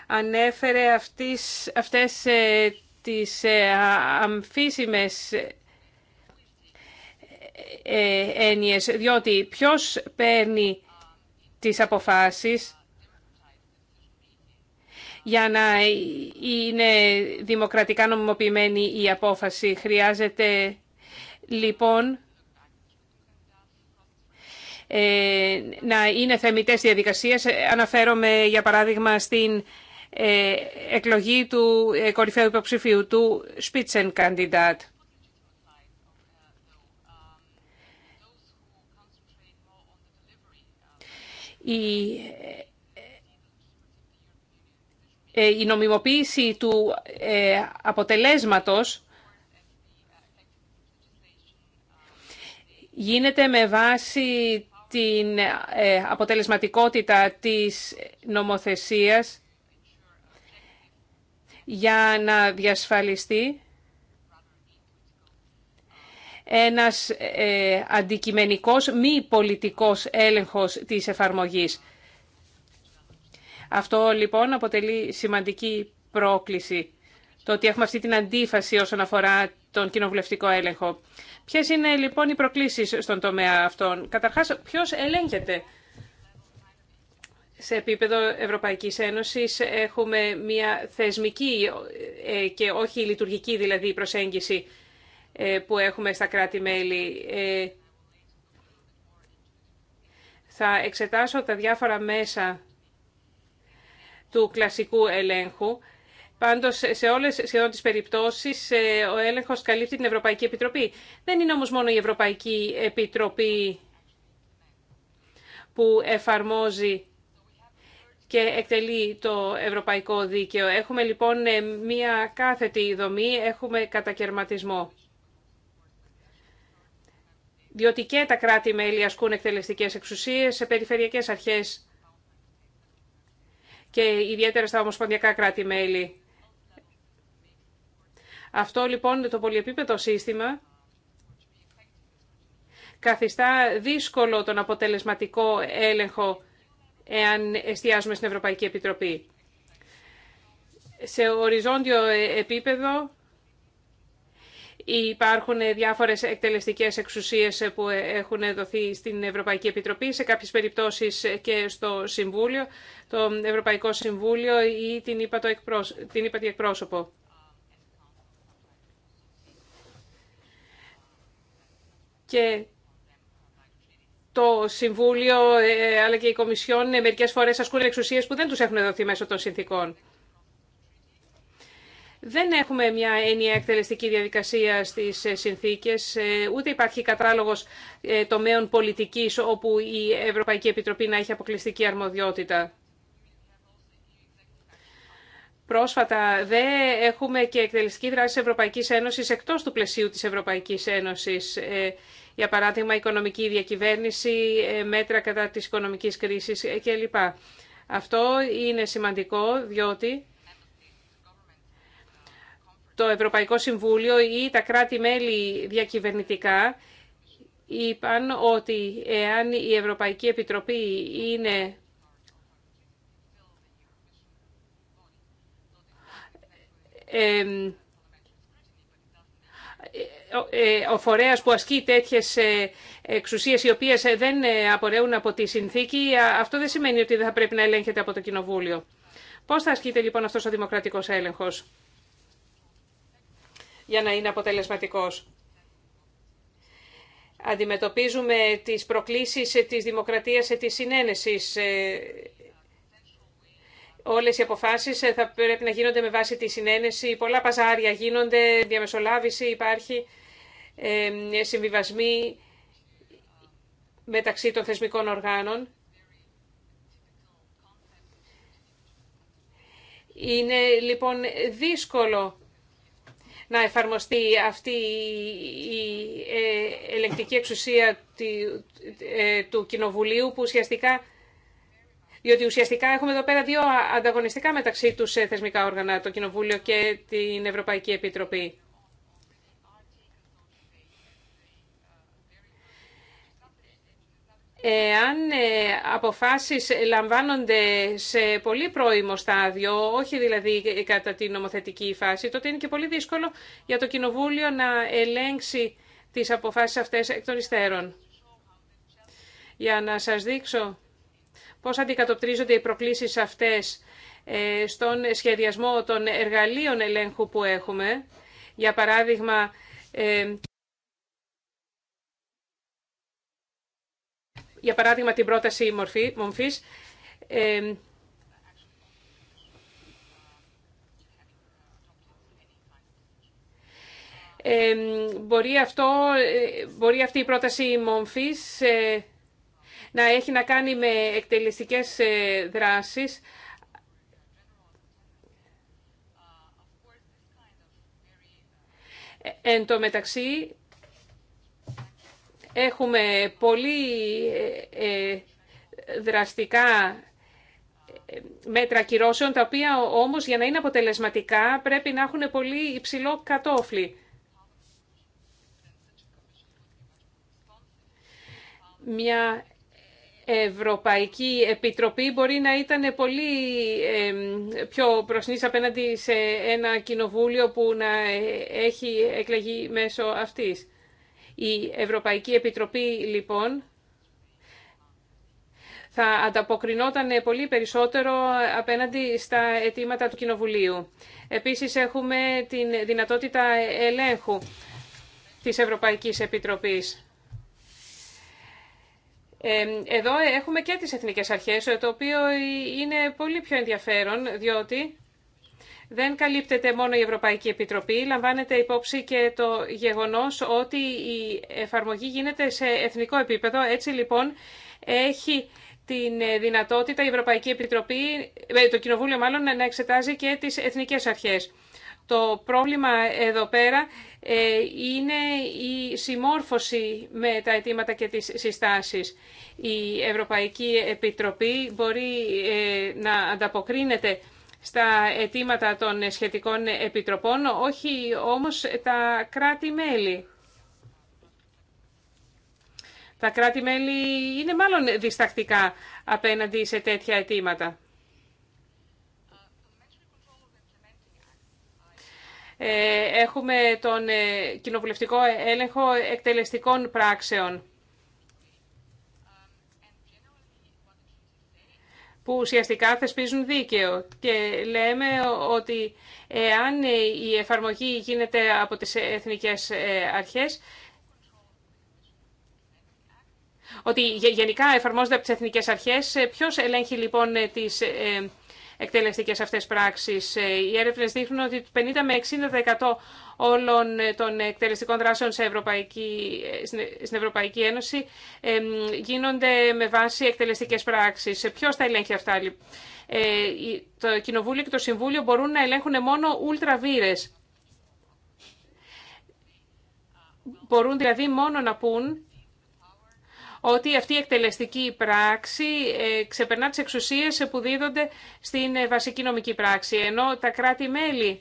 ανέφερε αυτές, αυτές ε, τις ε, αμφίσιμες έννοιες, διότι ποιος παίρνει τις αποφάσεις για να είναι δημοκρατικά νομιμοποιημένη η απόφαση. Χρειάζεται λοιπόν ε, να είναι θεμητές διαδικασίες. Αναφέρομαι, για παράδειγμα, στην ε, εκλογή του ε, κορυφαίου υποψηφίου, του Spitzenkandidat. Η νομιμοποίηση του αποτελέσματος γίνεται με βάση την ε, αποτελεσματικότητα της νομοθεσίας για να διασφαλιστεί ένας ε, αντικειμενικός, μη πολιτικός έλεγχος της εφαρμογής. Αυτό λοιπόν αποτελεί σημαντική πρόκληση, το ότι έχουμε αυτή την αντίφαση όσον αφορά τον κοινοβουλευτικό έλεγχο. Ποιε είναι λοιπόν οι προκλήσει στον τομέα αυτών. Καταρχά, ποιο ελέγχεται. Σε επίπεδο Ευρωπαϊκής Ένωσης έχουμε μια θεσμική ε, και όχι λειτουργική δηλαδή προσέγγιση ε, που έχουμε στα κράτη-μέλη. Ε, θα εξετάσω τα διάφορα μέσα του κλασικού ελέγχου Πάντω, σε όλες σχεδόν τις περιπτώσεις, ε, ο έλεγχο καλύπτει την Ευρωπαϊκή Επιτροπή. Δεν είναι όμως μόνο η Ευρωπαϊκή Επιτροπή που εφαρμόζει και εκτελεί το ευρωπαϊκό δίκαιο. Έχουμε λοιπόν ε, μία κάθετη δομή, έχουμε κατακαιρματισμό. Διότι και τα κράτη-μέλη ασκούν εκτελεστικές εξουσίες σε περιφερειακές αρχές και ιδιαίτερα στα ομοσπονδιακά κράτη-μέλη. Αυτό λοιπόν το πολυεπίπεδο σύστημα καθιστά δύσκολο τον αποτελεσματικό έλεγχο εάν εστιάζουμε στην Ευρωπαϊκή Επιτροπή. Σε οριζόντιο επίπεδο υπάρχουν διάφορες εκτελεστικές εξουσίες που έχουν δοθεί στην Ευρωπαϊκή Επιτροπή, σε κάποιες περιπτώσεις και στο Συμβούλιο, το Ευρωπαϊκό Συμβούλιο ή την είπα, εκπρόσωπο. και το Συμβούλιο ε, αλλά και οι Κομισιόν ε, μερικές φορές ασκούν εξουσίες που δεν τους έχουν δοθεί μέσω των συνθήκων. Δεν έχουμε μια έννοια εκτελεστική διαδικασία στις ε, συνθήκες, ούτε υπάρχει κατάλογος τομέων πολιτικής όπου η Ευρωπαϊκή Επιτροπή να έχει αποκλειστική αρμοδιότητα. Πρόσφατα δε έχουμε και εκτελεστική δράση της Ευρωπαϊκής Ένωσης εκτός του πλαισίου της Ευρωπαϊκής Ένωσης. Ε, για παράδειγμα, οικονομική διακυβέρνηση, ε, μέτρα κατά της οικονομικής κρίσης ε, κλπ. Αυτό είναι σημαντικό διότι το Ευρωπαϊκό Συμβούλιο ή τα κράτη-μέλη διακυβερνητικά είπαν ότι εάν η Ευρωπαϊκή Επιτροπή είναι Ε, ο φορέας που ασκεί τέτοιες ε, εξουσίες οι οποίες ε, δεν απορρέουν από τη συνθήκη, αυτό δεν σημαίνει ότι δεν θα πρέπει να ελέγχεται από το Κοινοβούλιο. Πώς θα ασκείται λοιπόν αυτός ο δημοκρατικός έλεγχος για να είναι αποτελεσματικός. Αντιμετωπίζουμε τις προκλήσεις της δημοκρατίας, της συνένεσης Όλες οι αποφάσεις ε, θα πρέπει να γίνονται με βάση τη συνένεση. Πολλά παζάρια γίνονται, διαμεσολάβηση υπάρχει, ε, ε, συμβιβασμοί μεταξύ των θεσμικών οργάνων. Είναι λοιπόν δύσκολο να εφαρμοστεί αυτή η ελεγκτική εξουσία του Κοινοβουλίου που ουσιαστικά διότι ουσιαστικά έχουμε εδώ πέρα δύο ανταγωνιστικά μεταξύ τους ε, θεσμικά όργανα, το Κοινοβούλιο και την Ευρωπαϊκή Επιτροπή. Εάν ε, αποφάσεις λαμβάνονται σε πολύ πρώιμο στάδιο, όχι δηλαδή κατά την νομοθετική φάση, τότε είναι και πολύ δύσκολο για το Κοινοβούλιο να ελέγξει τις αποφάσεις αυτές εκ των υστέρων. Για να σας δείξω πώς αντικατοπτρίζονται οι προκλήσεις αυτές ε, στον σχεδιασμό των εργαλείων ελέγχου που έχουμε. Για παράδειγμα, ε, για παράδειγμα την πρόταση μορφή, ε, μπορεί, αυτό, μπορεί αυτή η πρόταση μομφής να έχει να κάνει με εκτελεστικές ε, δράσεις. Ε, εν τω μεταξύ, έχουμε πολύ ε, δραστικά μέτρα κυρώσεων, τα οποία όμως για να είναι αποτελεσματικά πρέπει να έχουν πολύ υψηλό κατόφλι. Μια Ευρωπαϊκή Επιτροπή μπορεί να ήταν πολύ πιο προσνής απέναντι σε ένα κοινοβούλιο που να έχει εκλεγεί μέσω αυτής. Η Ευρωπαϊκή Επιτροπή, λοιπόν, θα ανταποκρινόταν πολύ περισσότερο απέναντι στα αιτήματα του Κοινοβουλίου. Επίσης, έχουμε την δυνατότητα ελέγχου της Ευρωπαϊκής Επιτροπής. Εδώ έχουμε και τις εθνικές αρχές, το οποίο είναι πολύ πιο ενδιαφέρον, διότι δεν καλύπτεται μόνο η Ευρωπαϊκή Επιτροπή, λαμβάνεται υπόψη και το γεγονός ότι η εφαρμογή γίνεται σε εθνικό επίπεδο. Έτσι λοιπόν έχει την δυνατότητα η Ευρωπαϊκή Επιτροπή, ε, το Κοινοβούλιο μάλλον, να εξετάζει και τις εθνικές αρχές. Το πρόβλημα εδώ πέρα ε, είναι η συμμόρφωση με τα αιτήματα και τις συστάσεις. Η Ευρωπαϊκή Επιτροπή μπορεί ε, να ανταποκρίνεται στα αιτήματα των σχετικών επιτροπών, όχι όμως τα κράτη-μέλη. Τα κράτη-μέλη είναι μάλλον διστακτικά απέναντι σε τέτοια αιτήματα. Ε, έχουμε τον ε, κοινοβουλευτικό έλεγχο εκτελεστικών πράξεων. που ουσιαστικά θεσπίζουν δίκαιο. Και λέμε ότι εάν η εφαρμογή γίνεται από τις εθνικές ε, αρχές, ότι γενικά εφαρμόζεται από τις εθνικές αρχές, ποιος ελέγχει λοιπόν τις εκτελεστικές αυτές πράξεις. Ε, οι έρευνες δείχνουν ότι 50 με 60% όλων ε, των εκτελεστικών δράσεων σε Ευρωπαϊκή, ε, στην Ευρωπαϊκή Ένωση γίνονται με βάση εκτελεστικές πράξεις. Ποιο τα ελέγχει αυτά το Κοινοβούλιο και το Συμβούλιο μπορούν να ελέγχουν μόνο ούλτραβύρες. Μπορούν δηλαδή μόνο να πούν ότι αυτή η εκτελεστική πράξη ε, ξεπερνά τις εξουσίες που δίδονται στην ε, βασική νομική πράξη, ενώ τα κράτη-μέλη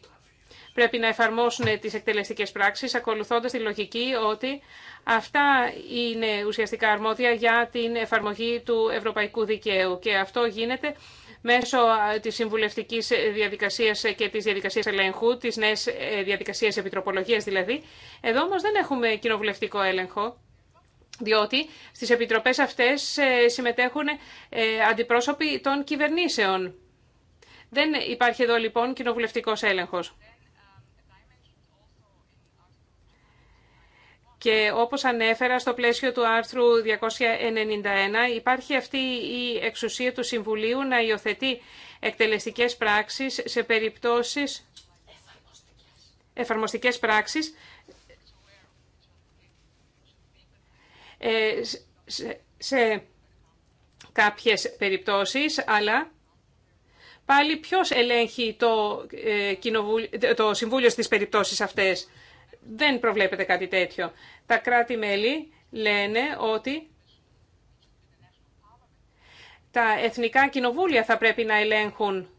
πρέπει να εφαρμόσουν τις εκτελεστικές πράξεις, ακολουθώντας τη λογική ότι αυτά είναι ουσιαστικά αρμόδια για την εφαρμογή του ευρωπαϊκού δικαίου. Και αυτό γίνεται μέσω της συμβουλευτικής διαδικασίας και της διαδικασίας ελέγχου, της νέας ε, διαδικασίας επιτροπολογίας δηλαδή. Εδώ όμως δεν έχουμε κοινοβουλευτικό έλεγχο διότι στις επιτροπές αυτές ε, συμμετέχουν ε, αντιπρόσωποι των κυβερνήσεων. Δεν υπάρχει εδώ λοιπόν κοινοβουλευτικός έλεγχος. Και όπως ανέφερα στο πλαίσιο του άρθρου 291 υπάρχει αυτή η εξουσία του Συμβουλίου να υιοθετεί εκτελεστικές πράξεις σε περιπτώσεις εφαρμοστικές πράξεις Ε, σε κάποιες περιπτώσεις, αλλά πάλι ποιος ελέγχει το, ε, το Συμβούλιο στις περιπτώσεις αυτές. Δεν προβλέπεται κάτι τέτοιο. Τα κράτη-μέλη λένε ότι τα εθνικά κοινοβούλια θα πρέπει να ελέγχουν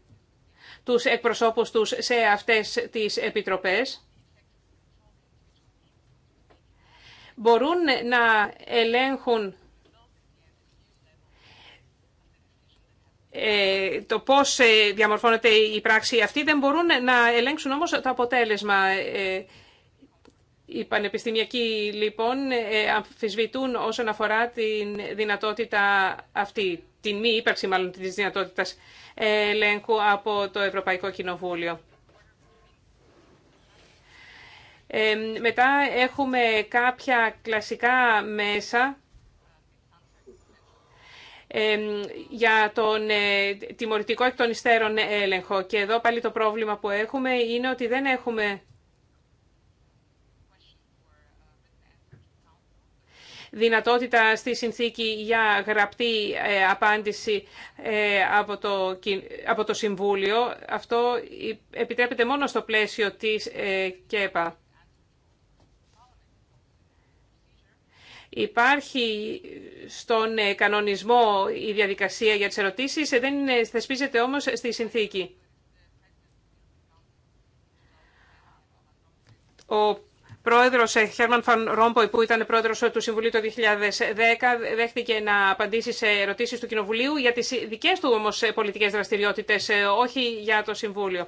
τους εκπροσώπους τους σε αυτές τις επιτροπές. μπορούν να ελέγχουν ε, το πώς ε, διαμορφώνεται η πράξη αυτή, δεν μπορούν να ελέγξουν όμως το αποτέλεσμα. Ε, οι πανεπιστημιακοί λοιπόν αμφισβητούν όσον αφορά την δυνατότητα αυτή, την μη ύπαρξη μάλλον της δυνατότητας ελέγχου από το Ευρωπαϊκό Κοινοβούλιο μετά έχουμε κάποια κλασικά μέσα για τον ε, τιμωρητικό εκ των υστέρων έλεγχο. Και εδώ πάλι το πρόβλημα που έχουμε είναι ότι δεν έχουμε δυνατότητα στη συνθήκη για γραπτή ε, απάντηση ε, από το, από το Συμβούλιο. Αυτό επιτρέπεται μόνο στο πλαίσιο της ΚΕΠΑ. Υπάρχει στον ε, κανονισμό η διαδικασία για τις ερωτήσεις, ε, δεν θεσπίζεται όμως στη συνθήκη. Ο πρόεδρος ε, Χέρμαν Φαν Ρόμποϊ, που ήταν πρόεδρος του Συμβουλίου το 2010, δέχτηκε να απαντήσει σε ερωτήσεις του Κοινοβουλίου για τις δικές του όμως πολιτικές δραστηριότητες, όχι για το Συμβούλιο.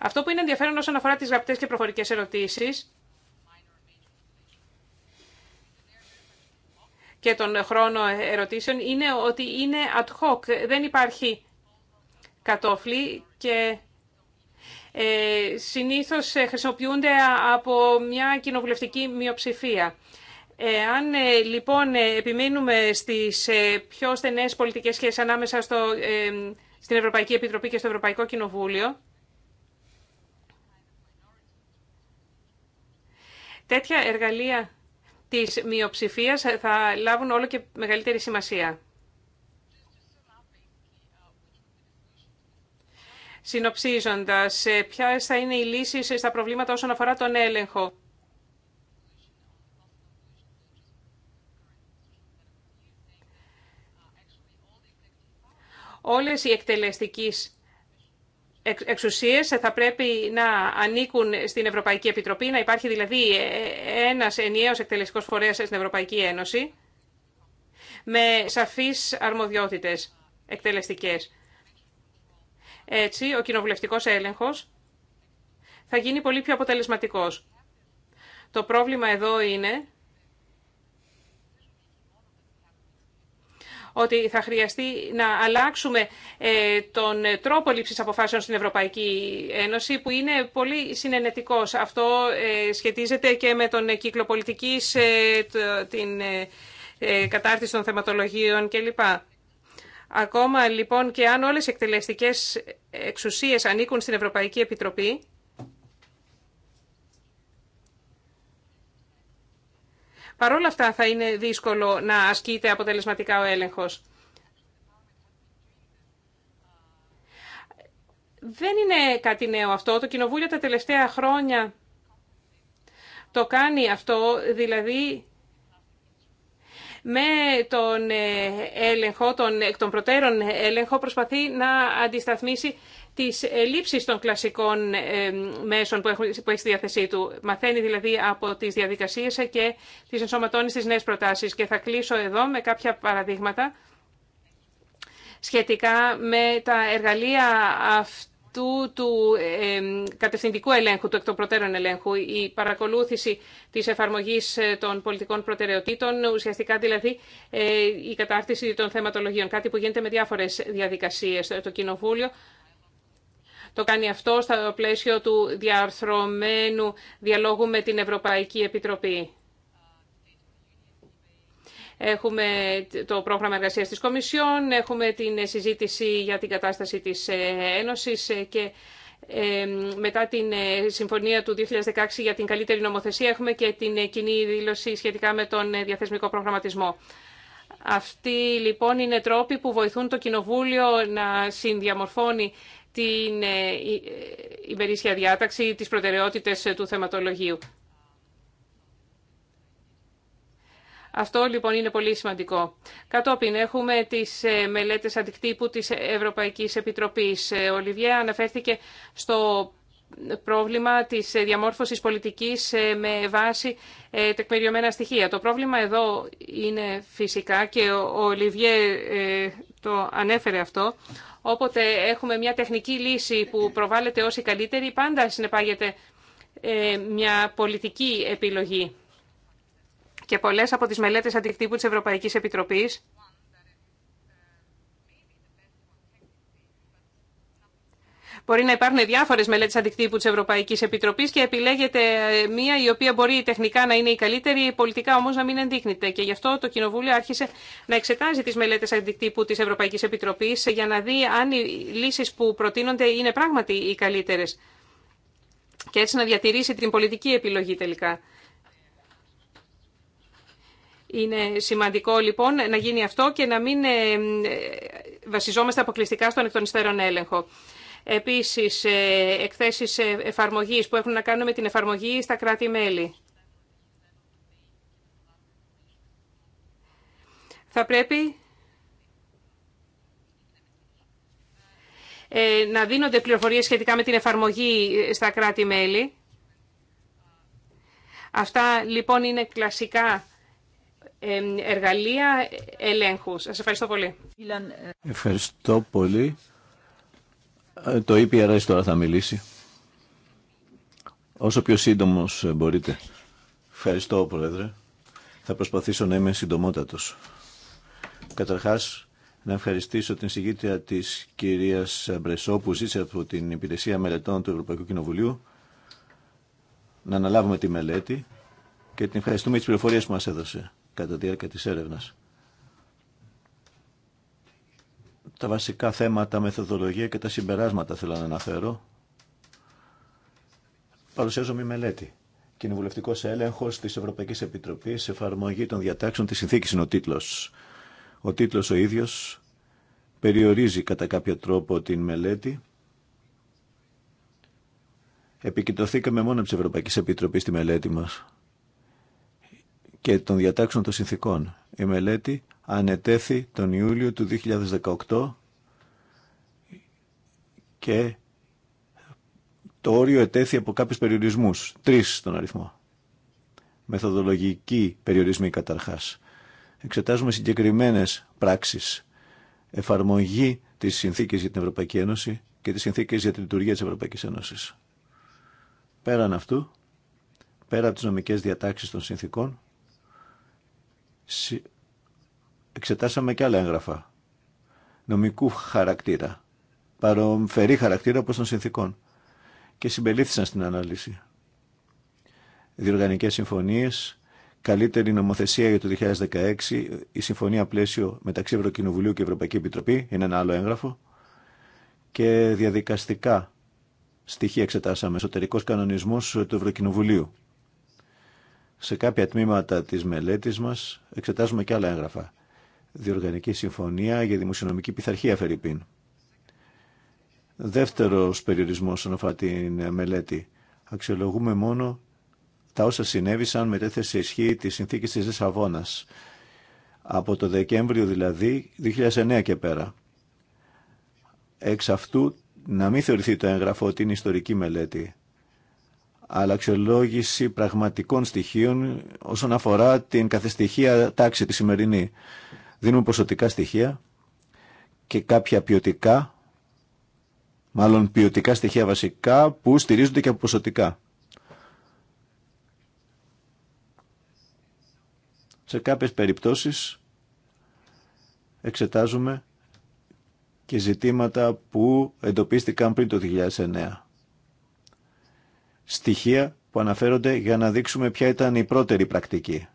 Αυτό που είναι ενδιαφέρον όσον αφορά τις γραπτές και προφορικές ερωτήσεις, και τον χρόνο ερωτήσεων είναι ότι είναι ad hoc. Δεν υπάρχει κατόφλι και ε, συνήθως χρησιμοποιούνται από μια κοινοβουλευτική μειοψηφία. Αν ε, λοιπόν ε, επιμείνουμε στις ε, πιο στενές πολιτικές σχέσεις ανάμεσα στο, στην Ευρωπαϊκή Επιτροπή και στο Ευρωπαϊκό Κοινοβούλιο, τέτοια εργαλεία Τη μειοψηφίας θα λάβουν όλο και μεγαλύτερη σημασία. Συνοψίζοντας, ε, ποια θα είναι οι λύσεις στα προβλήματα όσον αφορά τον έλεγχο. Όλες οι εκτελεστικές εξουσίες ε, θα πρέπει να ανήκουν στην Ευρωπαϊκή Επιτροπή, να υπάρχει δηλαδή ε, ένας ενιαίος εκτελεστικός φορέας στην Ευρωπαϊκή Ένωση με σαφείς αρμοδιότητες εκτελεστικές. Έτσι, ο κοινοβουλευτικός έλεγχος θα γίνει πολύ πιο αποτελεσματικός. Το πρόβλημα εδώ είναι ότι θα χρειαστεί να αλλάξουμε ε, τον τρόπο λήψη αποφάσεων στην Ευρωπαϊκή Ένωση που είναι πολύ συνένετικό. Αυτό ε, σχετίζεται και με τον κύκλο ε, την κατάρτιση των θεματολογίων κλπ. Ακόμα λοιπόν και αν όλες οι εκτελεστικές εξουσίες ανήκουν στην Ευρωπαϊκή Επιτροπή, παρόλα αυτά θα είναι δύσκολο να ασκείται αποτελεσματικά ο έλεγχος. Δεν είναι κάτι νέο αυτό. Το Κοινοβούλιο τα τελευταία χρόνια το κάνει αυτό, δηλαδή με τον ε, έλεγχο, τον εκ των προτέρων ε, έλεγχο προσπαθεί να αντισταθμίσει της ε, λήψης των κλασικών ε, μέσων που έχει στη διάθεσή του. Μαθαίνει δηλαδή από τις διαδικασίες και τις ενσωματώνει στις νέε προτάσεις. Και θα κλείσω εδώ με κάποια παραδείγματα σχετικά με τα εργαλεία αυτού του ε, κατευθυντικού ελέγχου, του εκ των προτέρων ελέγχου. Η παρακολούθηση της εφαρμογής των πολιτικών προτεραιοτήτων, ουσιαστικά δηλαδή η κατάρτιση των θεματολογίων, κάτι που γίνεται με διάφορες διαδικασίες. Το Κοινοβούλιο το κάνει αυτό στο πλαίσιο του διαρθρωμένου διαλόγου με την Ευρωπαϊκή Επιτροπή. Έχουμε το πρόγραμμα εργασίας της Κομισιόν, έχουμε την συζήτηση για την κατάσταση της Ένωσης και ε, μετά την ε, συμφωνία του 2016 για την καλύτερη νομοθεσία έχουμε και την ε, κοινή δήλωση σχετικά με τον διαθεσμικό προγραμματισμό. Αυτοί λοιπόν είναι τρόποι που βοηθούν το Κοινοβούλιο να συνδιαμορφώνει την ε, ημερήσια ε, διάταξη, τις προτεραιότητες ε, του θεματολογίου. Αυτό λοιπόν είναι πολύ σημαντικό. Κατόπιν έχουμε τις μελέτες αντικτύπου της Ευρωπαϊκής Επιτροπής. Ο Λιβιέ αναφέρθηκε στο πρόβλημα της διαμόρφωσης πολιτικής ε, με βάση ε, τεκμηριωμένα στοιχεία. Το πρόβλημα εδώ είναι φυσικά και ο Λιβιέ ε, το ανέφερε αυτό. Όποτε έχουμε μια τεχνική λύση που προβάλλεται ως η καλύτερη, πάντα συνεπάγεται μια πολιτική επιλογή. Και πολλές από τις μελέτες αντικτύπου της Ευρωπαϊκής Επιτροπής Μπορεί να υπάρχουν διάφορε μελέτε αντικτύπου τη Ευρωπαϊκή Επιτροπή και επιλέγεται ε, μία η οποία μπορεί τεχνικά να είναι η καλύτερη, πολιτικά όμω να μην ενδείχνεται. Και γι' αυτό το Κοινοβούλιο άρχισε να εξετάζει τι μελέτε αντικτύπου τη Ευρωπαϊκή Επιτροπή για να δει αν οι λύσει που προτείνονται είναι πράγματι οι καλύτερε. Και έτσι να διατηρήσει την πολιτική επιλογή τελικά. Είναι σημαντικό λοιπόν να γίνει αυτό και να μην ε, ε, βασιζόμαστε αποκλειστικά στον εκ έλεγχο. Επίσης, ε, εκθέσεις ε, εφαρμογής που έχουν να κάνουν με την εφαρμογή στα κράτη-μέλη. Θα πρέπει ε, να δίνονται πληροφορίες σχετικά με την εφαρμογή στα κράτη-μέλη. Αυτά λοιπόν είναι κλασικά εργαλεία ελέγχου. Σας ευχαριστώ πολύ. Ευχαριστώ πολύ. Ε, το EPRS τώρα θα μιλήσει. Όσο πιο σύντομος ε, μπορείτε. Ευχαριστώ, Πρόεδρε. Θα προσπαθήσω να είμαι συντομότατος. Καταρχάς, να ευχαριστήσω την συγγήτρια της κυρίας Μπρεσό που ζήτησε από την Υπηρεσία Μελετών του Ευρωπαϊκού Κοινοβουλίου να αναλάβουμε τη μελέτη και την ευχαριστούμε για τις πληροφορίες που μας έδωσε κατά τη διάρκεια της έρευνας. Τα βασικά θέματα, μεθοδολογία και τα συμπεράσματα θέλω να αναφέρω. Παρουσιάζω μια μελέτη. Κοινοβουλευτικό έλεγχο τη Ευρωπαϊκή Επιτροπή, εφαρμογή των διατάξεων τη συνθήκη είναι ο τίτλο. Ο τίτλο ο ίδιο περιορίζει κατά κάποιο τρόπο την μελέτη. Επικεντρωθήκαμε μόνο τη Ευρωπαϊκή Επιτροπή στη μελέτη μα και των διατάξεων των συνθήκων. Η μελέτη ανετέθη τον Ιούλιο του 2018 και το όριο ετέθη από κάποιους περιορισμούς, τρεις στον αριθμό. Μεθοδολογικοί περιορισμοί καταρχάς. Εξετάζουμε συγκεκριμένες πράξεις, εφαρμογή της συνθήκης για την Ευρωπαϊκή Ένωση και της συνθήκης για τη λειτουργία της Ευρωπαϊκής Ένωσης. Πέραν αυτού, πέρα από τις νομικές διατάξεις των συνθήκων, εξετάσαμε και άλλα έγγραφα νομικού χαρακτήρα, παρομφερή χαρακτήρα όπως των συνθήκων και συμπελήθησαν στην ανάλυση. Διοργανικές συμφωνίες, καλύτερη νομοθεσία για το 2016, η συμφωνία πλαίσιο μεταξύ Ευρωκοινοβουλίου και Ευρωπαϊκή Επιτροπή, είναι ένα άλλο έγγραφο, και διαδικαστικά στοιχεία εξετάσαμε, εσωτερικός κανονισμός του Ευρωκοινοβουλίου. Σε κάποια τμήματα της μελέτης μας εξετάζουμε και άλλα έγγραφα διοργανική συμφωνία για δημοσιονομική πειθαρχία, Φερρυπίν. Δεύτερος περιορισμός όσον αφορά την μελέτη. Αξιολογούμε μόνο τα όσα συνέβησαν με τέθεση ισχύ τη συνθήκη της Λισαβόνας. Από το Δεκέμβριο δηλαδή 2009 και πέρα. Εξ αυτού να μην θεωρηθεί το έγγραφο ότι είναι ιστορική μελέτη αλλά αξιολόγηση πραγματικών στοιχείων όσον αφορά την καθεστοιχεία τάξη τη σημερινή. Δίνουμε ποσοτικά στοιχεία και κάποια ποιοτικά, μάλλον ποιοτικά στοιχεία βασικά που στηρίζονται και από ποσοτικά. Σε κάποιες περιπτώσεις εξετάζουμε και ζητήματα που εντοπίστηκαν πριν το 2009. Στοιχεία που αναφέρονται για να δείξουμε ποια ήταν η πρώτερη πρακτική.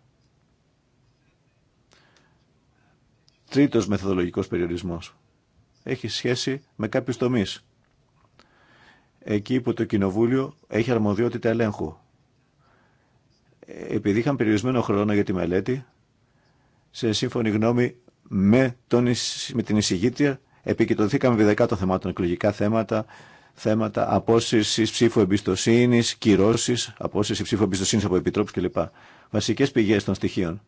Τρίτος μεθοδολογικός περιορισμός έχει σχέση με κάποιους τομείς. Εκεί που το Κοινοβούλιο έχει αρμοδιότητα ελέγχου. Επειδή είχαν περιορισμένο χρόνο για τη μελέτη, σε σύμφωνη γνώμη με, τον, με την εισηγήτρια, επικοινωθήκαμε βιδεκά των θεμάτων, εκλογικά θέματα, θέματα απόσυρση ψήφου εμπιστοσύνη, κυρώσει, απόσυρση ψήφου εμπιστοσύνη από επιτρόπου κλπ. Βασικέ πηγέ των στοιχείων.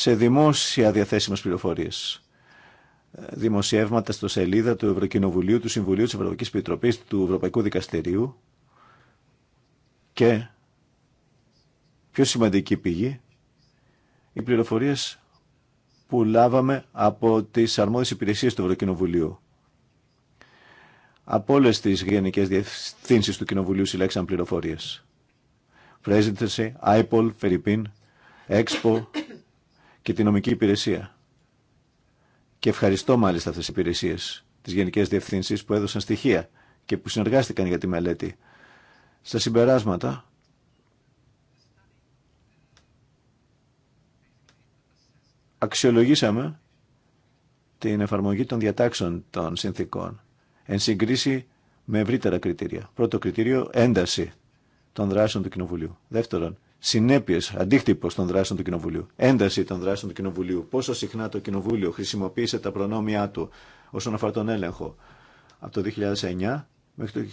σε δημόσια διαθέσιμες πληροφορίες. Δημοσιεύματα στο σελίδα του Ευρωκοινοβουλίου, του Συμβουλίου της Ευρωπαϊκής Επιτροπής, του Ευρωπαϊκού Δικαστηρίου και πιο σημαντική πηγή, οι πληροφορίες που λάβαμε από τις αρμόδιες υπηρεσίες του Ευρωκοινοβουλίου. Από όλε τι γενικέ διευθύνσει του Κοινοβουλίου συλλέξαν πληροφορίε. Presidency, IPOL, Φερρυπίν, Expo, και την νομική υπηρεσία. Και ευχαριστώ μάλιστα αυτές τις υπηρεσίες, τις γενικές διευθύνσεις που έδωσαν στοιχεία και που συνεργάστηκαν για τη μελέτη. Στα συμπεράσματα, αξιολογήσαμε την εφαρμογή των διατάξεων των συνθήκων εν συγκρίση με ευρύτερα κριτήρια. Πρώτο κριτήριο, ένταση των δράσεων του Κοινοβουλίου. Δεύτερον, συνέπειε, αντίκτυπο των δράσεων του Κοινοβουλίου, ένταση των δράσεων του Κοινοβουλίου, πόσο συχνά το Κοινοβούλιο χρησιμοποίησε τα προνόμια του όσον αφορά τον έλεγχο από το 2009 μέχρι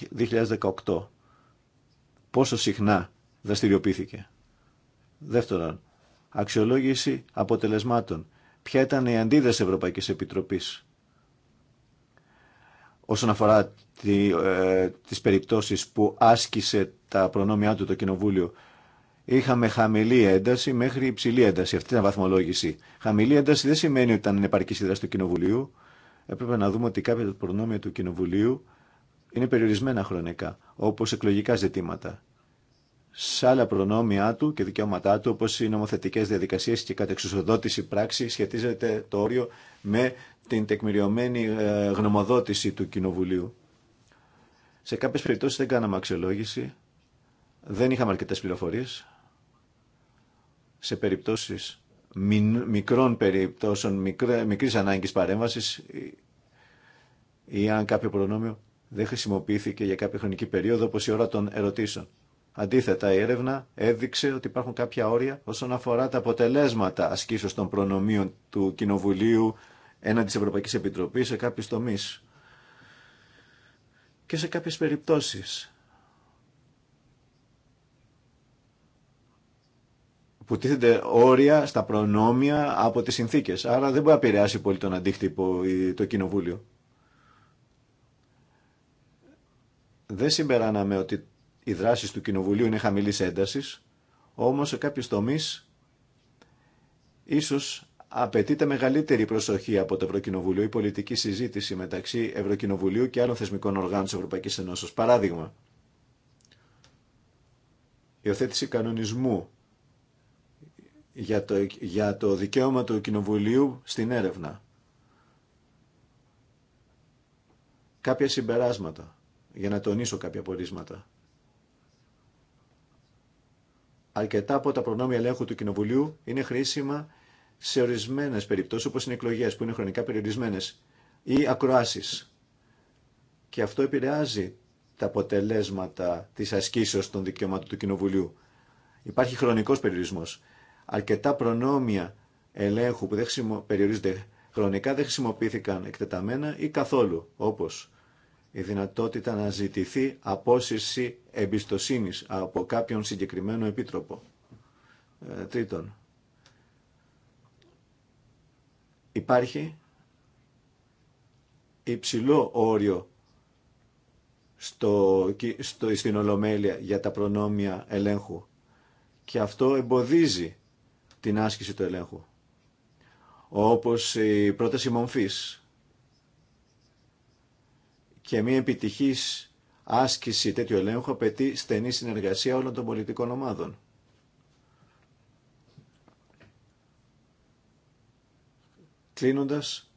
το 2018. Πόσο συχνά δραστηριοποιήθηκε. Δεύτερον, αξιολόγηση αποτελεσμάτων. Ποια ήταν η αντίδραση Ευρωπαϊκή Επιτροπή όσον αφορά τι ε, τις περιπτώσεις που άσκησε τα προνόμια του το Κοινοβούλιο είχαμε χαμηλή ένταση μέχρι υψηλή ένταση. Αυτή ήταν βαθμολόγηση. Χαμηλή ένταση δεν σημαίνει ότι ήταν επαρκή η δράση του Κοινοβουλίου. Έπρεπε να δούμε ότι κάποια προνόμια του Κοινοβουλίου είναι περιορισμένα χρονικά, όπω εκλογικά ζητήματα. Σε άλλα προνόμια του και δικαιώματά του, όπω οι νομοθετικέ διαδικασίε και η κατεξουσιοδότηση πράξη, σχετίζεται το όριο με την τεκμηριωμένη ε, γνωμοδότηση του Κοινοβουλίου. Σε κάποιε περιπτώσει δεν κάναμε αξιολόγηση, δεν είχαμε αρκετέ πληροφορίε σε περιπτώσεις μικρών περιπτώσεων, μικρής ανάγκης παρέμβασης ή αν κάποιο προνόμιο δεν χρησιμοποιήθηκε για κάποια χρονική περίοδο όπως η ώρα των ερωτήσεων. Αντίθετα, η έρευνα έδειξε ότι υπάρχουν κάποια όρια όσον αφορά τα αποτελέσματα ασκήσεως των προνομίων του Κοινοβουλίου έναντι της Ευρωπαϊκής Επιτροπής σε κάποιες τομείς. Και σε κάποιες περιπτώσεις που τίθενται όρια στα προνόμια από τις συνθήκες. Άρα δεν μπορεί να επηρεάσει πολύ τον αντίκτυπο το κοινοβούλιο. Δεν συμπεράναμε ότι οι δράσεις του κοινοβουλίου είναι χαμηλής έντασης, όμως σε κάποιες τομείς ίσως απαιτείται μεγαλύτερη προσοχή από το Ευρωκοινοβούλιο η πολιτική συζήτηση μεταξύ Ευρωκοινοβουλίου και άλλων θεσμικών οργάνων της Ευρωπαϊκής Ενώσης. Παράδειγμα, υιοθέτηση κανονισμού για το, για δικαίωμα του Κοινοβουλίου στην έρευνα. Κάποια συμπεράσματα, για να τονίσω κάποια πορίσματα. Αρκετά από τα προνόμια ελέγχου του Κοινοβουλίου είναι χρήσιμα σε ορισμένες περιπτώσεις, όπως είναι εκλογές που είναι χρονικά περιορισμένες ή ακροάσεις. Και αυτό επηρεάζει τα αποτελέσματα της ασκήσεως των δικαιωμάτων του Κοινοβουλίου. Υπάρχει χρονικός περιορισμός αρκετά προνόμια ελέγχου που περιορίζονται χρονικά δεν χρησιμοποιήθηκαν εκτεταμένα ή καθόλου, όπως η δυνατότητα να ζητηθεί απόσυρση εμπιστοσύνης από κάποιον συγκεκριμένο επίτροπο. Ε, τρίτον, υπάρχει υψηλό όριο στο, στο, στην Ολομέλεια για τα προνόμια ελέγχου και αυτό εμποδίζει την άσκηση του ελέγχου. Όπως η πρόταση μομφής και μια επιτυχής άσκηση τέτοιου ελέγχου απαιτεί στενή συνεργασία όλων των πολιτικών ομάδων. Κλείνοντας,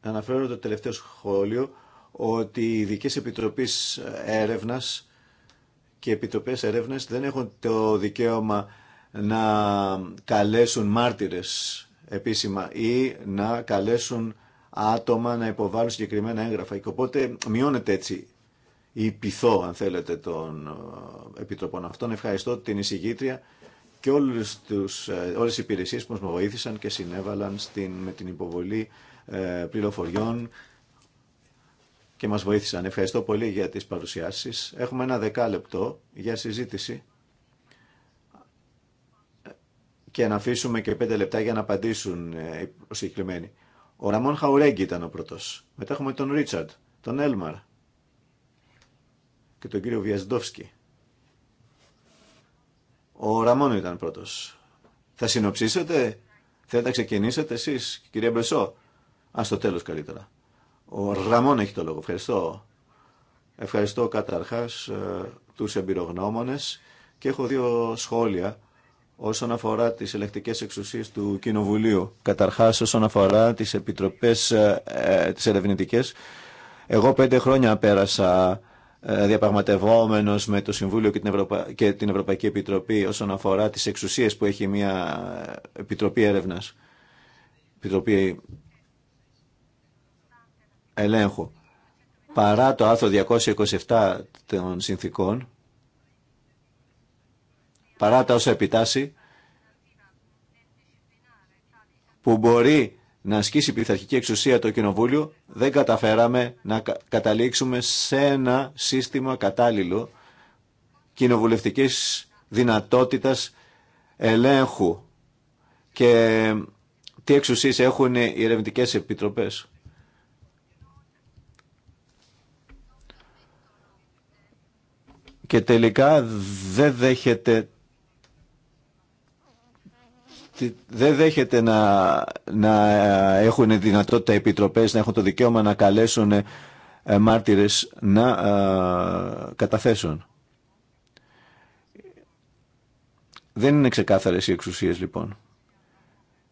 αναφέρω το τελευταίο σχόλιο ότι οι ειδικέ επιτροπές έρευνας και επιτροπές έρευνας δεν έχουν το δικαίωμα να καλέσουν μάρτυρες επίσημα ή να καλέσουν άτομα να υποβάλουν συγκεκριμένα έγγραφα. Και οπότε μειώνεται έτσι η πειθό, αν θέλετε, των ε, επιτροπών αυτών. Ευχαριστώ την εισηγήτρια και όλους τους, ε, όλες οι υπηρεσίες που μας βοήθησαν και συνέβαλαν στην, με την υποβολή ε, πληροφοριών και μας βοήθησαν. Ευχαριστώ πολύ για τις παρουσιάσεις. Έχουμε ένα δεκάλεπτο για συζήτηση και να αφήσουμε και πέντε λεπτά για να απαντήσουν ε, οι συγκεκριμένοι. Ο Ραμόν Χαουρέγγι ήταν ο πρώτος. Μετά έχουμε τον Ρίτσαρντ, τον Έλμαρ και τον κύριο Βιασντόφσκι. Ο Ραμόν ήταν πρώτος. Θα συνοψίσετε, θέλετε να ξεκινήσετε εσεί, κυρία Μπεσό. Α, το τέλο καλύτερα. Ο Ραμόν έχει το λόγο. Ευχαριστώ. Ευχαριστώ καταρχάς ε, του εμπειρογνώμονε και έχω δύο σχόλια όσον αφορά τις ελεκτικές εξουσίες του Κοινοβουλίου. Καταρχάς όσον αφορά τις επιτροπές ε, ε τις ερευνητικές. Εγώ πέντε χρόνια πέρασα ε, διαπραγματευόμενος με το Συμβούλιο και την, Ευρωπαϊκή Επιτροπή όσον αφορά τις εξουσίες που έχει μια Επιτροπή Έρευνας. Επιτροπή Ελέγχου. Παρά το άρθρο 227 των συνθήκων, παρά τα όσα επιτάσσει, που μπορεί να ασκήσει πειθαρχική εξουσία το Κοινοβούλιο, δεν καταφέραμε να καταλήξουμε σε ένα σύστημα κατάλληλο κοινοβουλευτικής δυνατότητας ελέγχου και τι εξουσίες έχουν οι ερευνητικέ επιτροπές. Και τελικά δεν δέχεται δεν δέχεται να, να ε, έχουν δυνατότητα επιτροπές, να έχουν το δικαίωμα να καλέσουν ε, μάρτυρες να ε, καταθέσουν. Δεν είναι ξεκάθαρες οι εξουσίες λοιπόν.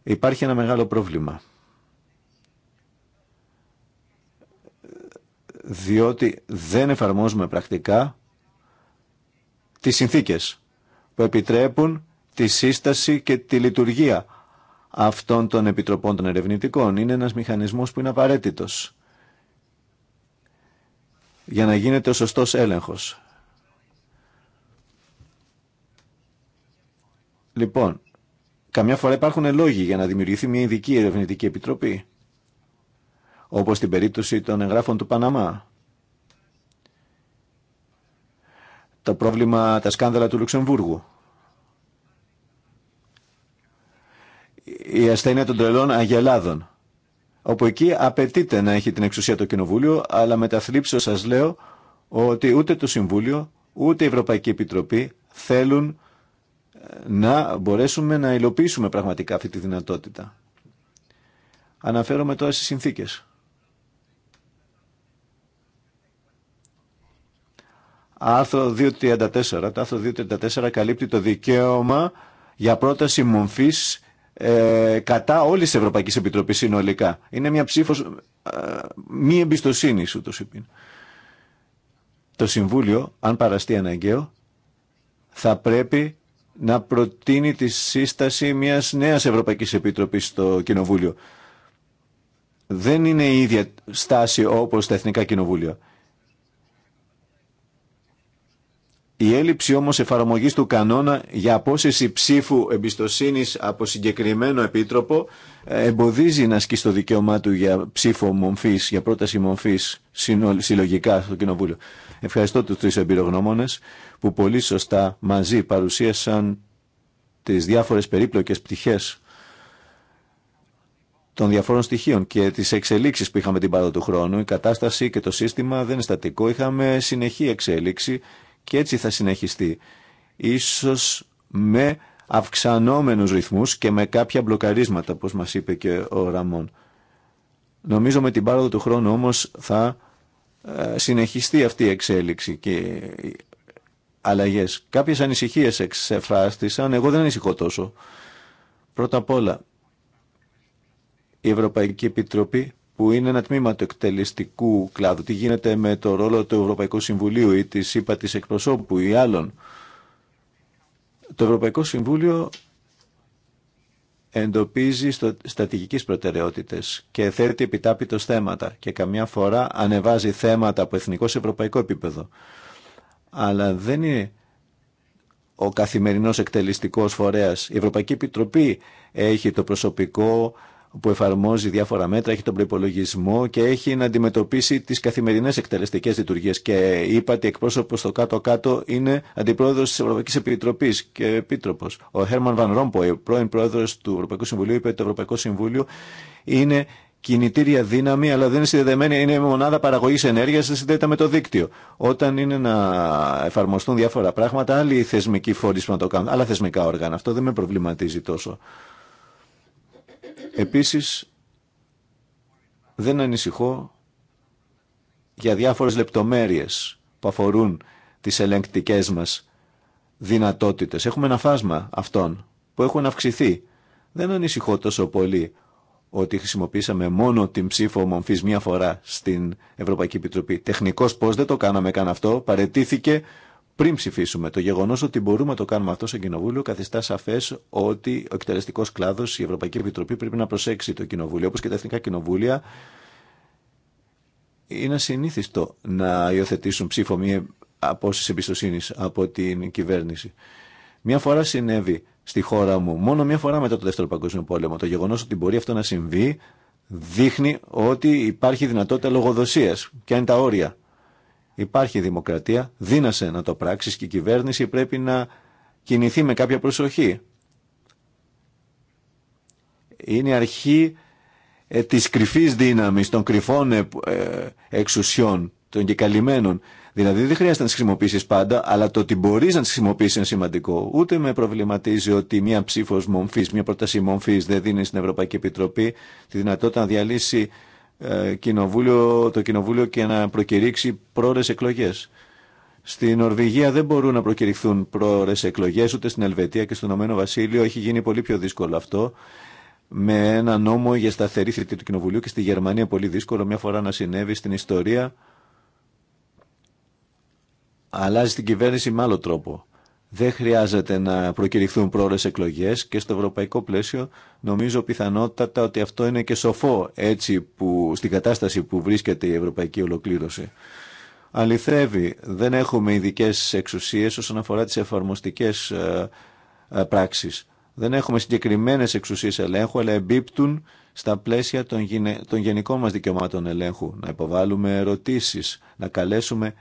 Υπάρχει ένα μεγάλο πρόβλημα. Διότι δεν εφαρμόζουμε πρακτικά τις συνθήκες που επιτρέπουν τη σύσταση και τη λειτουργία αυτών των επιτροπών των ερευνητικών. Είναι ένας μηχανισμός που είναι απαραίτητος για να γίνεται ο σωστός έλεγχος. Λοιπόν, καμιά φορά υπάρχουν λόγοι για να δημιουργηθεί μια ειδική ερευνητική επιτροπή, όπως στην περίπτωση των εγγράφων του Παναμά. Το πρόβλημα, τα σκάνδαλα του Λουξεμβούργου. η ασθένεια των τρελών αγελάδων. Όπου εκεί απαιτείται να έχει την εξουσία το Κοινοβούλιο, αλλά με τα σας λέω ότι ούτε το Συμβούλιο, ούτε η Ευρωπαϊκή Επιτροπή θέλουν ε, να μπορέσουμε να υλοποιήσουμε πραγματικά αυτή τη δυνατότητα. Αναφέρομαι τώρα στις συνθήκες. Άρθρο 234. Το άρθρο 234 καλύπτει το δικαίωμα για πρόταση μομφής ε, κατά όλη τη Ευρωπαϊκή Επιτροπή συνολικά. Είναι μια ψήφο ε, μη εμπιστοσύνη, ούτω είπε. Το Συμβούλιο, αν παραστεί αναγκαίο, θα πρέπει να προτείνει τη σύσταση μιας νέας Ευρωπαϊκής Επιτροπής στο Κοινοβούλιο. Δεν είναι η ίδια στάση όπως τα Εθνικά Κοινοβούλια. Η έλλειψη όμως εφαρμογής του κανόνα για απόσυση ψήφου εμπιστοσύνης από συγκεκριμένο επίτροπο ε, εμποδίζει να ασκεί το δικαίωμά του για ψήφο μομφής, για πρόταση μομφής συλλογικά στο Κοινοβούλιο. Ευχαριστώ τους τρεις εμπειρογνώμονες που πολύ σωστά μαζί παρουσίασαν τις διάφορες περίπλοκες πτυχές των διαφόρων στοιχείων και τι εξελίξει που είχαμε την πάρα του χρόνου. Η κατάσταση και το σύστημα δεν είναι στατικό. Είχαμε συνεχή εξέλιξη και έτσι θα συνεχιστεί. Ίσως με αυξανόμενους ρυθμούς και με κάποια μπλοκαρίσματα, όπως μας είπε και ο Ραμόν. Νομίζω με την πάροδο του χρόνου όμως θα ε, συνεχιστεί αυτή η εξέλιξη και οι αλλαγές. Κάποιες ανησυχίες εξεφράστησαν, εγώ δεν ανησυχώ τόσο. Πρώτα απ' όλα, η Ευρωπαϊκή Επιτροπή που είναι ένα τμήμα του εκτελεστικού κλάδου. Τι γίνεται με το ρόλο του Ευρωπαϊκού Συμβουλίου ή της ΥΠΑ εκπροσώπου ή άλλων. Το Ευρωπαϊκό Συμβούλιο εντοπίζει στο, στατηγικές προτεραιότητες και θέτει επιτάπητος θέματα και καμιά φορά ανεβάζει θέματα από εθνικό σε ευρωπαϊκό επίπεδο. Αλλά δεν είναι ο καθημερινός εκτελεστικός φορέας. Η Ευρωπαϊκή Επιτροπή έχει το ευρωπαικο συμβουλιο εντοπιζει στο προτεραιοτητε προτεραιοτητες και θετει επιταπητος θεματα και καμια φορα ανεβαζει θεματα απο εθνικο σε ευρωπαικο επιπεδο αλλα δεν ειναι ο καθημερινος εκτελεστικος φορεας η ευρωπαικη επιτροπη εχει το προσωπικο που εφαρμόζει διάφορα μέτρα, έχει τον προπολογισμό και έχει να αντιμετωπίσει τι καθημερινέ εκτελεστικέ λειτουργίε. Και είπα ότι εκπρόσωπο στο κάτω-κάτω είναι αντιπρόεδρο τη Ευρωπαϊκή Επιτροπή και επίτροπο. Ο Χέρμαν Βαν Ρόμποϊ, πρώην πρόεδρο του Ευρωπαϊκού Συμβουλίου, είπε ότι το Ευρωπαϊκό Συμβούλιο είναι κινητήρια δύναμη, αλλά δεν είναι συνδεδεμένη, είναι μονάδα παραγωγή ενέργεια, δεν συνδέεται με το δίκτυο. Όταν είναι να εφαρμοστούν διάφορα πράγματα, άλλοι θεσμικοί φορεί να το κάνουν, άλλα θεσμικά όργανα. Αυτό δεν με προβληματίζει τόσο. Επίσης, δεν ανησυχώ για διάφορες λεπτομέρειες που αφορούν τις ελεγκτικές μας δυνατότητες. Έχουμε ένα φάσμα αυτών που έχουν αυξηθεί. Δεν ανησυχώ τόσο πολύ ότι χρησιμοποίησαμε μόνο την ψήφο μορφή μία φορά στην Ευρωπαϊκή Επιτροπή. Τεχνικός πώς δεν το κάναμε καν αυτό, παρετήθηκε πριν ψηφίσουμε. Το γεγονό ότι μπορούμε να το κάνουμε αυτό σε κοινοβούλιο καθιστά σαφέ ότι ο εκτελεστικό κλάδο, η Ευρωπαϊκή Επιτροπή πρέπει να προσέξει το κοινοβούλιο, όπω και τα εθνικά κοινοβούλια. Είναι ασυνήθιστο να υιοθετήσουν ψήφο μία απόσταση εμπιστοσύνη από την κυβέρνηση. Μία φορά συνέβη στη χώρα μου, μόνο μία φορά μετά το Δεύτερο Παγκόσμιο Πόλεμο. Το γεγονό ότι μπορεί αυτό να συμβεί δείχνει ότι υπάρχει δυνατότητα λογοδοσία και αν τα όρια. Υπάρχει δημοκρατία, δύνασε να το πράξεις και η κυβέρνηση πρέπει να κινηθεί με κάποια προσοχή. Είναι η αρχή ε, της κρυφής δύναμης, των κρυφών ε, ε, εξουσιών, των κεκαλυμμένων. Δηλαδή δεν χρειάζεται να τις χρησιμοποιήσεις πάντα, αλλά το ότι μπορείς να τις χρησιμοποιήσεις είναι σημαντικό. Ούτε με προβληματίζει ότι μια ψήφος μομφής, μια πρόταση μομφής δεν δίνει στην Ευρωπαϊκή Επιτροπή τη δυνατότητα να διαλύσει ε, κοινοβούλιο, το κοινοβούλιο και να προκηρύξει πρόορες εκλογές. Στη Νορβηγία δεν μπορούν να προκηρυχθούν πρόορες εκλογές, ούτε στην Ελβετία και στο Ηνωμένο Βασίλειο έχει γίνει πολύ πιο δύσκολο αυτό. Με ένα νόμο για σταθερή θητή του Κοινοβουλίου και στη Γερμανία πολύ δύσκολο μια φορά να συνέβη στην ιστορία. Αλλάζει την κυβέρνηση με άλλο τρόπο δεν χρειάζεται να προκηρυχθούν πρόορες εκλογές και στο ευρωπαϊκό πλαίσιο νομίζω πιθανότατα ότι αυτό είναι και σοφό έτσι που στην κατάσταση που βρίσκεται η ευρωπαϊκή ολοκλήρωση. Αληθεύει, δεν έχουμε ειδικέ εξουσίες όσον αφορά τις εφαρμοστικές ε, ε, πράξεις. Δεν έχουμε συγκεκριμένες εξουσίες ελέγχου, αλλά εμπίπτουν στα πλαίσια των, γενικών μας δικαιωμάτων ελέγχου. Να υποβάλουμε ερωτήσεις, να καλέσουμε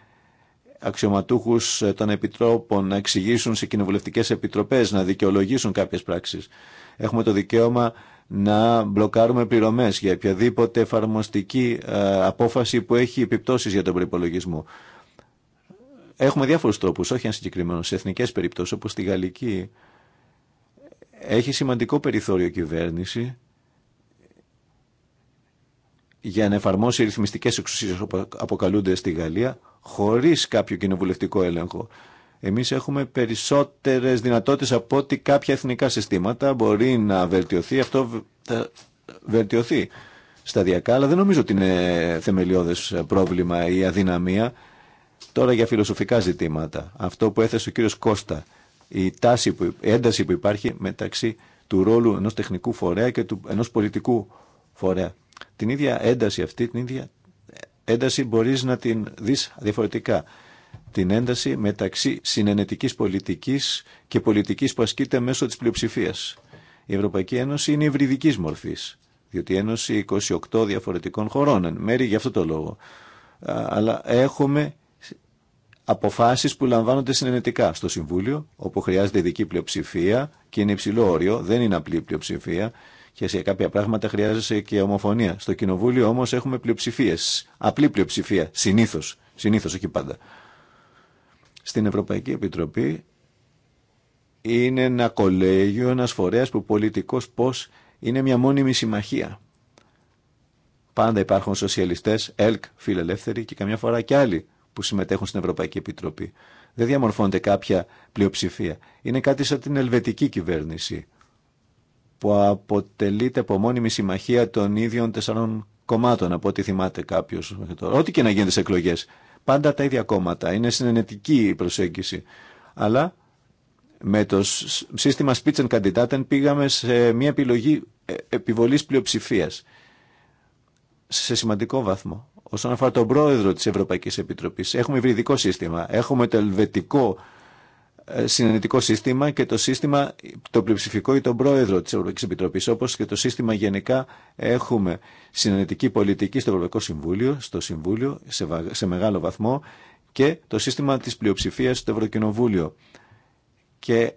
αξιωματούχου ε, των επιτρόπων να εξηγήσουν σε κοινοβουλευτικέ επιτροπές, να δικαιολογήσουν κάποιες πράξεις. Έχουμε το δικαίωμα να μπλοκάρουμε πληρωμέ για οποιαδήποτε εφαρμοστική ε, απόφαση που έχει επιπτώσει για τον προπολογισμό. Έχουμε διάφορους τρόπους, όχι αν συγκεκριμένο, σε εθνικές περιπτώσεις όπως στη Γαλλική. Έχει σημαντικό περιθώριο κυβέρνηση για να εφαρμόσει ρυθμιστικές εξουσίες που αποκαλούνται στη Γαλλία χωρίς κάποιο κοινοβουλευτικό έλεγχο. Εμείς έχουμε περισσότερες δυνατότητες από ότι κάποια εθνικά συστήματα μπορεί να βελτιωθεί. Αυτό θα βελτιωθεί σταδιακά, αλλά δεν νομίζω ότι είναι θεμελιώδες πρόβλημα ή αδυναμία. Τώρα για φιλοσοφικά ζητήματα. Αυτό που έθεσε ο κύριος Κώστα, η, τάση που, η ένταση που υπάρχει μεταξύ του ρόλου ενός τεχνικού φορέα και του, ενός πολιτικού φορέα την ίδια ένταση αυτή, την ίδια ένταση μπορείς να την δεις διαφορετικά. Την ένταση μεταξύ συνενετικής πολιτικής και πολιτικής που ασκείται μέσω της πλειοψηφίας. Η Ευρωπαϊκή Ένωση είναι υβριδικής μορφής, διότι η Ένωση 28 διαφορετικών χωρών, μέρη για αυτό το λόγο. Αλλά έχουμε αποφάσεις που λαμβάνονται συνενετικά στο Συμβούλιο, όπου χρειάζεται ειδική πλειοψηφία και είναι υψηλό όριο, δεν είναι απλή πλειοψηφία. Και σε κάποια πράγματα χρειάζεσαι και ομοφωνία. Στο κοινοβούλιο όμω έχουμε πλειοψηφίε. Απλή πλειοψηφία. Συνήθω. Συνήθω, όχι πάντα. Στην Ευρωπαϊκή Επιτροπή είναι ένα κολέγιο, ένα φορέα που πολιτικό πώ είναι μια μόνιμη συμμαχία. Πάντα υπάρχουν σοσιαλιστέ, ΕΛΚ, φιλελεύθεροι και καμιά φορά και άλλοι που συμμετέχουν στην Ευρωπαϊκή Επιτροπή. Δεν διαμορφώνεται κάποια πλειοψηφία. Είναι κάτι σαν την ελβετική κυβέρνηση που αποτελείται από μόνιμη συμμαχία των ίδιων τεσσάρων κομμάτων, από ό,τι θυμάται κάποιο. Ό,τι και να γίνεται σε εκλογέ. Πάντα τα ίδια κόμματα. Είναι συνενετική η προσέγγιση. Αλλά με το σύστημα candidaten πήγαμε σε μια επιλογή ε, επιβολής πλειοψηφία. σε σημαντικό βαθμό. Όσον αφορά τον πρόεδρο τη Ευρωπαϊκή Επιτροπή, έχουμε υβριδικό σύστημα. Έχουμε το ελβετικό συνενετικό σύστημα και το σύστημα το πλειοψηφικό ή τον πρόεδρο της Ευρωπαϊκής Επιτροπής όπως και το σύστημα γενικά έχουμε συνενετική πολιτική στο Ευρωπαϊκό Συμβούλιο, στο Συμβούλιο σε, μεγάλο βαθμό και το σύστημα της πλειοψηφίας στο Ευρωκοινοβούλιο και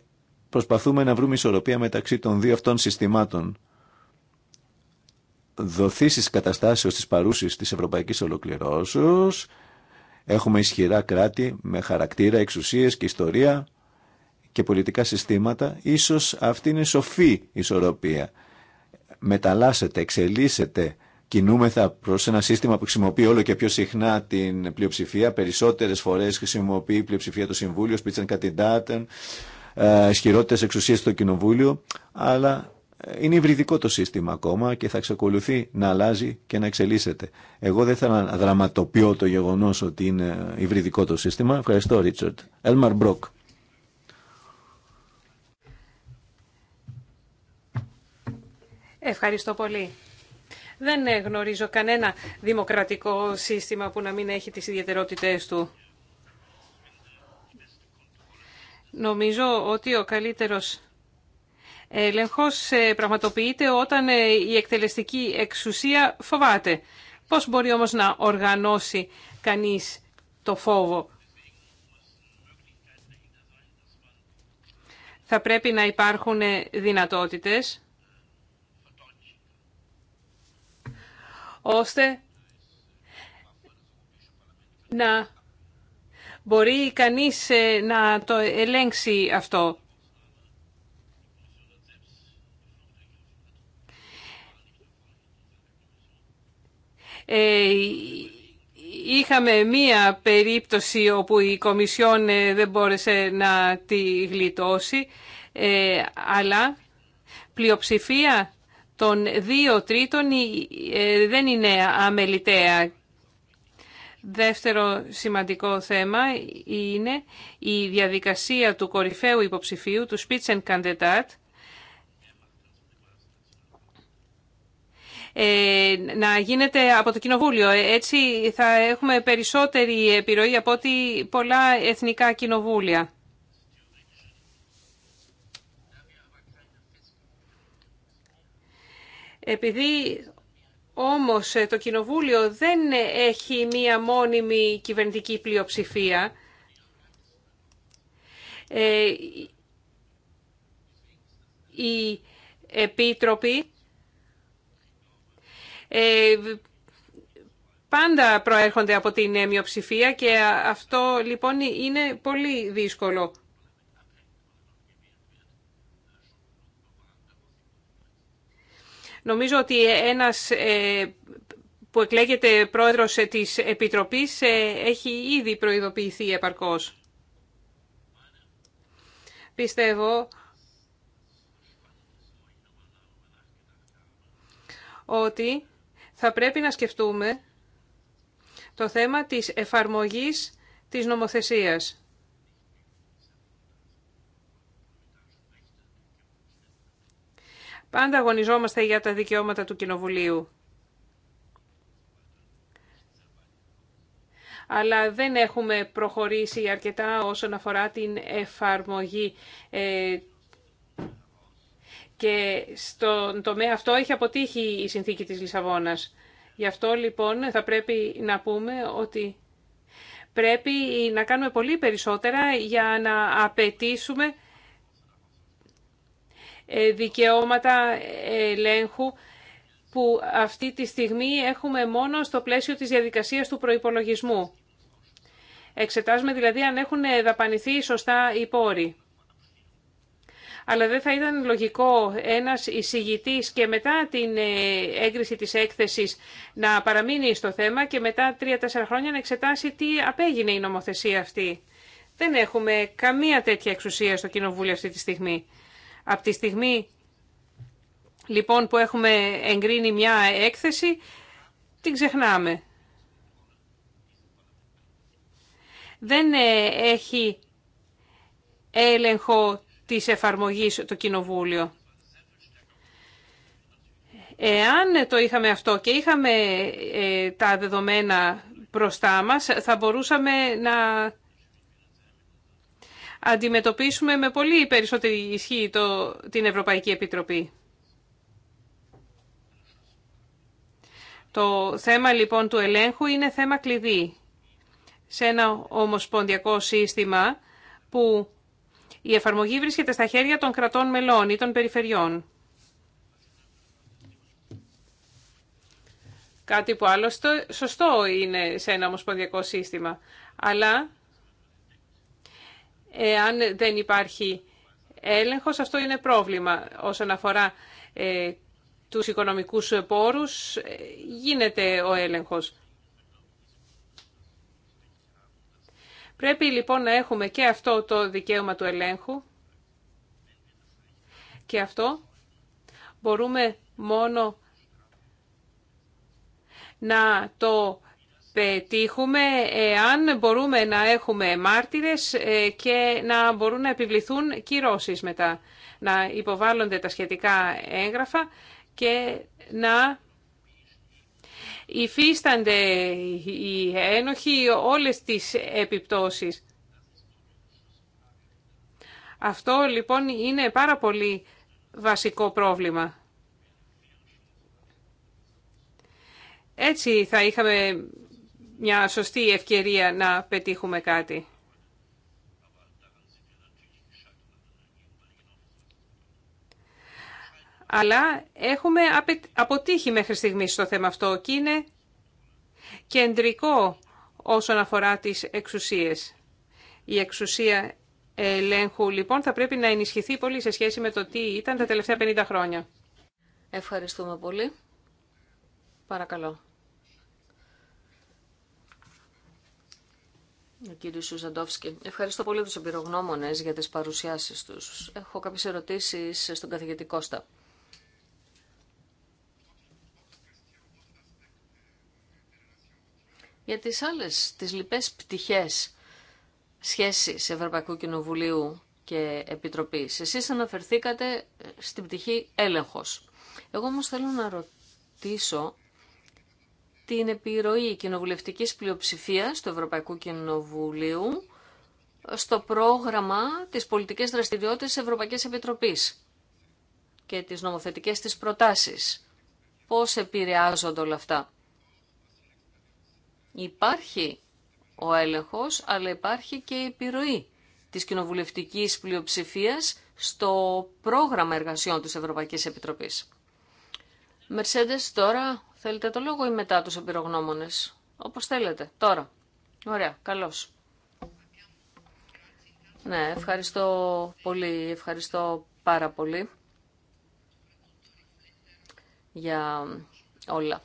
προσπαθούμε να βρούμε ισορροπία μεταξύ των δύο αυτών συστημάτων δοθήσεις καταστάσεως της παρούσης της Ευρωπαϊκής Ολοκληρώσεως Έχουμε ισχυρά κράτη με χαρακτήρα, εξουσίες και ιστορία και πολιτικά συστήματα, ίσως αυτή είναι σοφή ισορροπία. Μεταλλάσσεται, εξελίσσεται, κινούμεθα προς ένα σύστημα που χρησιμοποιεί όλο και πιο συχνά την πλειοψηφία, περισσότερες φορές χρησιμοποιεί η πλειοψηφία το Συμβούλιο, σπίτσαν κατηντάτεν, ισχυρότερε εξουσίες στο Κοινοβούλιο, αλλά ε, είναι υβριδικό το σύστημα ακόμα και θα εξακολουθεί να αλλάζει και να εξελίσσεται. Εγώ δεν θέλω να δραματοποιώ το γεγονός ότι είναι ε, υβριδικό το σύστημα. Ευχαριστώ, Ρίτσορτ. Έλμαρ Μπρόκ. Ευχαριστώ πολύ. Δεν ε, γνωρίζω κανένα δημοκρατικό σύστημα που να μην έχει τις ιδιαιτερότητες του. Νομίζω ότι ο καλύτερος έλεγχος ε, πραγματοποιείται όταν ε, η εκτελεστική εξουσία φοβάται. Πώς μπορεί όμως να οργανώσει κανείς το φόβο. Θα πρέπει να υπάρχουν δυνατότητες ώστε να μπορεί κανείς ε, να το ελέγξει αυτό. Ε, είχαμε μία περίπτωση όπου η Κομισιόν ε, δεν μπόρεσε να τη γλιτώσει, αλλά πλειοψηφία των δύο τρίτων ε, δεν είναι αμεληταία. Δεύτερο σημαντικό θέμα είναι η διαδικασία του κορυφαίου υποψηφίου, του Spitzenkandidat, ε, να γίνεται από το Κοινοβούλιο. Έτσι θα έχουμε περισσότερη επιρροή από ότι πολλά εθνικά κοινοβούλια. Επειδή όμως ε, το Κοινοβούλιο δεν έχει μία μόνιμη κυβερνητική πλειοψηφία, ε, οι επίτροποι ε, πάντα προέρχονται από την μειοψηφία και αυτό λοιπόν είναι πολύ δύσκολο. Νομίζω ότι ένας ε, που εκλέγεται πρόεδρος της Επιτροπής ε, έχει ήδη προειδοποιηθεί επαρκώς. Πιστεύω ότι θα πρέπει να σκεφτούμε το θέμα της εφαρμογής της νομοθεσίας. Πάντα αγωνιζόμαστε για τα δικαιώματα του Κοινοβουλίου. αλλά δεν έχουμε προχωρήσει αρκετά όσον αφορά την εφαρμογή. Ε, και στον τομέα αυτό έχει αποτύχει η συνθήκη της Λισαβόνας. Γι' αυτό λοιπόν θα πρέπει να πούμε ότι πρέπει να κάνουμε πολύ περισσότερα για να απαιτήσουμε ε, δικαιώματα ελέγχου που αυτή τη στιγμή έχουμε μόνο στο πλαίσιο της διαδικασίας του προϋπολογισμού. Εξετάζουμε δηλαδή αν έχουν δαπανηθεί σωστά οι πόροι. Αλλά δεν θα ήταν λογικό ένας εισηγητής και μετά την ε, έγκριση της έκθεσης να παραμείνει στο θέμα και μετά τρία-τέσσερα χρόνια να εξετάσει τι απέγινε η νομοθεσία αυτή. Δεν έχουμε καμία τέτοια εξουσία στο Κοινοβούλιο αυτή τη στιγμή. Από τη στιγμή λοιπόν που έχουμε εγκρίνει μια έκθεση, την ξεχνάμε. Δεν ε, έχει έλεγχο της εφαρμογής το Κοινοβούλιο. Εάν το είχαμε αυτό και είχαμε ε, τα δεδομένα μπροστά μας, θα μπορούσαμε να αντιμετωπίσουμε με πολύ περισσότερη ισχύ την Ευρωπαϊκή Επιτροπή. Το θέμα λοιπόν του ελέγχου είναι θέμα κλειδί. Σε ένα ομοσπονδιακό σύστημα που η εφαρμογή βρίσκεται στα χέρια των κρατών μελών ή των περιφερειών. Κάτι που άλλο σωστό είναι σε ένα ομοσπονδιακό σύστημα. Αλλά εάν δεν υπάρχει έλεγχος, αυτό είναι πρόβλημα. Όσον αφορά ε, τους οικονομικούς πόρους, ε, γίνεται ο έλεγχος. Πρέπει λοιπόν να έχουμε και αυτό το δικαίωμα του ελέγχου και αυτό μπορούμε μόνο να το πετύχουμε εάν μπορούμε να έχουμε μάρτυρες ε, και να μπορούν να επιβληθούν κυρώσεις μετά, να υποβάλλονται τα σχετικά έγγραφα και να υφίστανται οι ένοχοι όλες τις επιπτώσεις. Αυτό λοιπόν είναι πάρα πολύ βασικό πρόβλημα. Έτσι θα είχαμε μια σωστή ευκαιρία να πετύχουμε κάτι. Αλλά έχουμε αποτύχει μέχρι στιγμή στο θέμα αυτό και είναι κεντρικό όσον αφορά τις εξουσίες. Η εξουσία ελέγχου λοιπόν θα πρέπει να ενισχυθεί πολύ σε σχέση με το τι ήταν τα τελευταία 50 χρόνια. Ευχαριστούμε πολύ. Παρακαλώ. Κύριε Σουζαντόφσκι. Ευχαριστώ πολύ τους εμπειρογνώμονες για τις παρουσιάσεις τους. Έχω κάποιες ερωτήσεις στον καθηγητή Κώστα. Για τις άλλες, τις λοιπές πτυχές σχέση Ευρωπαϊκού Κοινοβουλίου και Επιτροπής, εσείς αναφερθήκατε στην πτυχή έλεγχος. Εγώ όμως θέλω να ρωτήσω την επιρροή κοινοβουλευτικής πλειοψηφίας του Ευρωπαϊκού Κοινοβουλίου στο πρόγραμμα της πολιτικής δραστηριότητας της Ευρωπαϊκής Επιτροπής και τις νομοθετικές της προτάσεις. Πώς επηρεάζονται όλα αυτά. Υπάρχει ο έλεγχος, αλλά υπάρχει και η επιρροή της κοινοβουλευτικής πλειοψηφίας στο πρόγραμμα εργασιών της Ευρωπαϊκής Επιτροπής. Μερσέντες τώρα Θέλετε το λόγο ή μετά τους εμπειρογνώμονες. Όπως θέλετε. Τώρα. Ωραία. Καλώς. Ναι, ευχαριστώ πολύ. Ευχαριστώ πάρα πολύ για όλα.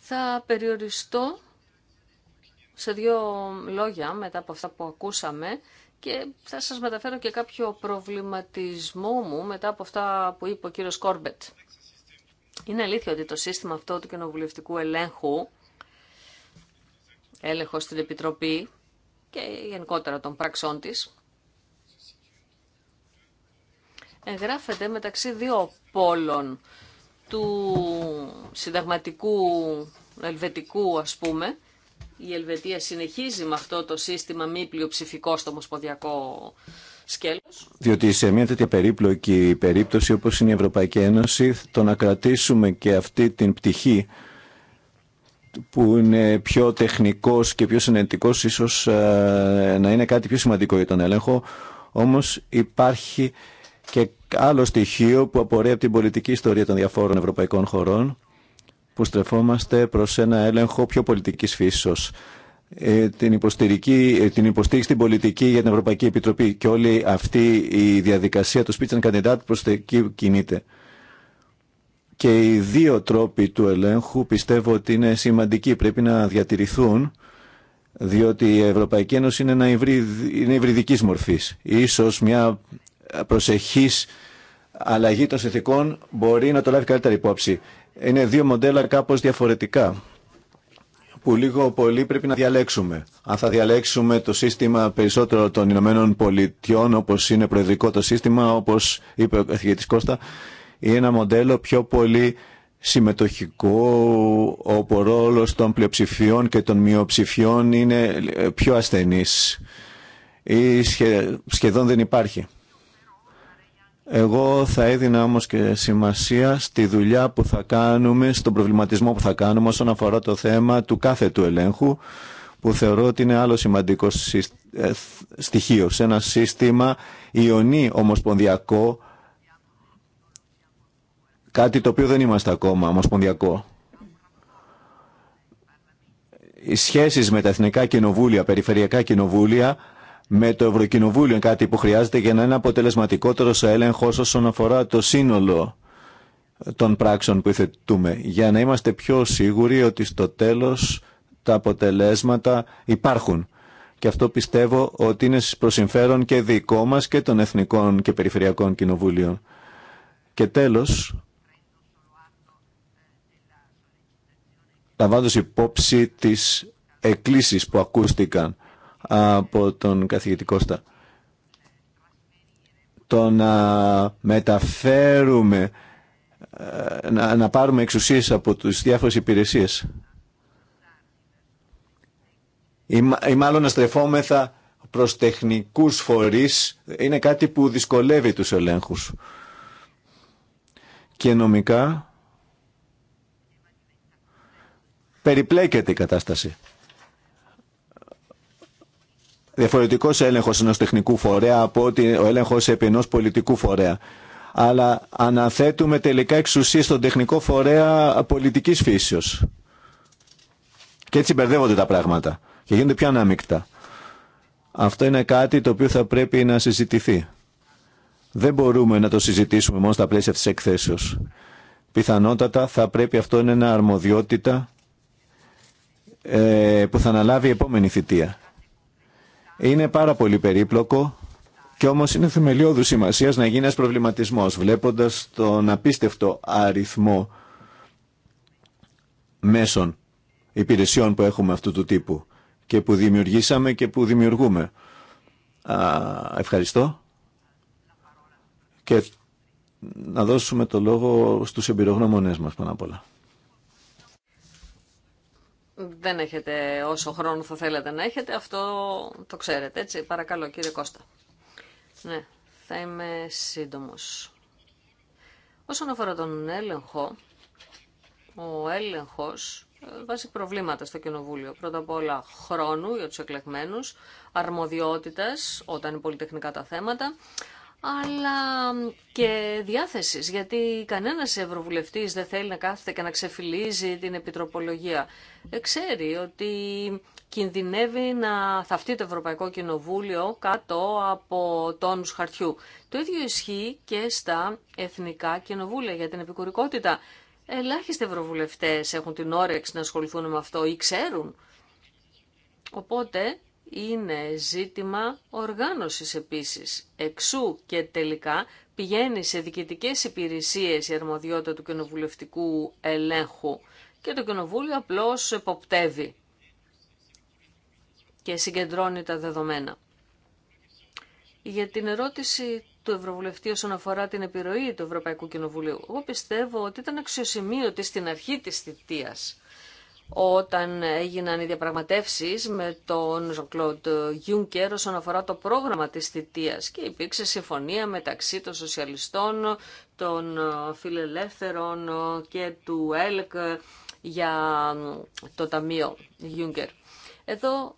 Θα περιοριστώ σε δύο λόγια μετά από αυτά που ακούσαμε και θα σας μεταφέρω και κάποιο προβληματισμό μου μετά από αυτά που είπε ο κύριος Κόρμπετ. Είναι αλήθεια ότι το σύστημα αυτό του κοινοβουλευτικού ελέγχου, έλεγχο στην Επιτροπή και γενικότερα των πράξών της, εγγράφεται μεταξύ δύο πόλων του συνταγματικού ελβετικού ας πούμε. Η Ελβετία συνεχίζει με αυτό το σύστημα μη πλειοψηφικό στο μοσποδιακό σκέλος. Διότι σε μια τέτοια περίπλοκη περίπτωση όπως είναι η Ευρωπαϊκή Ένωση το να κρατήσουμε και αυτή την πτυχή που είναι πιο τεχνικός και πιο συνεντικός ίσως ε, να είναι κάτι πιο σημαντικό για τον έλεγχο όμως υπάρχει και άλλο στοιχείο που απορρέει από την πολιτική ιστορία των διαφόρων ευρωπαϊκών χωρών που στρεφόμαστε προς ένα έλεγχο πιο πολιτικής φύσης ε, την, υποστηρική, ε, την υποστήριξη στην πολιτική για την Ευρωπαϊκή Επιτροπή και όλη αυτή η διαδικασία του speech and candidate προς εκεί κινείται. Και οι δύο τρόποι του ελέγχου πιστεύω ότι είναι σημαντικοί, πρέπει να διατηρηθούν διότι η Ευρωπαϊκή Ένωση είναι, ένα υβρι, είναι υβριδικής μορφής. Ίσως μια προσεχής αλλαγή των συνθηκών μπορεί να το λάβει καλύτερη υπόψη. Είναι δύο μοντέλα κάπως διαφορετικά που λίγο πολύ πρέπει να διαλέξουμε. Αν θα διαλέξουμε το σύστημα περισσότερο των Ηνωμένων Πολιτειών, όπως είναι προεδρικό το σύστημα, όπως είπε ο καθηγητής Κώστα, ή ένα μοντέλο πιο πολύ συμμετοχικό, όπου ο ρόλος των πλειοψηφιών και των μειοψηφιών είναι πιο ασθενής ή σχεδόν δεν υπάρχει. Εγώ θα έδινα όμως και σημασία στη δουλειά που θα κάνουμε, στον προβληματισμό που θα κάνουμε όσον αφορά το θέμα του κάθε του ελέγχου, που θεωρώ ότι είναι άλλο σημαντικό ε, στοιχείο σε ένα σύστημα ιονή ομοσπονδιακό, κάτι το οποίο δεν είμαστε ακόμα ομοσπονδιακό. Οι σχέσεις με τα εθνικά κοινοβούλια, περιφερειακά κοινοβούλια, με το Ευρωκοινοβούλιο κάτι που χρειάζεται για να είναι αποτελεσματικότερος έλεγχος όσον αφορά το σύνολο των πράξεων που υθετούμε για να είμαστε πιο σίγουροι ότι στο τέλος τα αποτελέσματα υπάρχουν. Και αυτό πιστεύω ότι είναι προς συμφέρον και δικό μας και των Εθνικών και Περιφερειακών Κοινοβουλίων. Και τέλος, λαμβάνοντας υπόψη τις εκκλήσεις που ακούστηκαν από τον καθηγητή Κώστα. Το να μεταφέρουμε, ε, να, να πάρουμε εξουσίες από τις διάφορες υπηρεσίες ή, ή μάλλον να στρεφόμεθα προς τεχνικούς φορείς είναι κάτι που δυσκολεύει τους ελέγχους. Και νομικά περιπλέκεται η κατάσταση διαφορετικό έλεγχο ενό τεχνικού φορέα από ότι ο έλεγχο επί ενό πολιτικού φορέα. Αλλά αναθέτουμε τελικά εξουσία στον τεχνικό φορέα πολιτική φύσεω. Και έτσι μπερδεύονται τα πράγματα και γίνονται πιο ανάμεικτα. Αυτό είναι κάτι το οποίο θα πρέπει να συζητηθεί. Δεν μπορούμε να το συζητήσουμε μόνο στα πλαίσια τη εκθέσεω. Πιθανότατα θα πρέπει αυτό είναι ένα αρμοδιότητα ε, που θα αναλάβει η επόμενη θητεία. Είναι πάρα πολύ περίπλοκο και όμως είναι θεμελιώδου σημασία να γίνει ένας προβληματισμός βλέποντας τον απίστευτο αριθμό μέσων υπηρεσιών που έχουμε αυτού του τύπου και που δημιουργήσαμε και που δημιουργούμε. Α, ευχαριστώ. Και να δώσουμε το λόγο στους εμπειρογνώμονές μας πάνω απ' όλα δεν έχετε όσο χρόνο θα θέλατε να έχετε, αυτό το ξέρετε, έτσι. Παρακαλώ, κύριε Κώστα. Ναι, θα είμαι σύντομος. Όσον αφορά τον έλεγχο, ο έλεγχος ε, βάζει προβλήματα στο Κοινοβούλιο. Πρώτα απ' όλα χρόνου για τους εκλεγμένους, αρμοδιότητας όταν είναι πολυτεχνικά τα θέματα, αλλά και διάθεση, γιατί κανένας ευρωβουλευτή δεν θέλει να κάθεται και να ξεφυλίζει την επιτροπολογία. Ε, ξέρει ότι κινδυνεύει να θαυτεί το Ευρωπαϊκό Κοινοβούλιο κάτω από τόνους χαρτιού. Το ίδιο ισχύει και στα εθνικά κοινοβούλια για την επικουρικότητα. Ελάχιστοι ευρωβουλευτέ έχουν την όρεξη να ασχοληθούν με αυτό ή ξέρουν. Οπότε είναι ζήτημα οργάνωσης επίσης. Εξού και τελικά πηγαίνει σε διοικητικές υπηρεσίες η αρμοδιότητα του κοινοβουλευτικού ελέγχου και το κοινοβούλιο απλώς εποπτεύει και συγκεντρώνει τα δεδομένα. Για την ερώτηση του Ευρωβουλευτή όσον αφορά την επιρροή του Ευρωπαϊκού Κοινοβουλίου, εγώ πιστεύω ότι ήταν αξιοσημείωτη στην αρχή της θητείας όταν έγιναν οι διαπραγματεύσεις με τον Κλοντ Γιούνκερ όσον αφορά το πρόγραμμα της θητείας και υπήρξε συμφωνία μεταξύ των σοσιαλιστών, των φιλελεύθερων και του ΕΛΚ για το Ταμείο Γιούγκερ. Εδώ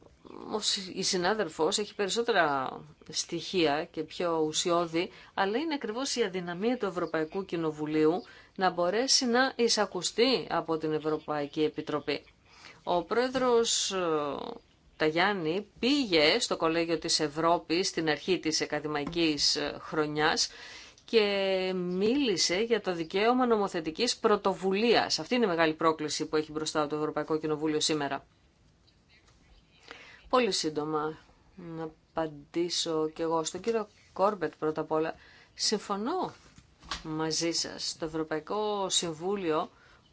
η συνάδελφος έχει περισσότερα στοιχεία και πιο ουσιώδη, αλλά είναι ακριβώς η αδυναμία του Ευρωπαϊκού Κοινοβουλίου να μπορέσει να εισακουστεί από την Ευρωπαϊκή Επιτροπή. Ο πρόεδρος ε, Ταγιάννη πήγε στο Κολέγιο της Ευρώπης στην αρχή της ακαδημαϊκής ε, χρονιάς και μίλησε για το δικαίωμα νομοθετικής πρωτοβουλίας. Αυτή είναι η μεγάλη πρόκληση που έχει μπροστά το Ευρωπαϊκό Κοινοβούλιο σήμερα. Πολύ σύντομα να απαντήσω και εγώ στον κύριο Κόρμπετ πρώτα απ' όλα. Συμφωνώ μαζί σας. Το Ευρωπαϊκό Συμβούλιο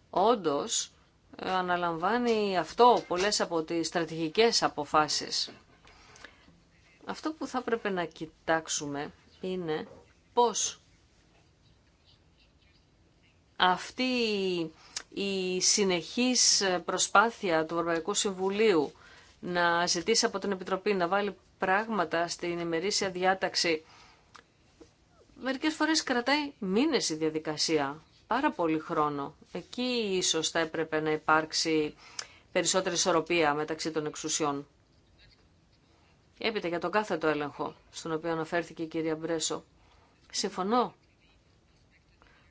όντως ε, αναλαμβάνει αυτό πολλές από τις στρατηγικές αποφάσεις. Αυτό που θα πρέπει να κοιτάξουμε είναι πώς αυτή η συνεχής προσπάθεια του Ευρωπαϊκού Συμβουλίου να ζητήσει από την Επιτροπή να βάλει πράγματα στην ημερήσια διάταξη μερικές φορές κρατάει μήνες η διαδικασία, πάρα πολύ χρόνο. Εκεί ίσως θα έπρεπε να υπάρξει περισσότερη ισορροπία μεταξύ των εξουσιών. Έπειτα για τον κάθετο έλεγχο, στον οποίο αναφέρθηκε η κυρία Μπρέσο. Συμφωνώ.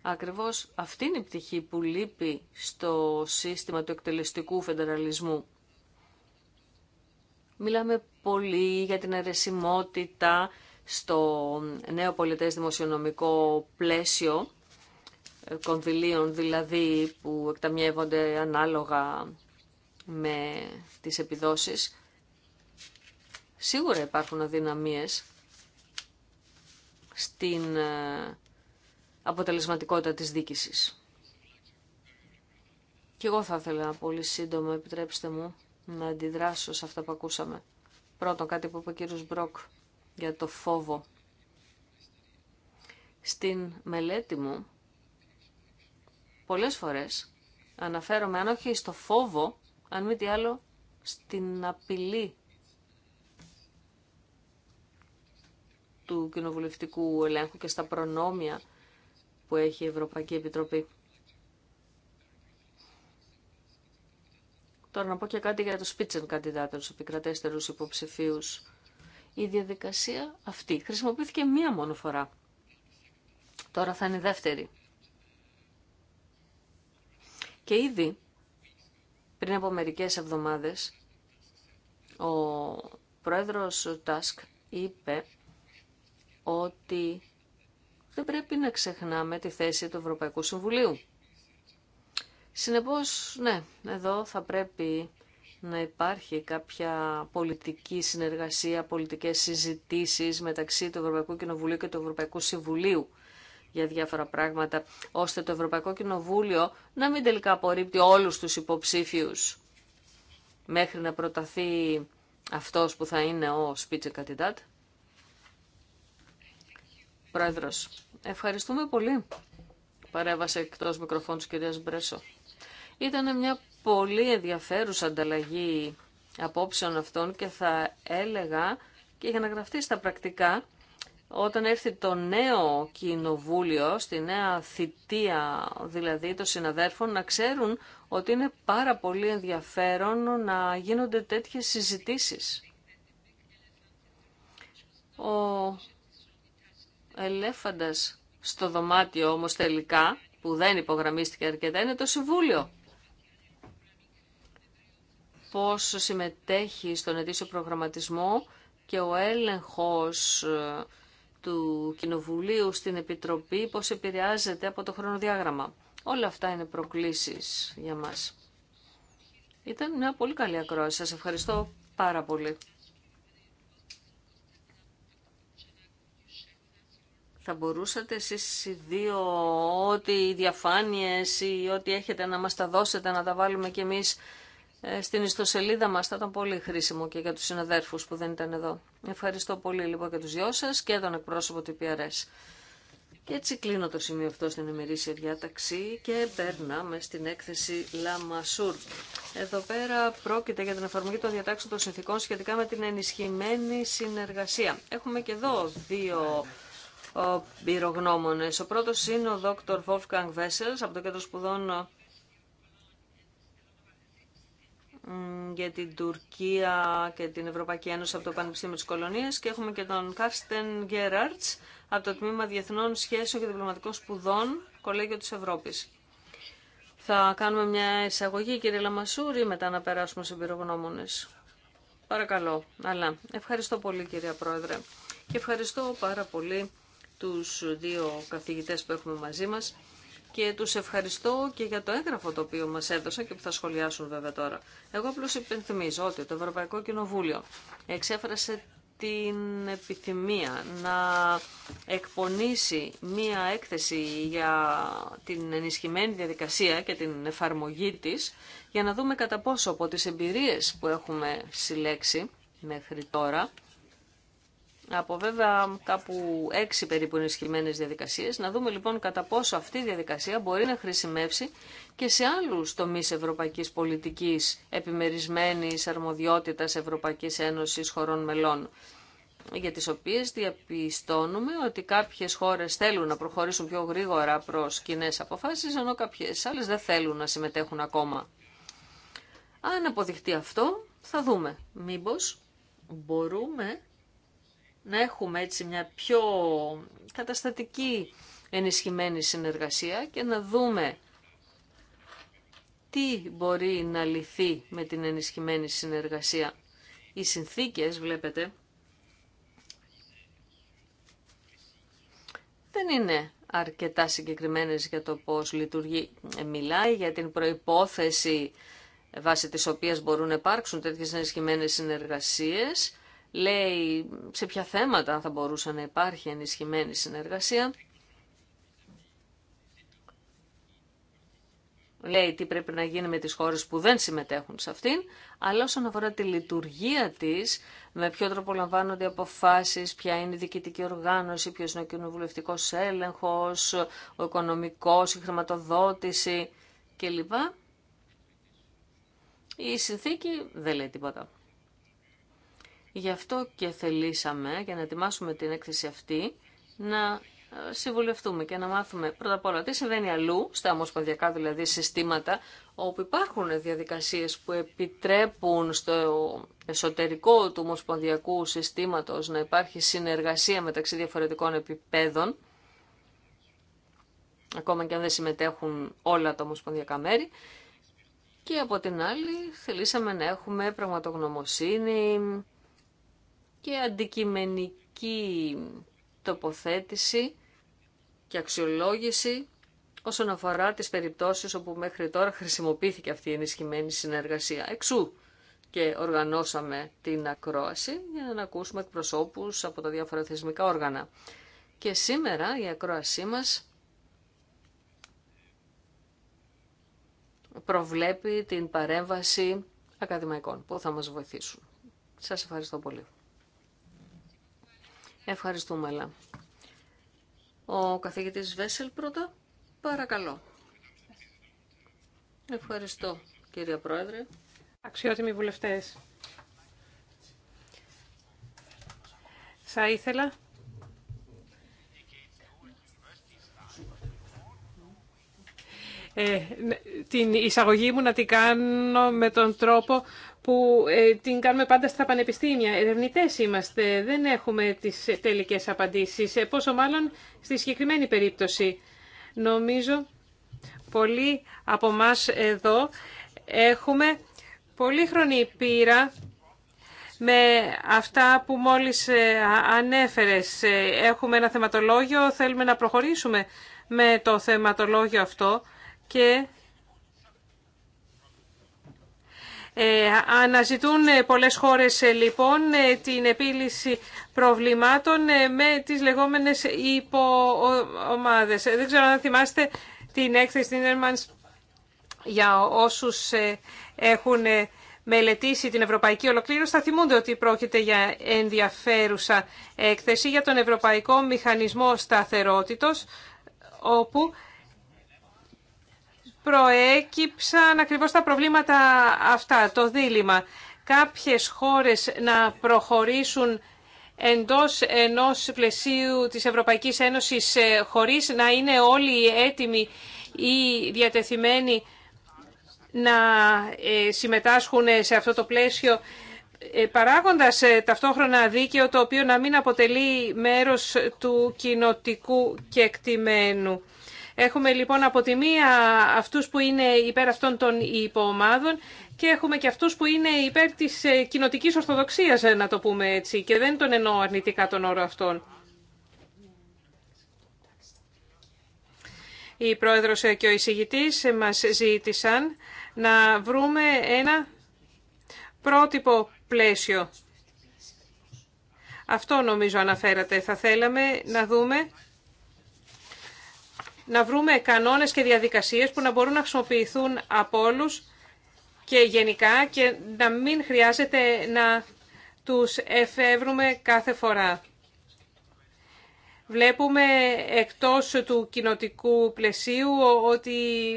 Ακριβώς αυτή είναι η πτυχή που λείπει στο σύστημα του εκτελεστικού φεντεραλισμού. Μιλάμε πολύ για την αιρεσιμότητα στο νέο πολιτές δημοσιονομικό πλαίσιο ε, κονδυλίων δηλαδή που εκταμιεύονται ανάλογα με τις επιδόσεις. Σίγουρα υπάρχουν αδυναμίες στην ε, αποτελεσματικότητα της δίκησης. Και εγώ θα ήθελα πολύ σύντομα, επιτρέψτε μου, να αντιδράσω σε αυτά που ακούσαμε. Πρώτον, κάτι που είπε ο κύριος Μπροκ για το φόβο. Στην μελέτη μου, πολλές φορές αναφέρομαι, αν όχι στο φόβο, αν μη τι άλλο, στην απειλή του κοινοβουλευτικού ελέγχου και στα προνόμια που έχει η Ευρωπαϊκή Επιτροπή. Τώρα να πω και κάτι για τους πίτσεν τους επικρατέστερους υποψηφίους η διαδικασία αυτή χρησιμοποιήθηκε μία μόνο φορά. Τώρα θα είναι η δεύτερη. Και ήδη πριν από μερικές εβδομάδες ο πρόεδρος Τάσκ είπε ότι δεν πρέπει να ξεχνάμε τη θέση του Ευρωπαϊκού Συμβουλίου. Συνεπώς, ναι, εδώ θα πρέπει να υπάρχει κάποια πολιτική συνεργασία, πολιτικές συζητήσεις μεταξύ του Ευρωπαϊκού Κοινοβουλίου και του Ευρωπαϊκού Συμβουλίου για διάφορα πράγματα, ώστε το Ευρωπαϊκό Κοινοβούλιο να μην τελικά απορρίπτει όλους τους υποψήφιους μέχρι να προταθεί αυτός που θα είναι ο Σπίτσε Κατιντάτ. Πρόεδρος, ευχαριστούμε πολύ. Παρέβασε εκτός μικροφώνου της κυρίας Μπρέσο. Ήταν μια πολύ ενδιαφέρουσα ανταλλαγή απόψεων αυτών και θα έλεγα και για να γραφτεί στα πρακτικά όταν έρθει το νέο κοινοβούλιο, στη νέα θητεία δηλαδή των συναδέρφων, να ξέρουν ότι είναι πάρα πολύ ενδιαφέρον να γίνονται τέτοιες συζητήσεις. Ο ελέφαντας στο δωμάτιο όμως τελικά, που δεν υπογραμμίστηκε αρκετά, είναι το Συμβούλιο πώς συμμετέχει στον ετήσιο προγραμματισμό και ο έλεγχος ε, του Κοινοβουλίου στην Επιτροπή, πώς επηρεάζεται από το χρονοδιάγραμμα. Όλα αυτά είναι προκλήσεις για μας. Ήταν μια πολύ καλή ακρόαση. Σας ευχαριστώ πάρα πολύ. Θα μπορούσατε εσείς οι δύο ό,τι οι διαφάνειες ή ό,τι έχετε να μας τα δώσετε, να τα βάλουμε κι εμείς ε, στην ιστοσελίδα μας. Θα ήταν πολύ χρήσιμο και για τους συναδέρφους που δεν ήταν εδώ. Ευχαριστώ πολύ λοιπόν και τους δυο σας και τον εκπρόσωπο του PRS. Και έτσι κλείνω το σημείο αυτό στην ημερήσια διάταξη και περνάμε στην έκθεση Λαμασούρ. Εδώ πέρα πρόκειται για την εφαρμογή των διατάξεων των συνθήκων σχετικά με την ενισχυμένη συνεργασία. Έχουμε και εδώ δύο πυρογνώμονες. Ο πρώτος είναι ο Δόκτωρ Wolfgang Wessels από το Κέντρο Σπουδών για την Τουρκία και την Ευρωπαϊκή Ένωση από το Πανεπιστήμιο της Κολονίας και έχουμε και τον Κάρστεν Γκέραρτς από το Τμήμα Διεθνών Σχέσεων και Διπλωματικών Σπουδών, Κολέγιο της Ευρώπης. Θα κάνουμε μια εισαγωγή, κύριε Λαμασούρη, μετά να περάσουμε σε εμπειρογνώμονε. Παρακαλώ. Αλλά ευχαριστώ πολύ, κυρία Πρόεδρε. Και ευχαριστώ πάρα πολύ τους δύο καθηγητές που έχουμε μαζί μας και τους ευχαριστώ και για το έγγραφο το οποίο μας έδωσαν και που θα σχολιάσουν βέβαια τώρα. Εγώ απλώς υπενθυμίζω ότι το Ευρωπαϊκό Κοινοβούλιο εξέφρασε την επιθυμία να εκπονήσει μία έκθεση για την ενισχυμένη διαδικασία και την εφαρμογή της για να δούμε κατά πόσο από τις εμπειρίες που έχουμε συλλέξει μέχρι τώρα από βέβαια κάπου έξι περίπου ενισχυμένες διαδικασίες. Να δούμε λοιπόν κατά πόσο αυτή η διαδικασία μπορεί να χρησιμεύσει και σε άλλους τομείς ευρωπαϊκής πολιτικής επιμερισμένης αρμοδιότητας Ευρωπαϊκής Ένωσης χωρών μελών για τις οποίες διαπιστώνουμε ότι κάποιες χώρες θέλουν να προχωρήσουν πιο γρήγορα προς κοινέ αποφάσεις, ενώ κάποιες άλλες δεν θέλουν να συμμετέχουν ακόμα. Αν αποδειχτεί αυτό, θα δούμε. Μήπως μπορούμε να έχουμε έτσι μια πιο καταστατική ενισχυμένη συνεργασία και να δούμε τι μπορεί να λυθεί με την ενισχυμένη συνεργασία. Οι συνθήκες, βλέπετε, δεν είναι αρκετά συγκεκριμένες για το πώς λειτουργεί. Ε, μιλάει για την προϋπόθεση βάσει της οποίας μπορούν να υπάρξουν τέτοιες ενισχυμένες συνεργασίες λέει σε ποια θέματα θα μπορούσε να υπάρχει ενισχυμένη συνεργασία. Λέει τι πρέπει να γίνει με τις χώρες που δεν συμμετέχουν σε αυτήν, αλλά όσον αφορά τη λειτουργία της, με ποιο τρόπο λαμβάνονται οι αποφάσεις, ποια είναι η διοικητική οργάνωση, Ποιο είναι ο κοινοβουλευτικό έλεγχος, ο οικονομικός, η χρηματοδότηση κλπ. Η συνθήκη δεν λέει τίποτα. Γι' αυτό και θελήσαμε για να ετοιμάσουμε την έκθεση αυτή να ε, συμβουλευτούμε και να μάθουμε πρώτα απ' όλα τι συμβαίνει αλλού, στα ομοσπονδιακά δηλαδή συστήματα, όπου υπάρχουν διαδικασίες που επιτρέπουν στο εσωτερικό του ομοσπονδιακού συστήματος να υπάρχει συνεργασία μεταξύ διαφορετικών επιπέδων, ακόμα και αν δεν συμμετέχουν όλα τα ομοσπονδιακά μέρη. Και από την άλλη θελήσαμε να έχουμε πραγματογνωμοσύνη, και αντικειμενική τοποθέτηση και αξιολόγηση όσον αφορά τις περιπτώσεις όπου μέχρι τώρα χρησιμοποιήθηκε αυτή η ενισχυμένη συνεργασία. Εξού και οργανώσαμε την ακρόαση για να ακούσουμε εκπροσώπους από τα διάφορα θεσμικά όργανα. Και σήμερα η ακρόασή μας προβλέπει την παρέμβαση ακαδημαϊκών που θα μας βοηθήσουν. Σας ευχαριστώ πολύ. Ευχαριστούμε, αλλά. Ο καθηγητής Βέσελ πρώτα, παρακαλώ. Ευχαριστώ, κύριε Πρόεδρε. Αξιότιμοι βουλευτές. Θα ήθελα ε, την εισαγωγή μου να την κάνω με τον τρόπο που ε, την κάνουμε πάντα στα πανεπιστήμια. Ερευνητές είμαστε, δεν έχουμε τις τελικές απαντήσεις, ε, πόσο μάλλον στη συγκεκριμένη περίπτωση. Νομίζω πολλοί από εμά εδώ έχουμε πολύχρονη πείρα με αυτά που μόλις ε, ανέφερες. Έχουμε ένα θεματολόγιο, θέλουμε να προχωρήσουμε με το θεματολόγιο αυτό και Ε, αναζητούν ε, πολλές χώρες ε, λοιπόν την επίλυση προβλημάτων με τις λεγόμενες υποομάδες. Δεν ξέρω αν θυμάστε την έκθεση Τίνερμανς για όσους έχουν μελετήσει την ευρωπαϊκή ολοκλήρωση θα θυμούνται ότι πρόκειται για ενδιαφέρουσα έκθεση για τον Ευρωπαϊκό Μηχανισμό Σταθερότητος όπου προέκυψαν ακριβώς τα προβλήματα αυτά, το δίλημα. Κάποιες χώρες να προχωρήσουν εντός ενός πλαισίου της Ευρωπαϊκής Ένωσης ε, χωρίς να είναι όλοι έτοιμοι ή διατεθειμένοι να ε, συμμετάσχουν σε αυτό το πλαίσιο ε, παράγοντας ταυτόχρονα δίκαιο το οποίο να μην αποτελεί μέρος του κοινοτικού κεκτημένου. Έχουμε λοιπόν από τη μία αυτούς που είναι υπέρ αυτών των υποομάδων και έχουμε και αυτούς που είναι υπέρ της ε, κοινοτικής ορθοδοξίας, ε, να το πούμε έτσι, και δεν τον εννοώ αρνητικά τον όρο αυτόν. Η πρόεδρος ε, και ο εισηγητής μας ζήτησαν να βρούμε ένα πρότυπο πλαίσιο. Αυτό νομίζω αναφέρατε. Θα θέλαμε να δούμε να βρούμε κανόνες και διαδικασίες που να μπορούν να χρησιμοποιηθούν από όλους και γενικά και να μην χρειάζεται να τους εφεύρουμε κάθε φορά. Βλέπουμε εκτός του κοινοτικού πλαισίου ότι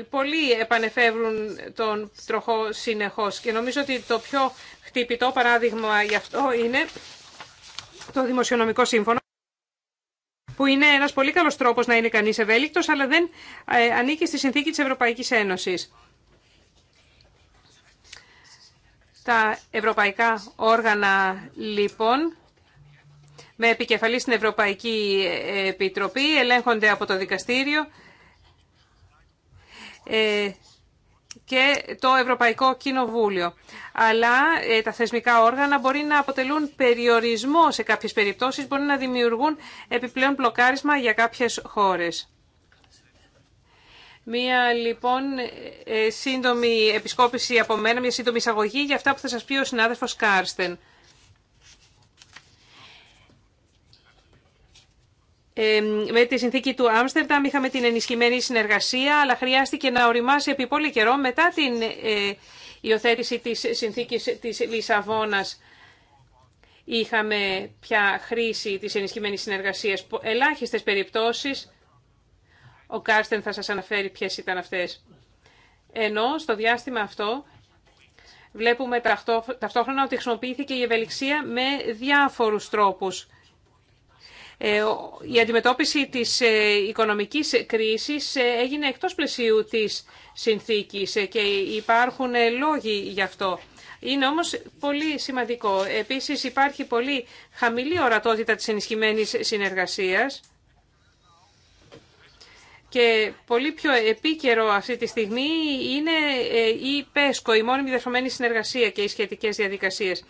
πολλοί επανεφεύρουν τον τροχό συνεχώς και νομίζω ότι το πιο χτυπητό παράδειγμα γι' αυτό είναι το Δημοσιονομικό Σύμφωνο που είναι ένας πολύ καλός τρόπος να είναι κανείς ευέλικτο, αλλά δεν ε, ανήκει στη συνθήκη της Ευρωπαϊκής Ένωση. Τα ευρωπαϊκά όργανα, λοιπόν, με επικεφαλή στην Ευρωπαϊκή Επιτροπή, ελέγχονται από το δικαστήριο ε, και το Ευρωπαϊκό Κοινοβούλιο. Αλλά ε, τα θεσμικά όργανα μπορεί να αποτελούν περιορισμό σε κάποιες περιπτώσεις, μπορεί να δημιουργούν επιπλέον μπλοκάρισμα για κάποιες χώρες. Μία λοιπόν ε, ε, σύντομη επισκόπηση από μένα, μία σύντομη εισαγωγή για αυτά που θα σας πει ο συνάδελφος Κάρστεν. με τη συνθήκη του Άμστερνταμ είχαμε την ενισχυμένη συνεργασία, αλλά χρειάστηκε να οριμάσει επί πολύ καιρό μετά την ε, υιοθέτηση της συνθήκης της Λισαβόνας. Είχαμε πια χρήση της ενισχυμένης συνεργασίας. Ελάχιστες περιπτώσεις, ο Κάρστεν θα σας αναφέρει ποιες ήταν αυτές. Ενώ στο διάστημα αυτό βλέπουμε ταυτόχρονα ότι χρησιμοποιήθηκε η ευελιξία με διάφορους τρόπους ε, η αντιμετώπιση της ε, οικονομικής κρίσης ε, έγινε εκτός πλαισίου της συνθήκης και υπάρχουν λόγοι γι' αυτό. Είναι όμως πολύ σημαντικό. Επίσης υπάρχει πολύ χαμηλή ορατότητα της ενισχυμένης συνεργασίας και πολύ πιο επίκαιρο αυτή τη στιγμή είναι η ΠΕΣΚΟ, η μόνιμη συνεργασία και οι σχετικές διαδικασίες.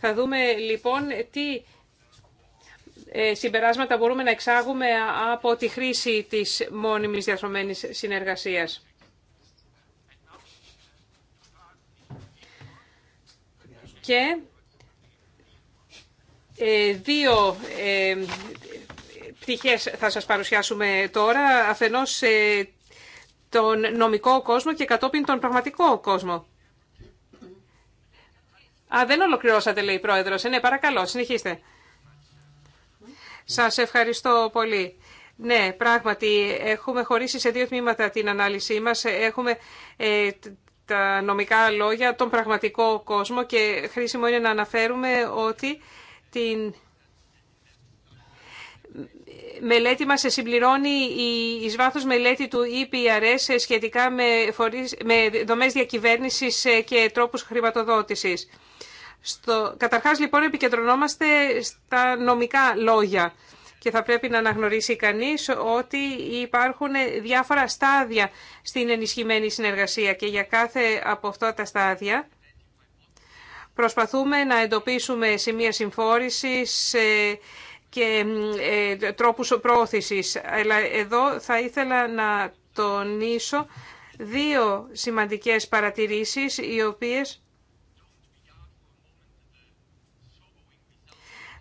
Θα δούμε λοιπόν τι ε, συμπεράσματα μπορούμε να εξάγουμε από τη χρήση της μόνιμης διαθρωμένης συνεργασίας. Και ε, δύο ε, πτυχές θα σας παρουσιάσουμε τώρα, αφενός τον νομικό κόσμο και κατόπιν τον πραγματικό κόσμο. Α, δεν ολοκληρώσατε, λέει η πρόεδρος. ναι, παρακαλώ, συνεχίστε. Σας ευχαριστώ πολύ. Ναι, πράγματι, έχουμε χωρίσει σε δύο τμήματα την ανάλυση μας. Έχουμε ε, τα νομικά λόγια, τον πραγματικό κόσμο και χρήσιμο είναι να αναφέρουμε ότι την μελέτη μας συμπληρώνει η εις μελέτη του EPRS σχετικά με, φορείς, με δομές διακυβέρνησης και τρόπους χρηματοδότησης. Στο... Καταρχάς λοιπόν επικεντρωνόμαστε στα νομικά λόγια και θα πρέπει να αναγνωρίσει κανείς ότι υπάρχουν διάφορα στάδια στην ενισχυμένη συνεργασία και για κάθε από αυτά τα στάδια προσπαθούμε να εντοπίσουμε σημεία συμφόρησης ε, και ε, τρόπους πρόωθησης. Αλλά εδώ θα ήθελα να τονίσω δύο σημαντικές παρατηρήσεις οι οποίες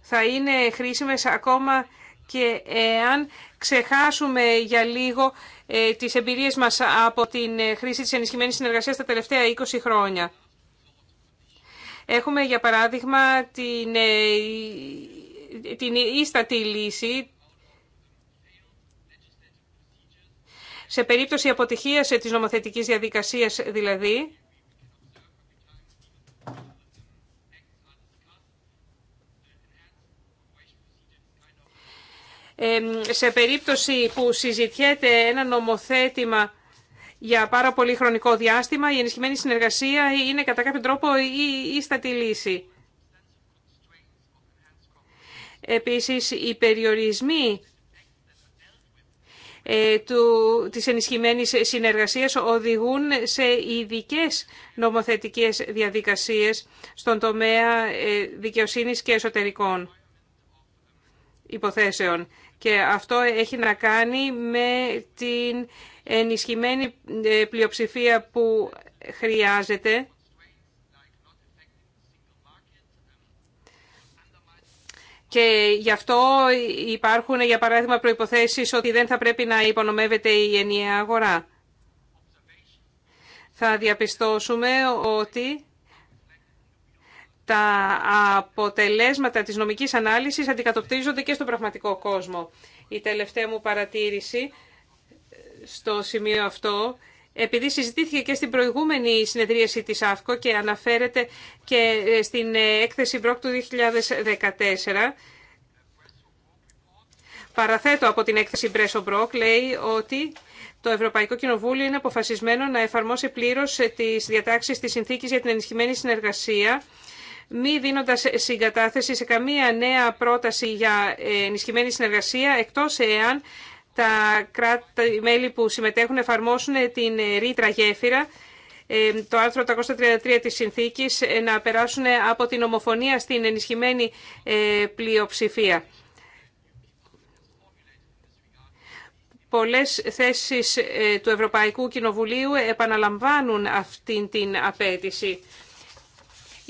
θα είναι χρήσιμες ακόμα και εάν ξεχάσουμε για λίγο ε, τις εμπειρίες μας από την ε, χρήση της ενισχυμένης συνεργασίας τα τελευταία 20 χρόνια. Έχουμε, για παράδειγμα, την, ε, την ίστατη λύση σε περίπτωση αποτυχίας της νομοθετικής διαδικασίας δηλαδή, σε περίπτωση που συζητιέται ένα νομοθέτημα για πάρα πολύ χρονικό διάστημα, η ενισχυμένη συνεργασία είναι κατά κάποιο τρόπο η ίστατη λύση. Επίσης, οι περιορισμοί ε, του, της ενισχυμένης συνεργασίας οδηγούν σε ειδικέ νομοθετικές διαδικασίες στον τομέα ε, δικαιοσύνης και εσωτερικών υποθέσεων. Και αυτό έχει να κάνει με την ενισχυμένη ε, πλειοψηφία που χρειάζεται Και γι' αυτό υπάρχουν, για παράδειγμα, προϋποθέσεις ότι δεν θα πρέπει να υπονομεύεται η ενιαία αγορά. Θα διαπιστώσουμε ότι τα αποτελέσματα της νομικής ανάλυσης αντικατοπτρίζονται και στον πραγματικό κόσμο. Η τελευταία μου παρατήρηση στο σημείο αυτό, επειδή συζητήθηκε και στην προηγούμενη συνεδρίαση της ΑΦΚΟ και αναφέρεται και στην έκθεση Μπρόκ του 2014, Παραθέτω από την έκθεση Μπρέσο Μπρόκ, λέει ότι το Ευρωπαϊκό Κοινοβούλιο είναι αποφασισμένο να εφαρμόσει πλήρως τις διατάξεις της Συνθήκης για την ενισχυμένη συνεργασία μη δίνοντα συγκατάθεση σε καμία νέα πρόταση για ενισχυμένη συνεργασία, εκτός εάν τα κράτη, μέλη που συμμετέχουν εφαρμόσουν την ρήτρα γέφυρα, ε, το άρθρο 333 της συνθήκης, ε, να περάσουν από την ομοφωνία στην ενισχυμένη ε, πλειοψηφία. Πολλές θέσεις του Ευρωπαϊκού Κοινοβουλίου επαναλαμβάνουν αυτήν την απέτηση.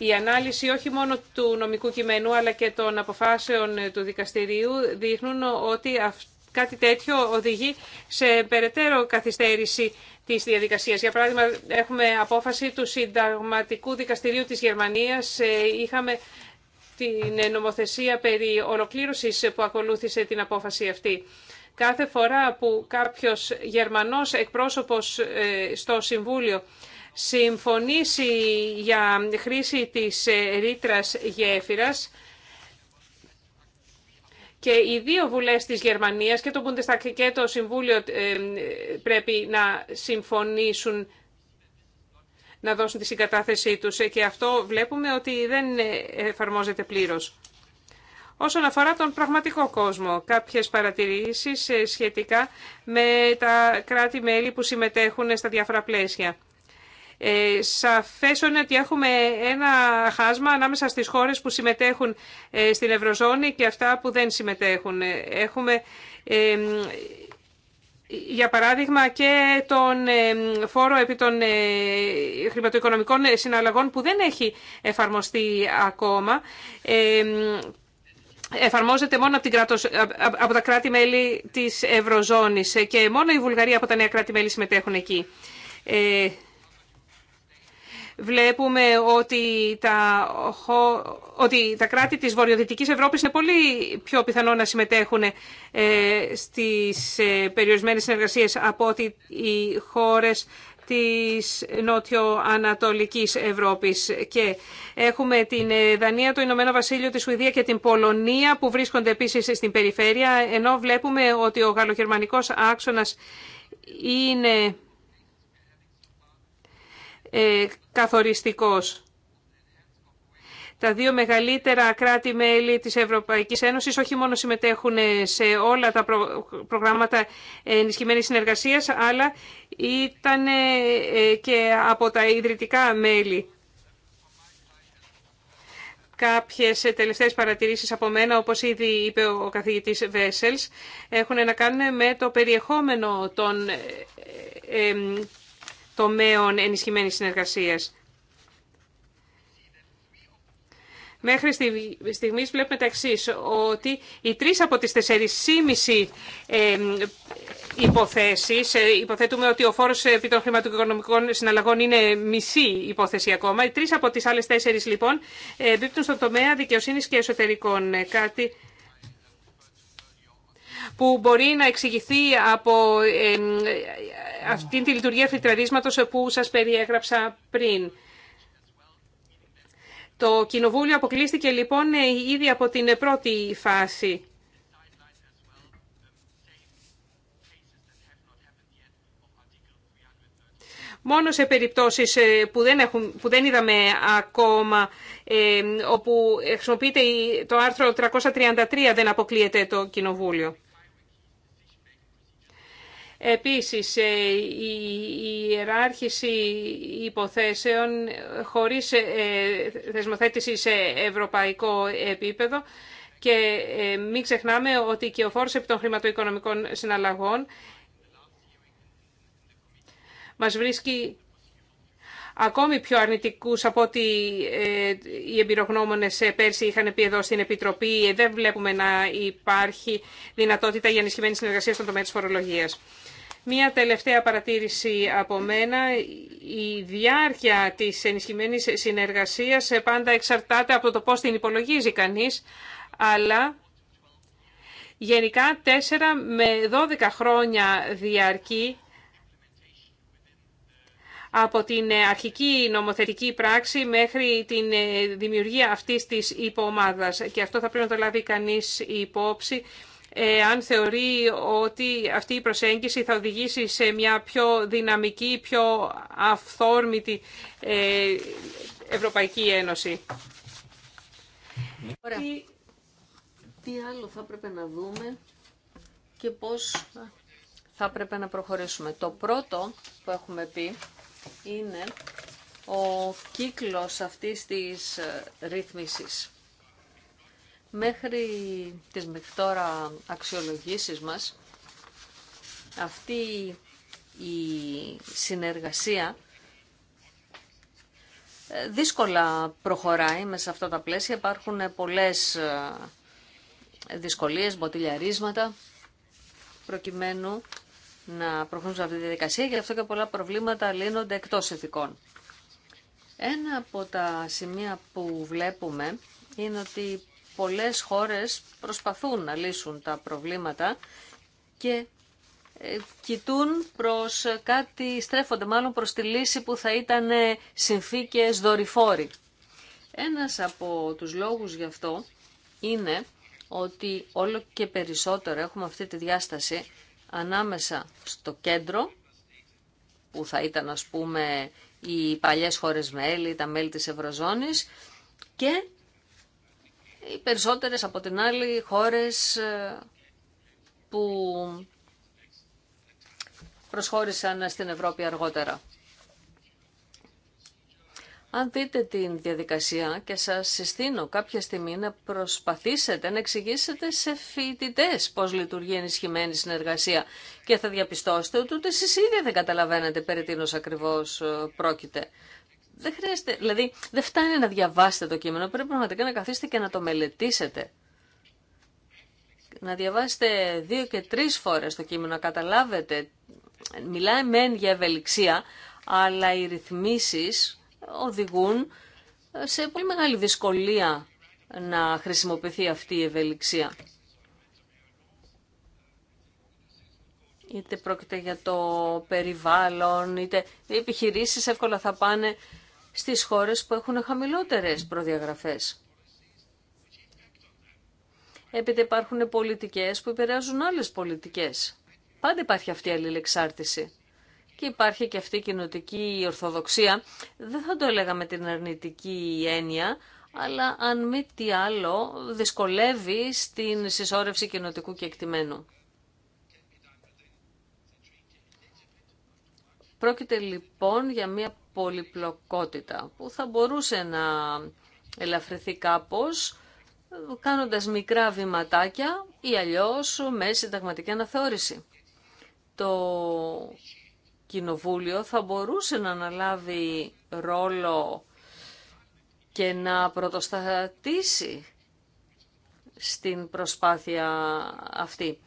Η ανάλυση όχι μόνο του νομικού κειμένου αλλά και των αποφάσεων ε, του δικαστηρίου δείχνουν ότι κάτι τέτοιο οδηγεί σε περαιτέρω καθυστέρηση της διαδικασίας. Για παράδειγμα, έχουμε απόφαση του Συνταγματικού Δικαστηρίου της Γερμανίας. Ε, είχαμε την ε, νομοθεσία περί ολοκλήρωσης που ακολούθησε την απόφαση αυτή. Κάθε φορά που κάποιος γερμανός εκπρόσωπος στο Συμβούλιο συμφωνήσει για χρήση της ε, ρήτρα γέφυρας και οι δύο βουλές της Γερμανίας και το Bundestag και το Συμβούλιο ε, πρέπει να συμφωνήσουν να δώσουν τη συγκατάθεσή τους ε, και αυτό βλέπουμε ότι δεν εφαρμόζεται πλήρως. Όσον αφορά τον πραγματικό κόσμο, κάποιες παρατηρήσεις σχετικά με τα κράτη-μέλη που συμμετέχουν στα διάφορα πλαίσια. Ε, σαφές είναι ότι έχουμε ένα χάσμα ανάμεσα στις χώρες που συμμετέχουν ε, στην Ευρωζώνη και αυτά που δεν συμμετέχουν. Έχουμε ε, για παράδειγμα και τον ε, φόρο επί των χρηματοοικονομικών συναλλαγών που δεν έχει εφαρμοστεί ακόμα. Εφαρμόζεται μόνο από, την κράτος, από τα κράτη-μέλη της Ευρωζώνης και μόνο η Βουλγαρία από τα νέα κράτη-μέλη συμμετέχουν εκεί βλέπουμε ότι τα, ότι τα κράτη της Βορειοδυτικής Ευρώπης είναι πολύ πιο πιθανό να συμμετέχουν ε, στις ε, περιορισμένες συνεργασίες από ότι οι χώρες της νότιο-ανατολικής Ευρώπης και έχουμε την ε, Δανία, το Ηνωμένο Βασίλειο, τη Σουηδία και την Πολωνία που βρίσκονται επίσης στην περιφέρεια ενώ βλέπουμε ότι ο γαλλογερμανικός άξονας είναι ε, καθοριστικός. Τα δύο μεγαλύτερα κράτη-μέλη της Ευρωπαϊκής Ένωσης όχι μόνο συμμετέχουν σε όλα τα προγράμματα ενισχυμένης συνεργασίας, αλλά ήταν ε, και από τα ιδρυτικά μέλη. Κάποιες τελευταίες παρατηρήσεις από μένα, όπως ήδη είπε ο καθηγητής Βέσελς, έχουν να κάνουν με το περιεχόμενο των ε, ε, τομέων ενισχυμένης συνεργασίας. Μέχρι στιγμή βλέπουμε τα εξή, ότι οι τρει από τι τεσσέρις ε, υποθέσει, υποθέτουμε ότι ο φόρο επί των χρηματοοικονομικών συναλλαγών είναι μισή υπόθεση ακόμα. Οι τρει από τι άλλε τέσσερι, λοιπόν, εμπίπτουν στον τομέα δικαιοσύνη και εσωτερικών. Ε, κάτι που μπορεί να εξηγηθεί από αυτή τη λειτουργία φιλτραρίσματος που σας περιέγραψα πριν. Το Κοινοβούλιο αποκλείστηκε λοιπόν ήδη από την πρώτη φάση. Μόνο σε περιπτώσεις ε, που δεν, έχουν, που δεν είδαμε ακόμα, ε, όπου χρησιμοποιείται το άρθρο 333, δεν αποκλείεται το Κοινοβούλιο. Επίσης, ε, η ιεράρχηση υποθέσεων χωρίς ε, θεσμοθέτηση σε ευρωπαϊκό επίπεδο και ε, μην ξεχνάμε ότι και ο φόρος επί των χρηματοοικονομικών συναλλαγών μας βρίσκει ακόμη πιο αρνητικούς από ό,τι οι εμπειρογνώμονες πέρσι είχαν πει εδώ στην Επιτροπή. Δεν βλέπουμε να υπάρχει δυνατότητα για ενισχυμένη συνεργασία στον τομέα της φορολογίας. Μία τελευταία παρατήρηση από μένα. Η διάρκεια της ενισχυμένης συνεργασίας πάντα εξαρτάται από το πώς την υπολογίζει κανείς, αλλά γενικά 4 με 12 χρόνια διαρκεί από την αρχική νομοθετική πράξη μέχρι την δημιουργία αυτής της υπομάδας Και αυτό θα πρέπει να το λάβει κανείς υπόψη αν θεωρεί ότι αυτή η προσέγγιση θα οδηγήσει σε μια πιο δυναμική, πιο αυθόρμητη ε, Ευρωπαϊκή Ένωση. Τι, τι άλλο θα πρέπει να δούμε και πώς θα πρέπει να προχωρήσουμε. Το πρώτο που έχουμε πει είναι ο κύκλος αυτής της ε, ρύθμισης. Μέχρι τις μέχρι αξιολογήσεις μας, αυτή η συνεργασία ε, δύσκολα προχωράει μέσα σε αυτά τα πλαίσια. Υπάρχουν πολλές ε, δυσκολίες, μποτιλιαρίσματα, προκειμένου να προχωρούν σε αυτή τη διαδικασία. Γι' αυτό και πολλά προβλήματα λύνονται εκτός ηθικών. Ένα από τα σημεία που βλέπουμε είναι ότι πολλές χώρες προσπαθούν να λύσουν τα προβλήματα και ε, κοιτούν προς κάτι, στρέφονται μάλλον προς τη λύση που θα ήταν ε, συνθήκες δορυφόροι. Ένας από τους λόγους γι' αυτό είναι ότι όλο και περισσότερο έχουμε αυτή τη διάσταση ανάμεσα στο κέντρο, που θα ήταν ας πούμε οι παλιές χώρες μέλη, τα μέλη της Ευρωζώνης, και οι περισσότερες από την άλλη χώρες ε, που προσχώρησαν στην Ευρώπη αργότερα. Αν δείτε την διαδικασία και σας συστήνω κάποια στιγμή να προσπαθήσετε να εξηγήσετε σε φοιτητέ πώς λειτουργεί ενισχυμένη συνεργασία και θα διαπιστώσετε ότι ούτε εσείς ίδια δεν καταλαβαίνετε περί τίνος ακριβώς ε, πρόκειται δεν χρειάζεται, δηλαδή δεν φτάνει να διαβάσετε το κείμενο, πρέπει πραγματικά να καθίσετε και να το μελετήσετε. Να διαβάσετε δύο και τρεις φορές το κείμενο, να καταλάβετε. Μιλάει μεν για ευελιξία, αλλά οι ρυθμίσεις οδηγούν σε πολύ μεγάλη δυσκολία να χρησιμοποιηθεί αυτή η ευελιξία. είτε πρόκειται για το περιβάλλον, είτε οι επιχειρήσεις εύκολα θα πάνε στις χώρες που έχουν χαμηλότερες προδιαγραφές. Έπειτα υπάρχουν πολιτικές που επηρεάζουν άλλες πολιτικές. Πάντα υπάρχει αυτή η αλληλεξάρτηση. Και υπάρχει και αυτή η κοινοτική ορθοδοξία. Δεν θα το έλεγα με την αρνητική έννοια, αλλά αν μη τι άλλο δυσκολεύει στην συσσόρευση κοινοτικού και εκτιμένου. Πρόκειται λοιπόν για μια πολυπλοκότητα που θα μπορούσε να ελαφρεθεί κάπως κάνοντας μικρά βηματάκια ή αλλιώς με συνταγματική αναθεώρηση. Το Κοινοβούλιο θα μπορούσε να αναλάβει ρόλο και να πρωτοστατήσει στην προσπάθεια αυτή.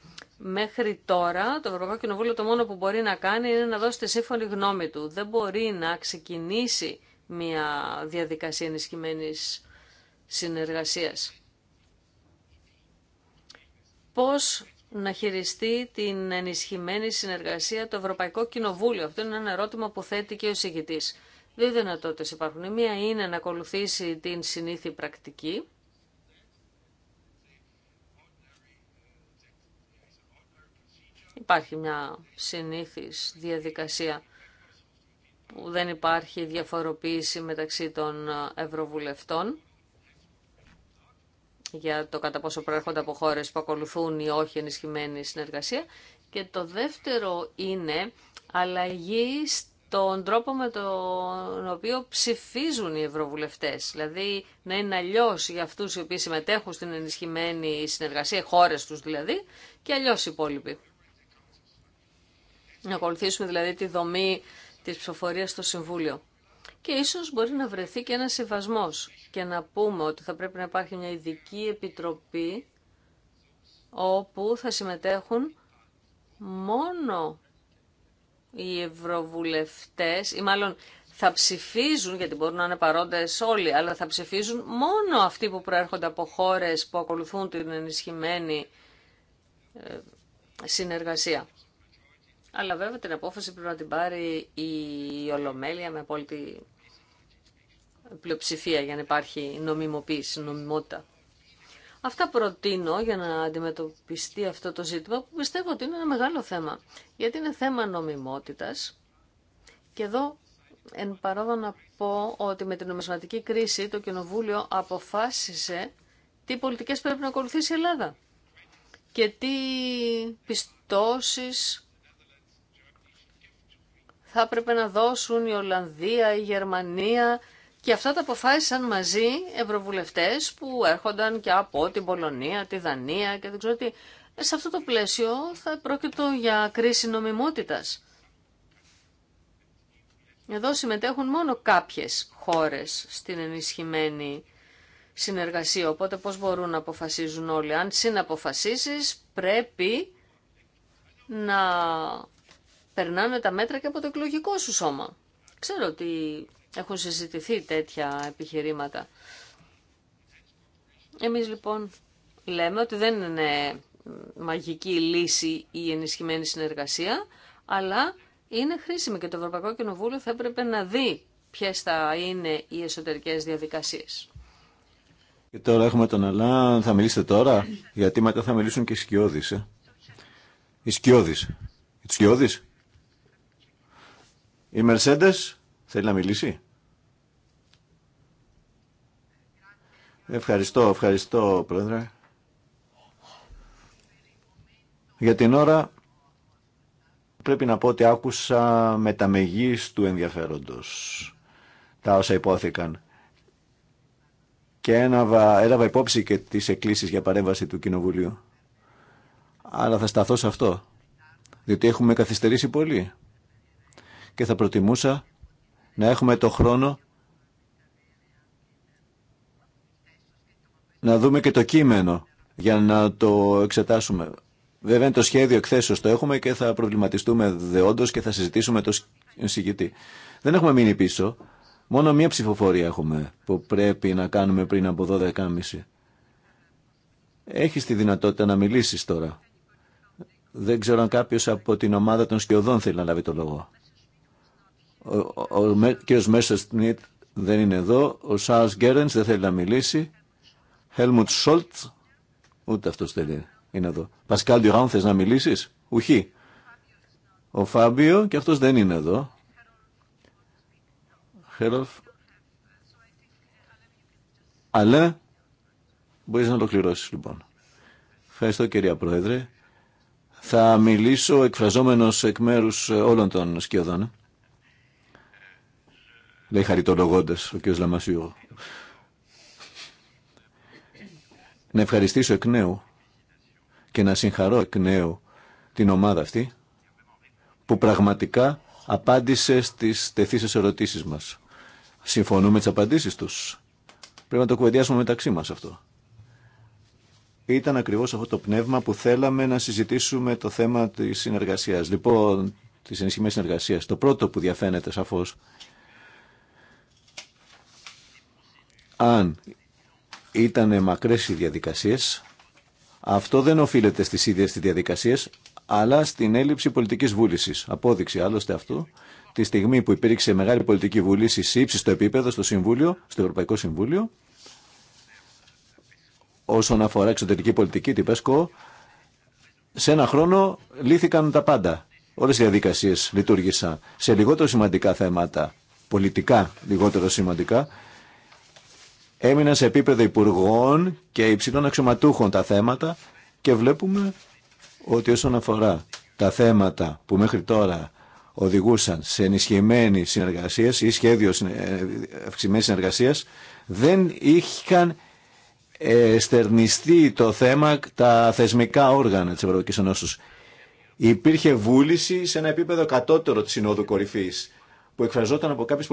Μέχρι τώρα το Ευρωπαϊκό Κοινοβούλιο το μόνο που μπορεί να κάνει είναι να δώσει τη σύμφωνη γνώμη του. Δεν μπορεί να ξεκινήσει μια διαδικασία ενισχυμένη συνεργασίας. Πώς να χειριστεί την ενισχυμένη συνεργασία το Ευρωπαϊκό Κοινοβούλιο. Αυτό είναι ένα ερώτημα που θέτει και ο εισηγητής. Δύο δυνατότητες υπάρχουν. Η μία είναι να ακολουθήσει την συνήθη πρακτική Υπάρχει μια συνήθις διαδικασία που δεν υπάρχει διαφοροποίηση μεταξύ των ε, ευρωβουλευτών για το κατά πόσο προέρχονται από χώρες που ακολουθούν ή όχι ενισχυμένη συνεργασία. Και το δεύτερο είναι αλλαγή στον τρόπο με τον οποίο ψηφίζουν οι ευρωβουλευτές. Δηλαδή να είναι αλλιώ για αυτούς οι οποίοι συμμετέχουν στην ενισχυμένη συνεργασία, χώρες τους δηλαδή, και αλλιώ οι υπόλοιποι. Να ακολουθήσουμε δηλαδή τη δομή της ψηφοφορίας στο Συμβούλιο. Και ίσως μπορεί να βρεθεί και ένα συμβασμός και να πούμε ότι θα πρέπει να υπάρχει μια ειδική επιτροπή όπου θα συμμετέχουν μόνο οι ευρωβουλευτές ή μάλλον θα ψηφίζουν, γιατί μπορούν να είναι παρόντες όλοι, αλλά θα ψηφίζουν μόνο αυτοί που προέρχονται από χώρες που ακολουθούν την ενισχυμένη ε, συνεργασία. Αλλά βέβαια την απόφαση πρέπει να την πάρει η Ολομέλεια με απόλυτη πλειοψηφία για να υπάρχει νομιμοποίηση, νομιμότητα. Αυτά προτείνω για να αντιμετωπιστεί αυτό το ζήτημα που πιστεύω ότι είναι ένα μεγάλο θέμα. Γιατί είναι θέμα νομιμότητας και εδώ εν παρόδο να πω ότι με την νομισματική κρίση το Κοινοβούλιο αποφάσισε τι πολιτικές πρέπει να ακολουθήσει η Ελλάδα και τι πιστώσεις θα έπρεπε να δώσουν η Ολλανδία, η Γερμανία και αυτά τα αποφάσισαν μαζί ευρωβουλευτές που έρχονταν και από την Πολωνία, τη Δανία και δεν ξέρω τι. Σε αυτό το πλαίσιο θα πρόκειτο για κρίση νομιμότητας. Εδώ συμμετέχουν μόνο κάποιες χώρες στην ενισχυμένη συνεργασία, οπότε πώς μπορούν να αποφασίζουν όλοι. Αν συναποφασίσεις πρέπει να περνάνε τα μέτρα και από το εκλογικό σου σώμα. Ξέρω ότι έχουν συζητηθεί τέτοια επιχειρήματα. Εμείς λοιπόν λέμε ότι δεν είναι μαγική λύση η ενισχυμένη συνεργασία, αλλά είναι χρήσιμη και το Ευρωπαϊκό Κοινοβούλιο θα έπρεπε να δει ποιες θα είναι οι εσωτερικές διαδικασίες. Και τώρα έχουμε τον Αλάν, θα μιλήσετε τώρα, γιατί μετά θα μιλήσουν και οι σκιώδεις. Ε. Οι Οι η Mercedes θέλει να μιλήσει. Ευχαριστώ, ευχαριστώ πρόεδρε. Για την ώρα πρέπει να πω ότι άκουσα τα του ενδιαφέροντος τα όσα υπόθηκαν και έλαβα υπόψη και τις εκκλήσεις για παρέμβαση του Κοινοβουλίου. Αλλά θα σταθώ σε αυτό, διότι έχουμε καθυστερήσει πολύ και θα προτιμούσα να έχουμε το χρόνο να δούμε και το κείμενο για να το εξετάσουμε. Βέβαια το σχέδιο εκθέσεως το έχουμε και θα προβληματιστούμε δεόντως και θα συζητήσουμε το συγκητή. Δεν έχουμε μείνει πίσω. Μόνο μία ψηφοφορία έχουμε που πρέπει να κάνουμε πριν από 12.30. Έχεις τη δυνατότητα να μιλήσεις τώρα. Δεν ξέρω αν κάποιος από την ομάδα των σκιωδών θέλει να λάβει το λόγο. Ο, ο, κ. Μέσσερ Σνιτ δεν είναι εδώ. Ο Σάρς Γκέρενς δεν θέλει να μιλήσει. Χέλμουντ Σόλτ, ούτε αυτό θέλει. Είναι εδώ. Πασκάλ Ντιουράν, θε να μιλήσει. Ουχή. Ο Φάμπιο και αυτό δεν είναι εδώ. Χέροφ. Αλλά μπορεί να το κληρώσει λοιπόν. Ευχαριστώ κυρία Πρόεδρε. Θα μιλήσω εκφραζόμενος εκ μέρους όλων των σκιωδών λέει χαριτολογώντα ο κ. Λαμασίου. Να ευχαριστήσω εκ νέου και να συγχαρώ εκ νέου την ομάδα αυτή που πραγματικά απάντησε στις τεθήσεις ερωτήσεις μας. Συμφωνούμε τις απαντήσεις τους. Πρέπει να το κουβεντιάσουμε μεταξύ μας αυτό. Ήταν ακριβώς αυτό το πνεύμα που θέλαμε να συζητήσουμε το θέμα της συνεργασίας. Λοιπόν, της ενισχυμένης συνεργασίας. Το πρώτο που διαφαίνεται σαφώς αν ήταν μακρές οι διαδικασίες, αυτό δεν οφείλεται στις ίδιες τις διαδικασίες, αλλά στην έλλειψη πολιτικής βούλησης. Απόδειξη άλλωστε αυτού, τη στιγμή που υπήρξε μεγάλη πολιτική βούληση σε ύψιστο επίπεδο στο Συμβούλιο, στο Ευρωπαϊκό Συμβούλιο, όσον αφορά εξωτερική πολιτική, την ΠΕΣΚΟ, σε ένα χρόνο λύθηκαν τα πάντα. Όλες οι διαδικασίες λειτουργήσαν σε λιγότερο σημαντικά θέματα, πολιτικά λιγότερο σημαντικά, Έμειναν σε επίπεδο υπουργών και υψηλών αξιωματούχων τα θέματα και βλέπουμε ότι όσον αφορά τα θέματα που μέχρι τώρα οδηγούσαν σε ενισχυμένη συνεργασία ή σχέδιο ε, αυξημένη συνεργασία, δεν είχαν ε, στερνιστεί το θέμα τα θεσμικά όργανα της Ευρωπαϊκής Ενώσης. Υπήρχε βούληση σε ένα επίπεδο κατώτερο της Συνόδου Κορυφής που εκφραζόταν από κάποιες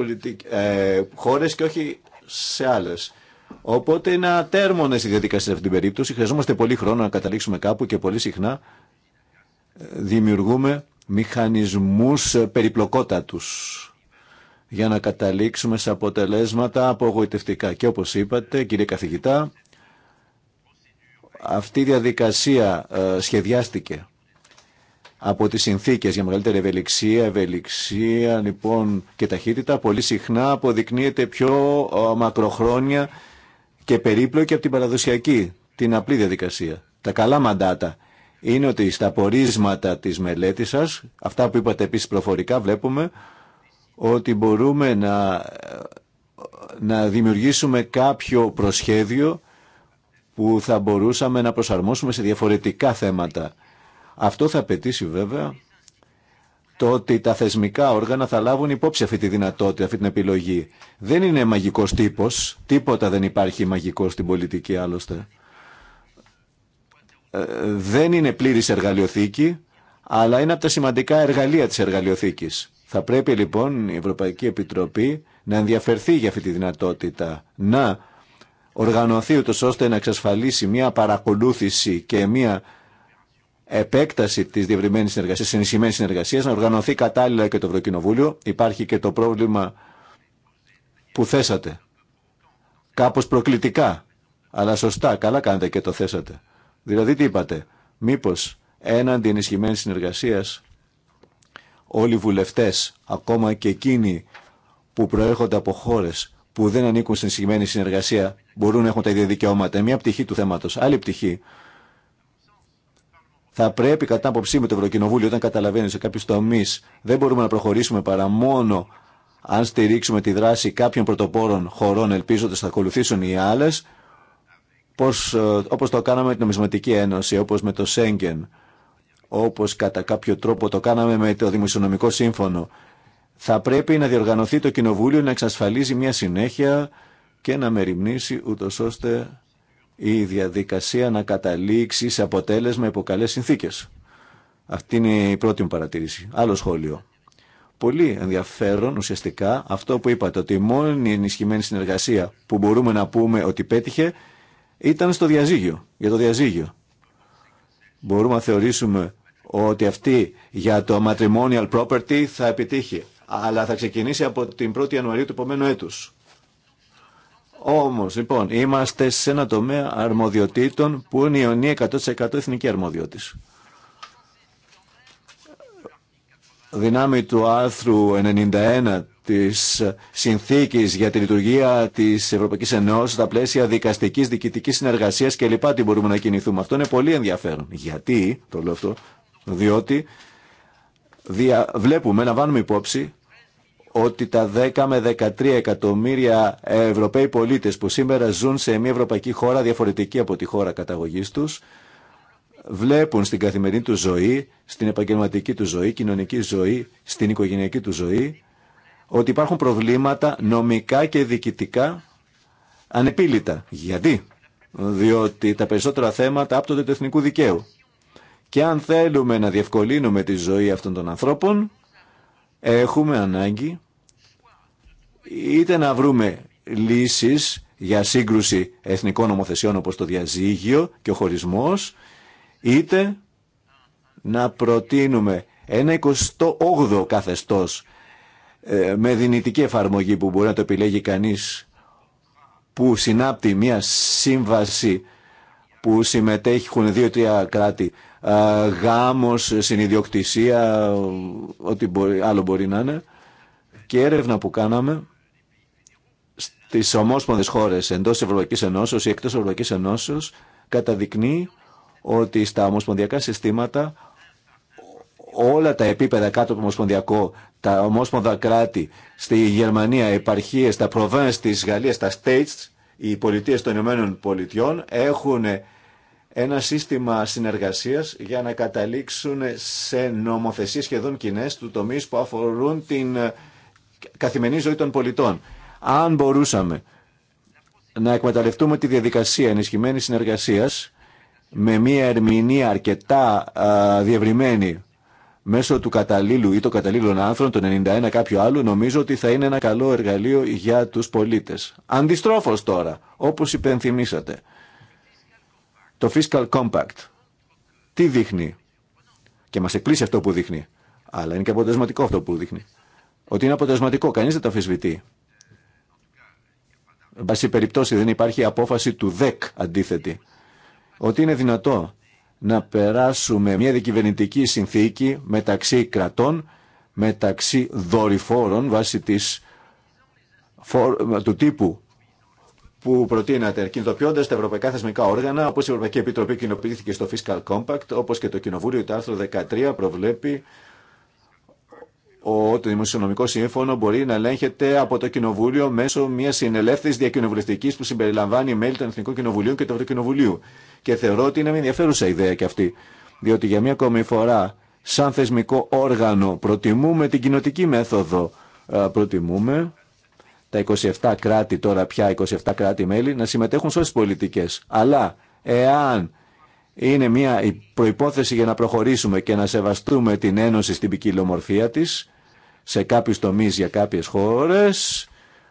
ε, χώρες και όχι σε άλλες. Οπότε είναι ατέρμονε οι διαδικασίε σε αυτήν την περίπτωση. Χρειαζόμαστε πολύ χρόνο να καταλήξουμε κάπου και πολύ συχνά ε, δημιουργούμε μηχανισμούς ε, περιπλοκότατου για να καταλήξουμε σε αποτελέσματα απογοητευτικά. Και όπως είπατε, κύριε καθηγητά, αυτή η διαδικασία ε, σχεδιάστηκε από τις συνθήκες για μεγαλύτερη ευελιξία, ευελιξία λοιπόν, και ταχύτητα, πολύ συχνά αποδεικνύεται πιο μακροχρόνια και περίπλοκη από την παραδοσιακή, την απλή διαδικασία. Τα καλά μαντάτα είναι ότι στα πορίσματα της μελέτης σας, αυτά που είπατε επίσης προφορικά, βλέπουμε ότι μπορούμε να, να δημιουργήσουμε κάποιο προσχέδιο που θα μπορούσαμε να προσαρμόσουμε σε διαφορετικά θέματα. Αυτό θα απαιτήσει βέβαια το ότι τα θεσμικά όργανα θα λάβουν υπόψη αυτή τη δυνατότητα, αυτή την επιλογή. Δεν είναι μαγικός τύπος. Τίποτα δεν υπάρχει μαγικό στην πολιτική άλλωστε. Ε, δεν είναι πλήρης εργαλειοθήκη, αλλά είναι από τα σημαντικά εργαλεία της εργαλειοθήκης. Θα πρέπει λοιπόν η Ευρωπαϊκή Επιτροπή να ενδιαφερθεί για αυτή τη δυνατότητα, να οργανωθεί ούτως ώστε να εξασφαλίσει μια παρακολούθηση και μια επέκταση τη διευρυμένη συνεργασία, ενισχυμένη συνεργασία, να οργανωθεί κατάλληλα και το Ευρωκοινοβούλιο. Υπάρχει και το πρόβλημα που θέσατε. κάπω προκλητικά, αλλά σωστά, καλά κάνετε και το θέσατε. Δηλαδή τι είπατε, μήπως έναντι ενισχυμένη συνεργασία, όλοι οι βουλευτέ, ακόμα και εκείνοι που προέρχονται από χώρε που δεν ανήκουν στην ενισχυμένη συνεργασία, μπορούν να έχουν τα ίδια δικαιώματα. Μια πτυχή του θέματος. Άλλη πτυχή θα πρέπει κατά άποψή μου το Ευρωκοινοβούλιο όταν καταλαβαίνει σε κάποιου τομεί δεν μπορούμε να προχωρήσουμε παρά μόνο αν στηρίξουμε τη δράση κάποιων πρωτοπόρων χωρών ελπίζοντα θα ακολουθήσουν οι άλλε, όπω το κάναμε με την Νομισματική Ένωση, όπω με το Σέγγεν όπω κατά κάποιο τρόπο το κάναμε με το Δημοσιονομικό Σύμφωνο θα πρέπει να διοργανωθεί το Κοινοβούλιο να εξασφαλίζει μια συνέχεια και να μεριμνήσει ούτω ώστε η διαδικασία να καταλήξει σε αποτέλεσμα υπό καλές συνθήκες. Αυτή είναι η πρώτη μου παρατήρηση. Άλλο σχόλιο. Πολύ ενδιαφέρον ουσιαστικά αυτό που είπατε, ότι η μόνη ενισχυμένη συνεργασία που μπορούμε να πούμε ότι πέτυχε ήταν στο διαζύγιο, για το διαζύγιο. Μπορούμε να θεωρήσουμε ότι αυτή για το matrimonial property θα επιτύχει, αλλά θα ξεκινήσει από την 1η Ιανουαρίου του επόμενου έτους. Όμως, λοιπόν, είμαστε σε ένα τομέα αρμοδιοτήτων που είναι η 100% εθνική αρμοδιότης. Δυνάμει του άρθρου 91 της συνθήκης για τη λειτουργία της Ευρωπαϊκής Ενώσης στα πλαίσια δικαστικής, διοικητικής συνεργασίας και λοιπά τι μπορούμε να κινηθούμε. Αυτό είναι πολύ ενδιαφέρον. Γιατί, το λέω αυτό, διότι δια, βλέπουμε να βάλουμε υπόψη ότι τα 10 με 13 εκατομμύρια Ευρωπαίοι πολίτες που σήμερα ζουν σε μια ευρωπαϊκή χώρα διαφορετική από τη χώρα καταγωγής τους, βλέπουν στην καθημερινή του ζωή, στην επαγγελματική του ζωή, κοινωνική ζωή, στην οικογενειακή του ζωή, ότι υπάρχουν προβλήματα νομικά και διοικητικά ανεπίλητα. Γιατί? Διότι τα περισσότερα θέματα άπτονται του εθνικού δικαίου. Και αν θέλουμε να διευκολύνουμε τη ζωή αυτών των ανθρώπων, Έχουμε ανάγκη είτε να βρούμε λύσεις για σύγκρουση εθνικών νομοθεσιών όπως το διαζύγιο και ο χωρισμός, είτε να προτείνουμε ένα 28ο καθεστώς ε, με δυνητική εφαρμογή που μπορεί να το επιλέγει κανείς που συνάπτει μια σύμβαση που συμμετέχουν δύο-τρία κράτη γάμος, συνειδιοκτησία, ό,τι άλλο μπορεί να είναι. Και έρευνα που κάναμε στις ομόσπονδες χώρες εντός Ευρωπαϊκής Ενώσεως ή εκτός Ευρωπαϊκής Ενώσεως καταδεικνύει ότι στα ομοσπονδιακά συστήματα όλα τα επίπεδα κάτω από ομοσπονδιακό, τα ομόσπονδα κράτη, στη Γερμανία, οι επαρχίες, τα προβένς της Γαλλίας, τα states, οι πολιτείες των Ηνωμένων Πολιτειών έχουν ένα σύστημα συνεργασίας για να καταλήξουν σε νομοθεσίες σχεδόν κοινέ του τομείς που αφορούν την καθημερινή ζωή των πολιτών. Αν μπορούσαμε να εκμεταλλευτούμε τη διαδικασία ενισχυμένης συνεργασίας με μια ερμηνεία αρκετά διευρυμένη μέσω του καταλήλου ή των καταλήλων άνθρων, των 91 κάποιο άλλο, νομίζω ότι θα είναι ένα καλό εργαλείο για τους πολίτες. Αντιστρόφως τώρα, όπως υπενθυμίσατε, το Fiscal Compact τι δείχνει και μας εκπλήσει αυτό που δείχνει, αλλά είναι και αποτελεσματικό αυτό που δείχνει. Ότι είναι αποτελεσματικό, κανείς δεν το αφισβητεί. Εν πάση περιπτώσει δεν υπάρχει απόφαση του ΔΕΚ αντίθετη. Ότι είναι δυνατό να περάσουμε μια δικυβερνητική συνθήκη μεταξύ κρατών, μεταξύ δορυφόρων βάσει της, του τύπου που προτείνατε, κινητοποιώντα τα ευρωπαϊκά θεσμικά όργανα, όπω η Ευρωπαϊκή Επιτροπή κοινοποιήθηκε στο Fiscal Compact, όπω και το Κοινοβούλιο, το άρθρο 13 προβλέπει ότι το Δημοσιονομικό Σύμφωνο μπορεί να ελέγχεται από το Κοινοβούλιο μέσω μια συνελεύθερη διακοινοβουλευτική που συμπεριλαμβάνει μέλη των Εθνικών Κοινοβουλίων και του Ευρωκοινοβουλίου. Και θεωρώ ότι είναι μια ενδιαφέρουσα ιδέα και αυτή. Διότι για μια ακόμη φορά, σαν θεσμικό όργανο, προτιμούμε την κοινοτική μέθοδο. Προτιμούμε τα 27 κράτη τώρα πια, 27 κράτη-μέλη, να συμμετέχουν σε όλες τις πολιτικές. Αλλά εάν είναι μια προϋπόθεση για να προχωρήσουμε και να σεβαστούμε την Ένωση στην ποικιλομορφία της, σε κάποιου τομεί για κάποιες χώρες,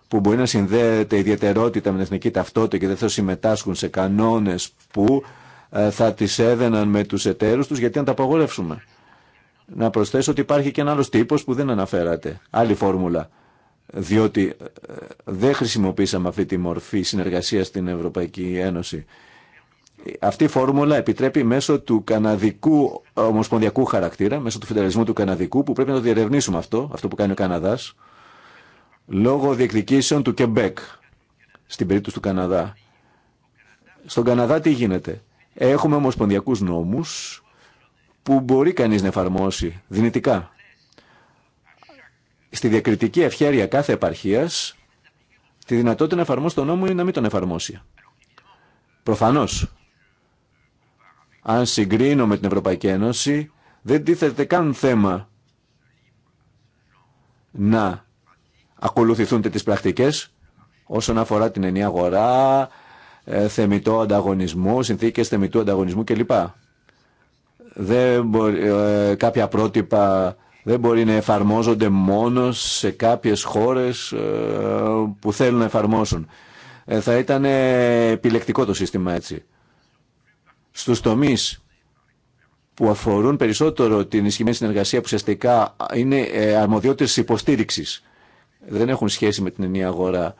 που μπορεί να συνδέεται ιδιαιτερότητα με την εθνική ταυτότητα και δεν θα συμμετάσχουν σε κανόνες που ε, θα τις έδαιναν με τους εταίρους τους, γιατί να τα απαγορεύσουμε. Να προσθέσω ότι υπάρχει και ένα άλλος τύπος που δεν αναφέρατε. Άλλη φόρμουλα διότι ε, δεν χρησιμοποίησαμε αυτή τη μορφή συνεργασίας στην Ευρωπαϊκή Ένωση. Αυτή η φόρμουλα επιτρέπει μέσω του καναδικού ε, ομοσπονδιακού χαρακτήρα, μέσω του φιντεραλισμού του καναδικού, που πρέπει να το διερευνήσουμε αυτό, αυτό που κάνει ο Καναδάς, λόγω διεκδικήσεων του Κεμπέκ, στην περίπτωση του Καναδά. Στον Καναδά τι γίνεται. Έχουμε ομοσπονδιακούς νόμους που μπορεί κανείς να εφαρμόσει δυνητικά στη διακριτική ευχέρεια κάθε επαρχίας τη δυνατότητα να εφαρμόσει τον νόμο ή να μην τον εφαρμόσει. Προφανώς. Αν συγκρίνω με την Ευρωπαϊκή Ένωση, δεν τίθεται καν θέμα να ακολουθηθούν τις πρακτικές όσον αφορά την ενιαία αγορά, ε, θεμητό ανταγωνισμό, συνθήκες θεμητού ανταγωνισμού κλπ. Δεν μπορεί, ε, κάποια πρότυπα δεν μπορεί να εφαρμόζονται μόνο σε κάποιες χώρες ε, που θέλουν να εφαρμόσουν. Ε, θα ήταν επιλεκτικό το σύστημα έτσι. Στους τομείς που αφορούν περισσότερο την ισχυμένη συνεργασία που ουσιαστικά είναι ε, αρμοδιότητες υποστήριξης. Δεν έχουν σχέση με την ενία αγορά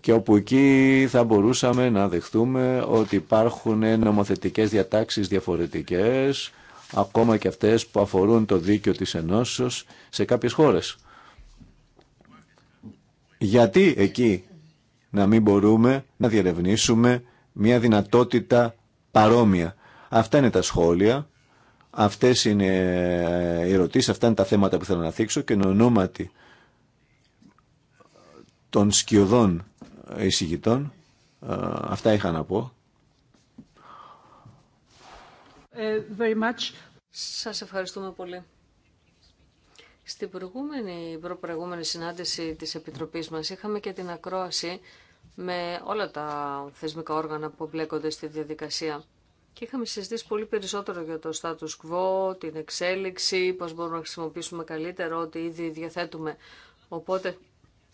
και όπου εκεί θα μπορούσαμε να δεχτούμε ότι υπάρχουν νομοθετικές διατάξεις διαφορετικές ακόμα και αυτές που αφορούν το δίκαιο της ενώσεως σε κάποιες χώρες. Γιατί εκεί να μην μπορούμε να διερευνήσουμε μια δυνατότητα παρόμοια. Αυτά είναι τα σχόλια, αυτές είναι οι ερωτήσεις, αυτά είναι τα θέματα που θέλω να θίξω και εν ονόματι των σκιωδών εισηγητών, ε, αυτά είχα να πω. Ε, σας ευχαριστούμε πολύ. Στην προηγούμενη, προηγούμενη συνάντηση της Επιτροπής μας είχαμε και την ακρόαση με όλα τα θεσμικά όργανα που μπλέκονται στη διαδικασία. Και είχαμε συζητήσει πολύ περισσότερο για το status quo, την εξέλιξη, πώς μπορούμε να χρησιμοποιήσουμε καλύτερο ό,τι ήδη διαθέτουμε. Οπότε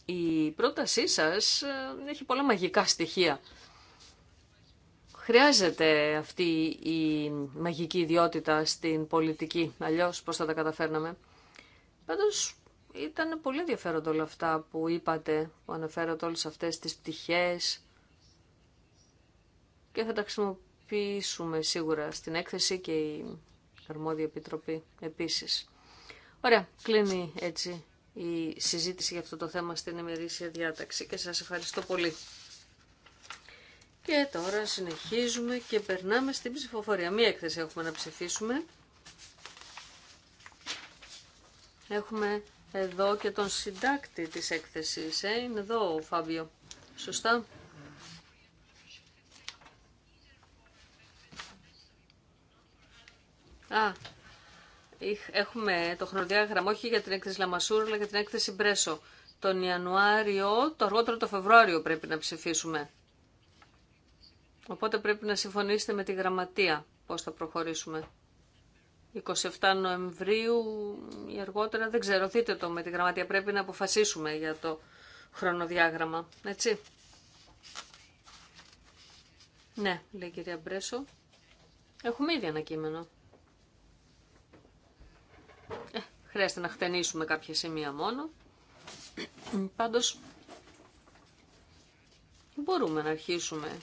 η πρότασή σας ε, έχει πολλά μαγικά στοιχεία Χρειάζεται αυτή η μαγική ιδιότητα στην πολιτική, αλλιώ πώς θα τα καταφέρναμε. Πάντως ήταν πολύ ενδιαφέροντα όλα αυτά που είπατε, που αναφέρατε όλε αυτές τις πτυχές και θα τα χρησιμοποιήσουμε σίγουρα στην έκθεση και η αρμόδια επιτροπή επίσης. Ωραία, κλείνει έτσι η συζήτηση για αυτό το θέμα στην ημερήσια διάταξη και σας ευχαριστώ πολύ. Και τώρα συνεχίζουμε και περνάμε στην ψηφοφορία. Μία έκθεση έχουμε να ψηφίσουμε. Έχουμε εδώ και τον συντάκτη της έκθεσης. Ε. Είναι εδώ ο Φάβιο. Σωστά. Α, έχουμε το χρονοδιάγραμμα όχι για την έκθεση Λαμασούρ, αλλά για την έκθεση Μπρέσο. Τον Ιανουάριο, το αργότερο το Φεβρουάριο πρέπει να ψηφίσουμε. Οπότε πρέπει να συμφωνήσετε με τη γραμματεία πώς θα προχωρήσουμε. 27 Νοεμβρίου ή αργότερα, δεν ξέρω, δείτε το με τη γραμματεία. Πρέπει να αποφασίσουμε για το χρονοδιάγραμμα, έτσι. Ναι, λέει η κυρία Μπρέσο. Έχουμε ήδη ένα κείμενο. Ε, χρειάζεται να χτενίσουμε κάποια σημεία μόνο. Πάντως, μπορούμε να αρχίσουμε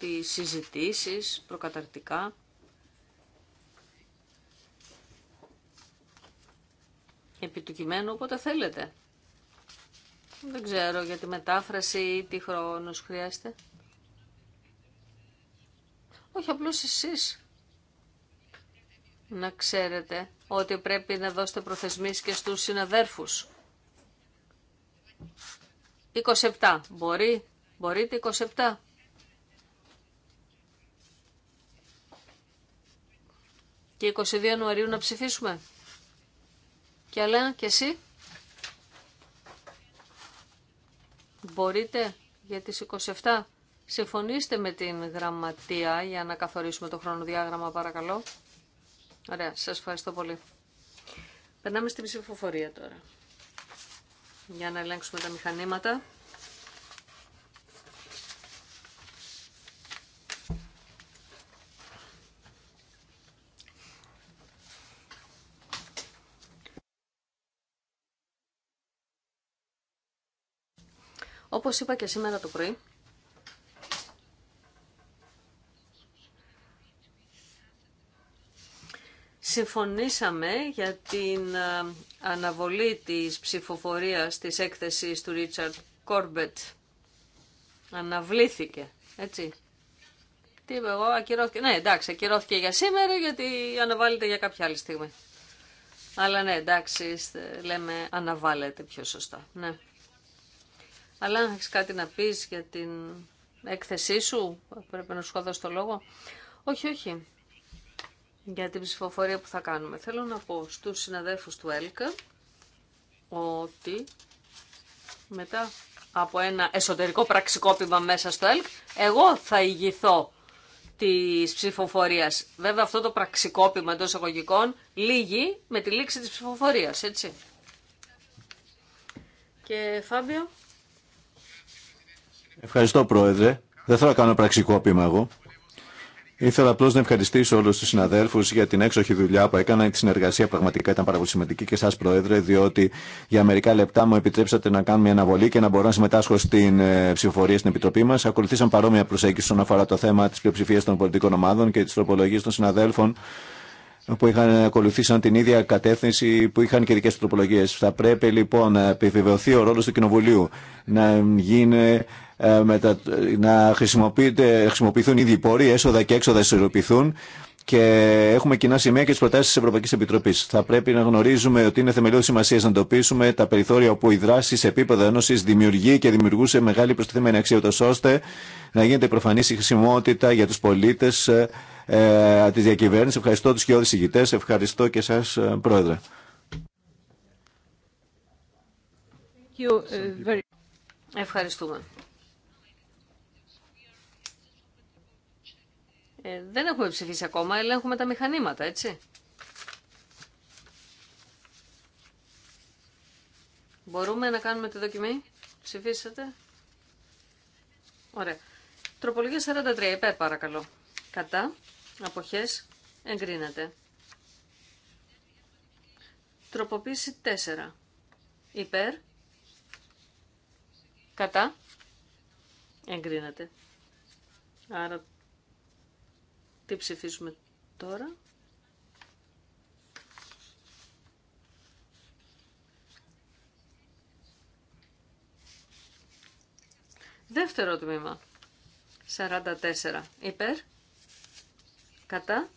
στις συζητήσεις προκαταρτικά. Επί του κειμένου όποτε θέλετε. Δεν ξέρω για τη μετάφραση τι χρόνος χρειάζεται. Όχι απλώς εσείς. Να ξέρετε ότι πρέπει να δώσετε προθεσμίες και στους συναδέρφους. 27. Μπορεί, μπορείτε 27. και 22 Ιανουαρίου να ψηφίσουμε. Και αλέα και εσύ. Μπορείτε για τις 27. Συμφωνήστε με την γραμματεία για να καθορίσουμε το χρονοδιάγραμμα παρακαλώ. Ωραία, σας ευχαριστώ πολύ. Περνάμε στην ψηφοφορία τώρα. Για να ελέγξουμε τα μηχανήματα. Όπως είπα και σήμερα το πρωί, συμφωνήσαμε για την ε, αναβολή της ψηφοφορίας της έκθεσης του Ρίτσαρντ Κόρμπετ. Αναβλήθηκε, έτσι. Τι είπα εγώ, ακυρώθηκε. Ναι, εντάξει, ακυρώθηκε για σήμερα γιατί αναβάλλεται για κάποια άλλη στιγμή. Αλλά ναι, εντάξει, λέμε αναβάλλεται πιο σωστά. Ναι. Αλλά αν έχεις κάτι να πεις για την έκθεσή σου, πρέπει να σου δώσω το λόγο. Όχι, όχι. Για την ψηφοφορία που θα κάνουμε. Θέλω να πω στους συναδέλφους του ΕΛΚ ότι μετά από ένα εσωτερικό πραξικόπημα μέσα στο ΕΛΚ, εγώ θα ηγηθώ της ψηφοφορίας. Βέβαια αυτό το πραξικόπημα εντό εγωγικών λύγει με τη λήξη της ψηφοφορίας, έτσι. Και Φάμπιο, Ευχαριστώ, Πρόεδρε. Δεν θέλω να κάνω πραξικόπημα εγώ. Ήθελα απλώ να ευχαριστήσω όλου του συναδέλφου για την έξοχη δουλειά που έκαναν. Η συνεργασία πραγματικά ήταν πάρα πολύ σημαντική και εσά, Πρόεδρε, διότι για μερικά λεπτά μου επιτρέψατε να κάνω μια αναβολή και να μπορώ να συμμετάσχω στην ε, ψηφοφορία στην Επιτροπή μα. Ακολουθήσαν παρόμοια προσέγγιση όσον αφορά το θέμα τη πλειοψηφία των πολιτικών ομάδων και τη τροπολογία των συναδέλφων που είχαν ακολουθήσαν την ίδια κατεύθυνση που είχαν και δικέ τροπολογίε. Θα πρέπει λοιπόν να επιβεβαιωθεί ο ρόλο του Κοινοβουλίου, να γίνει ε, να χρησιμοποιηθούν ήδη οι πόροι, έσοδα και έξοδα ισορροπηθούν και έχουμε κοινά σημεία και τι προτάσει τη Ευρωπαϊκή Επιτροπή. Θα πρέπει να γνωρίζουμε ότι είναι θεμελιώδη σημασία να εντοπίσουμε τα περιθώρια όπου η δράση σε επίπεδο ένωση δημιουργεί και δημιουργούσε μεγάλη προστιθέμενη αξία, ούτω ώστε να γίνεται προφανή η χρησιμότητα για του πολίτε ε, ε τη διακυβέρνηση. Ευχαριστώ του κοιόδη ηγητέ. Ευχαριστώ και εσά, ε, Πρόεδρε. Ευχαριστούμε. Ε, δεν έχουμε ψηφίσει ακόμα, ελέγχουμε τα μηχανήματα, έτσι. Μπορούμε να κάνουμε τη δοκιμή. Ψηφίσατε. Ωραία. Τροπολογία 43, υπέρ παρακαλώ. Κατά, αποχές, εγκρίνεται. Τροποποίηση 4. Υπέρ, κατά, εγκρίνεται. Άρα τι ψηφίζουμε τώρα. Δεύτερο τμήμα. 44. Υπέρ. Κατά.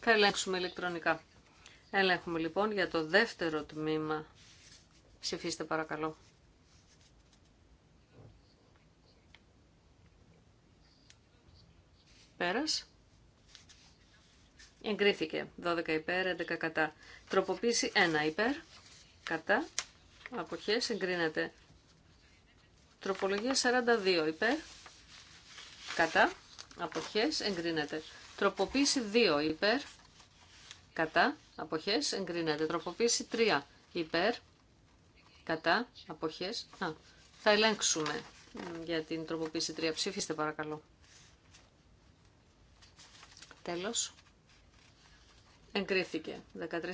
Θα ελέγξουμε ηλεκτρονικά. Ελέγχουμε λοιπόν για το δεύτερο τμήμα. Ψηφίστε παρακαλώ. Πέρας. Εγκρίθηκε. 12 υπέρ, 11 κατά. Τροποποίηση 1 υπέρ, κατά. Αποχές εγκρίνεται. Τροπολογία 42 υπέρ, κατά. Αποχές εγκρίνεται. Τροποποίηση 2 υπέρ, κατά. απόχέ, εγκρίνεται. Τροποποίηση 3 υπέρ, κατά. απόχέ. θα ελέγξουμε για την τροποποίηση 3. Ψήφιστε παρακαλώ. Τέλος. Εγκρίθηκε.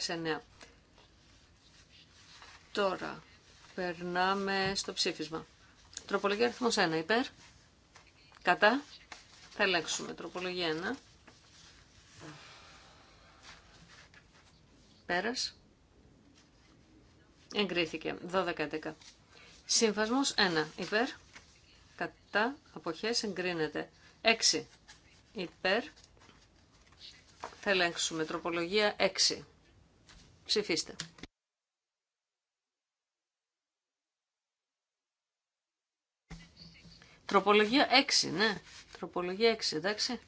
13-9. Τώρα περνάμε στο ψήφισμα. Τροπολογία αριθμός 1 υπέρ. Κατά. Θα ελέγξουμε. Τροπολογία 1. Πέρας. Εγκρίθηκε. 12-11. Σύμφασμος 1. Υπέρ. Κατά. Αποχές. Εγκρίνεται. 6. Υπέρ. Θα ελέγξουμε τροπολογία 6. Ψηφίστε. Τροπολογία 6, ναι. Τροπολογία 6, εντάξει.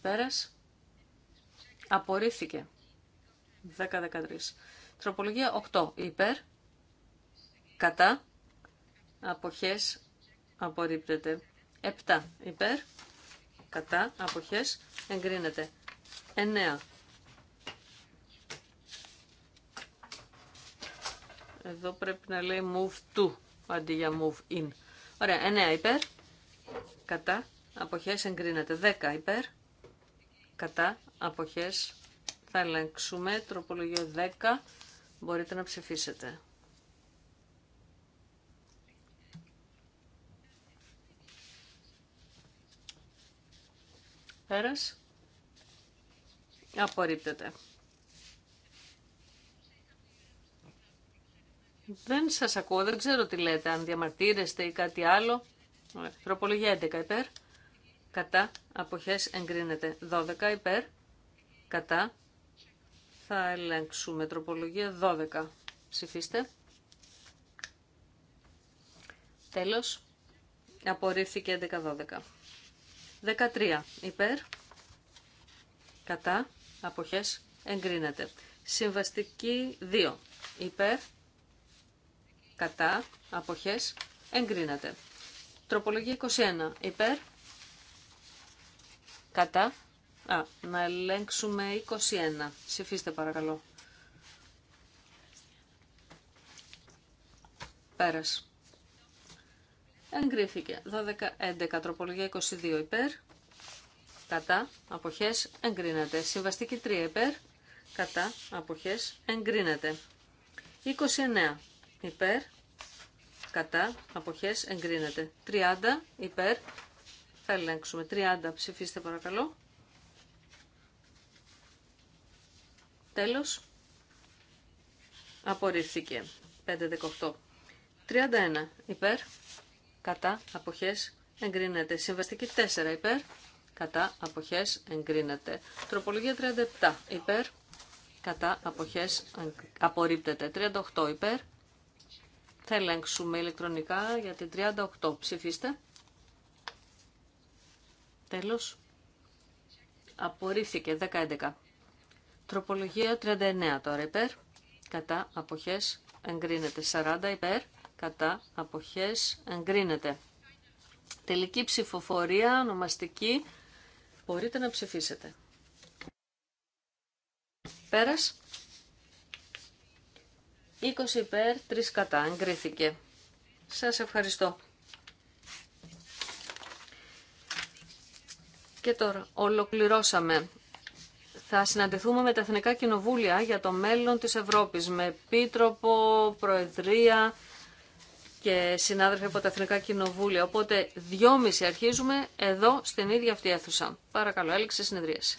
Πέρας. Απορρίφθηκε. 10-13. Τροπολογία 8. Υπέρ. Κατά. Αποχές. Απορρίπτεται. 7. Υπέρ κατά, αποχές, εγκρίνεται. 9. Εδώ πρέπει να λέει move to, αντί για move in. Ωραία, 9 υπέρ, κατά, αποχές, εγκρίνεται. 10 υπέρ, κατά, αποχές, θα ελέγξουμε. Τροπολογία 10, μπορείτε να ψηφίσετε. Πέρας. Απορρίπτεται. Δεν σας ακούω, δεν ξέρω τι λέτε, αν διαμαρτύρεστε ή κάτι άλλο. Τροπολογία 11 υπέρ, κατά, αποχές εγκρίνεται. 12 υπέρ, κατά, θα ελέγξουμε τροπολογία 12. Ψηφίστε. Τέλος, απορρίφθηκε 11-12. 13 υπέρ, κατά, αποχές, εγκρίνεται. Συμβαστική 2 υπέρ, κατά, αποχές, εγκρίνεται. Τροπολογία 21 υπέρ, κατά, α, να ελέγξουμε 21. Συμφίστε παρακαλώ. Πέρας εγκρίθηκε. 12-11 τροπολογία 22 υπέρ, κατά, αποχές, εγκρίνεται. Συμβαστική 3 υπέρ, κατά, αποχές, εγκρίνεται. 29 υπέρ, κατά, αποχές, εγκρίνεται. 30 υπέρ, θα ελέγξουμε. 30 ψηφίστε παρακαλώ. Τέλος. Απορρίφθηκε. 5-18. 31 υπέρ, κατά αποχές εγκρίνεται. Συμβαστική 4 υπέρ, κατά αποχές εγκρίνεται. Τροπολογία 37 υπέρ, κατά αποχές απορρίπτεται. 38 υπέρ, θα ελέγξουμε ηλεκτρονικά για την 38. Ψηφίστε. Τέλος. Απορρίφθηκε 10-11. Τροπολογία 39 τώρα υπέρ. Κατά αποχές εγκρίνεται 40 υπέρ κατά αποχές εγκρίνεται. Τελική ψηφοφορία, ονομαστική, μπορείτε να ψηφίσετε. Πέρας. 20 υπέρ, 3 κατά, εγκρίθηκε. Σας ευχαριστώ. Και τώρα, ολοκληρώσαμε. Θα συναντηθούμε με τα Εθνικά Κοινοβούλια για το μέλλον της Ευρώπης, με επίτροπο, προεδρία και συνάδελφοι από τα Εθνικά Κοινοβούλια. Οπότε, δυόμιση αρχίζουμε εδώ στην ίδια αυτή αίθουσα. Παρακαλώ, έλεξε συνεδρίαση.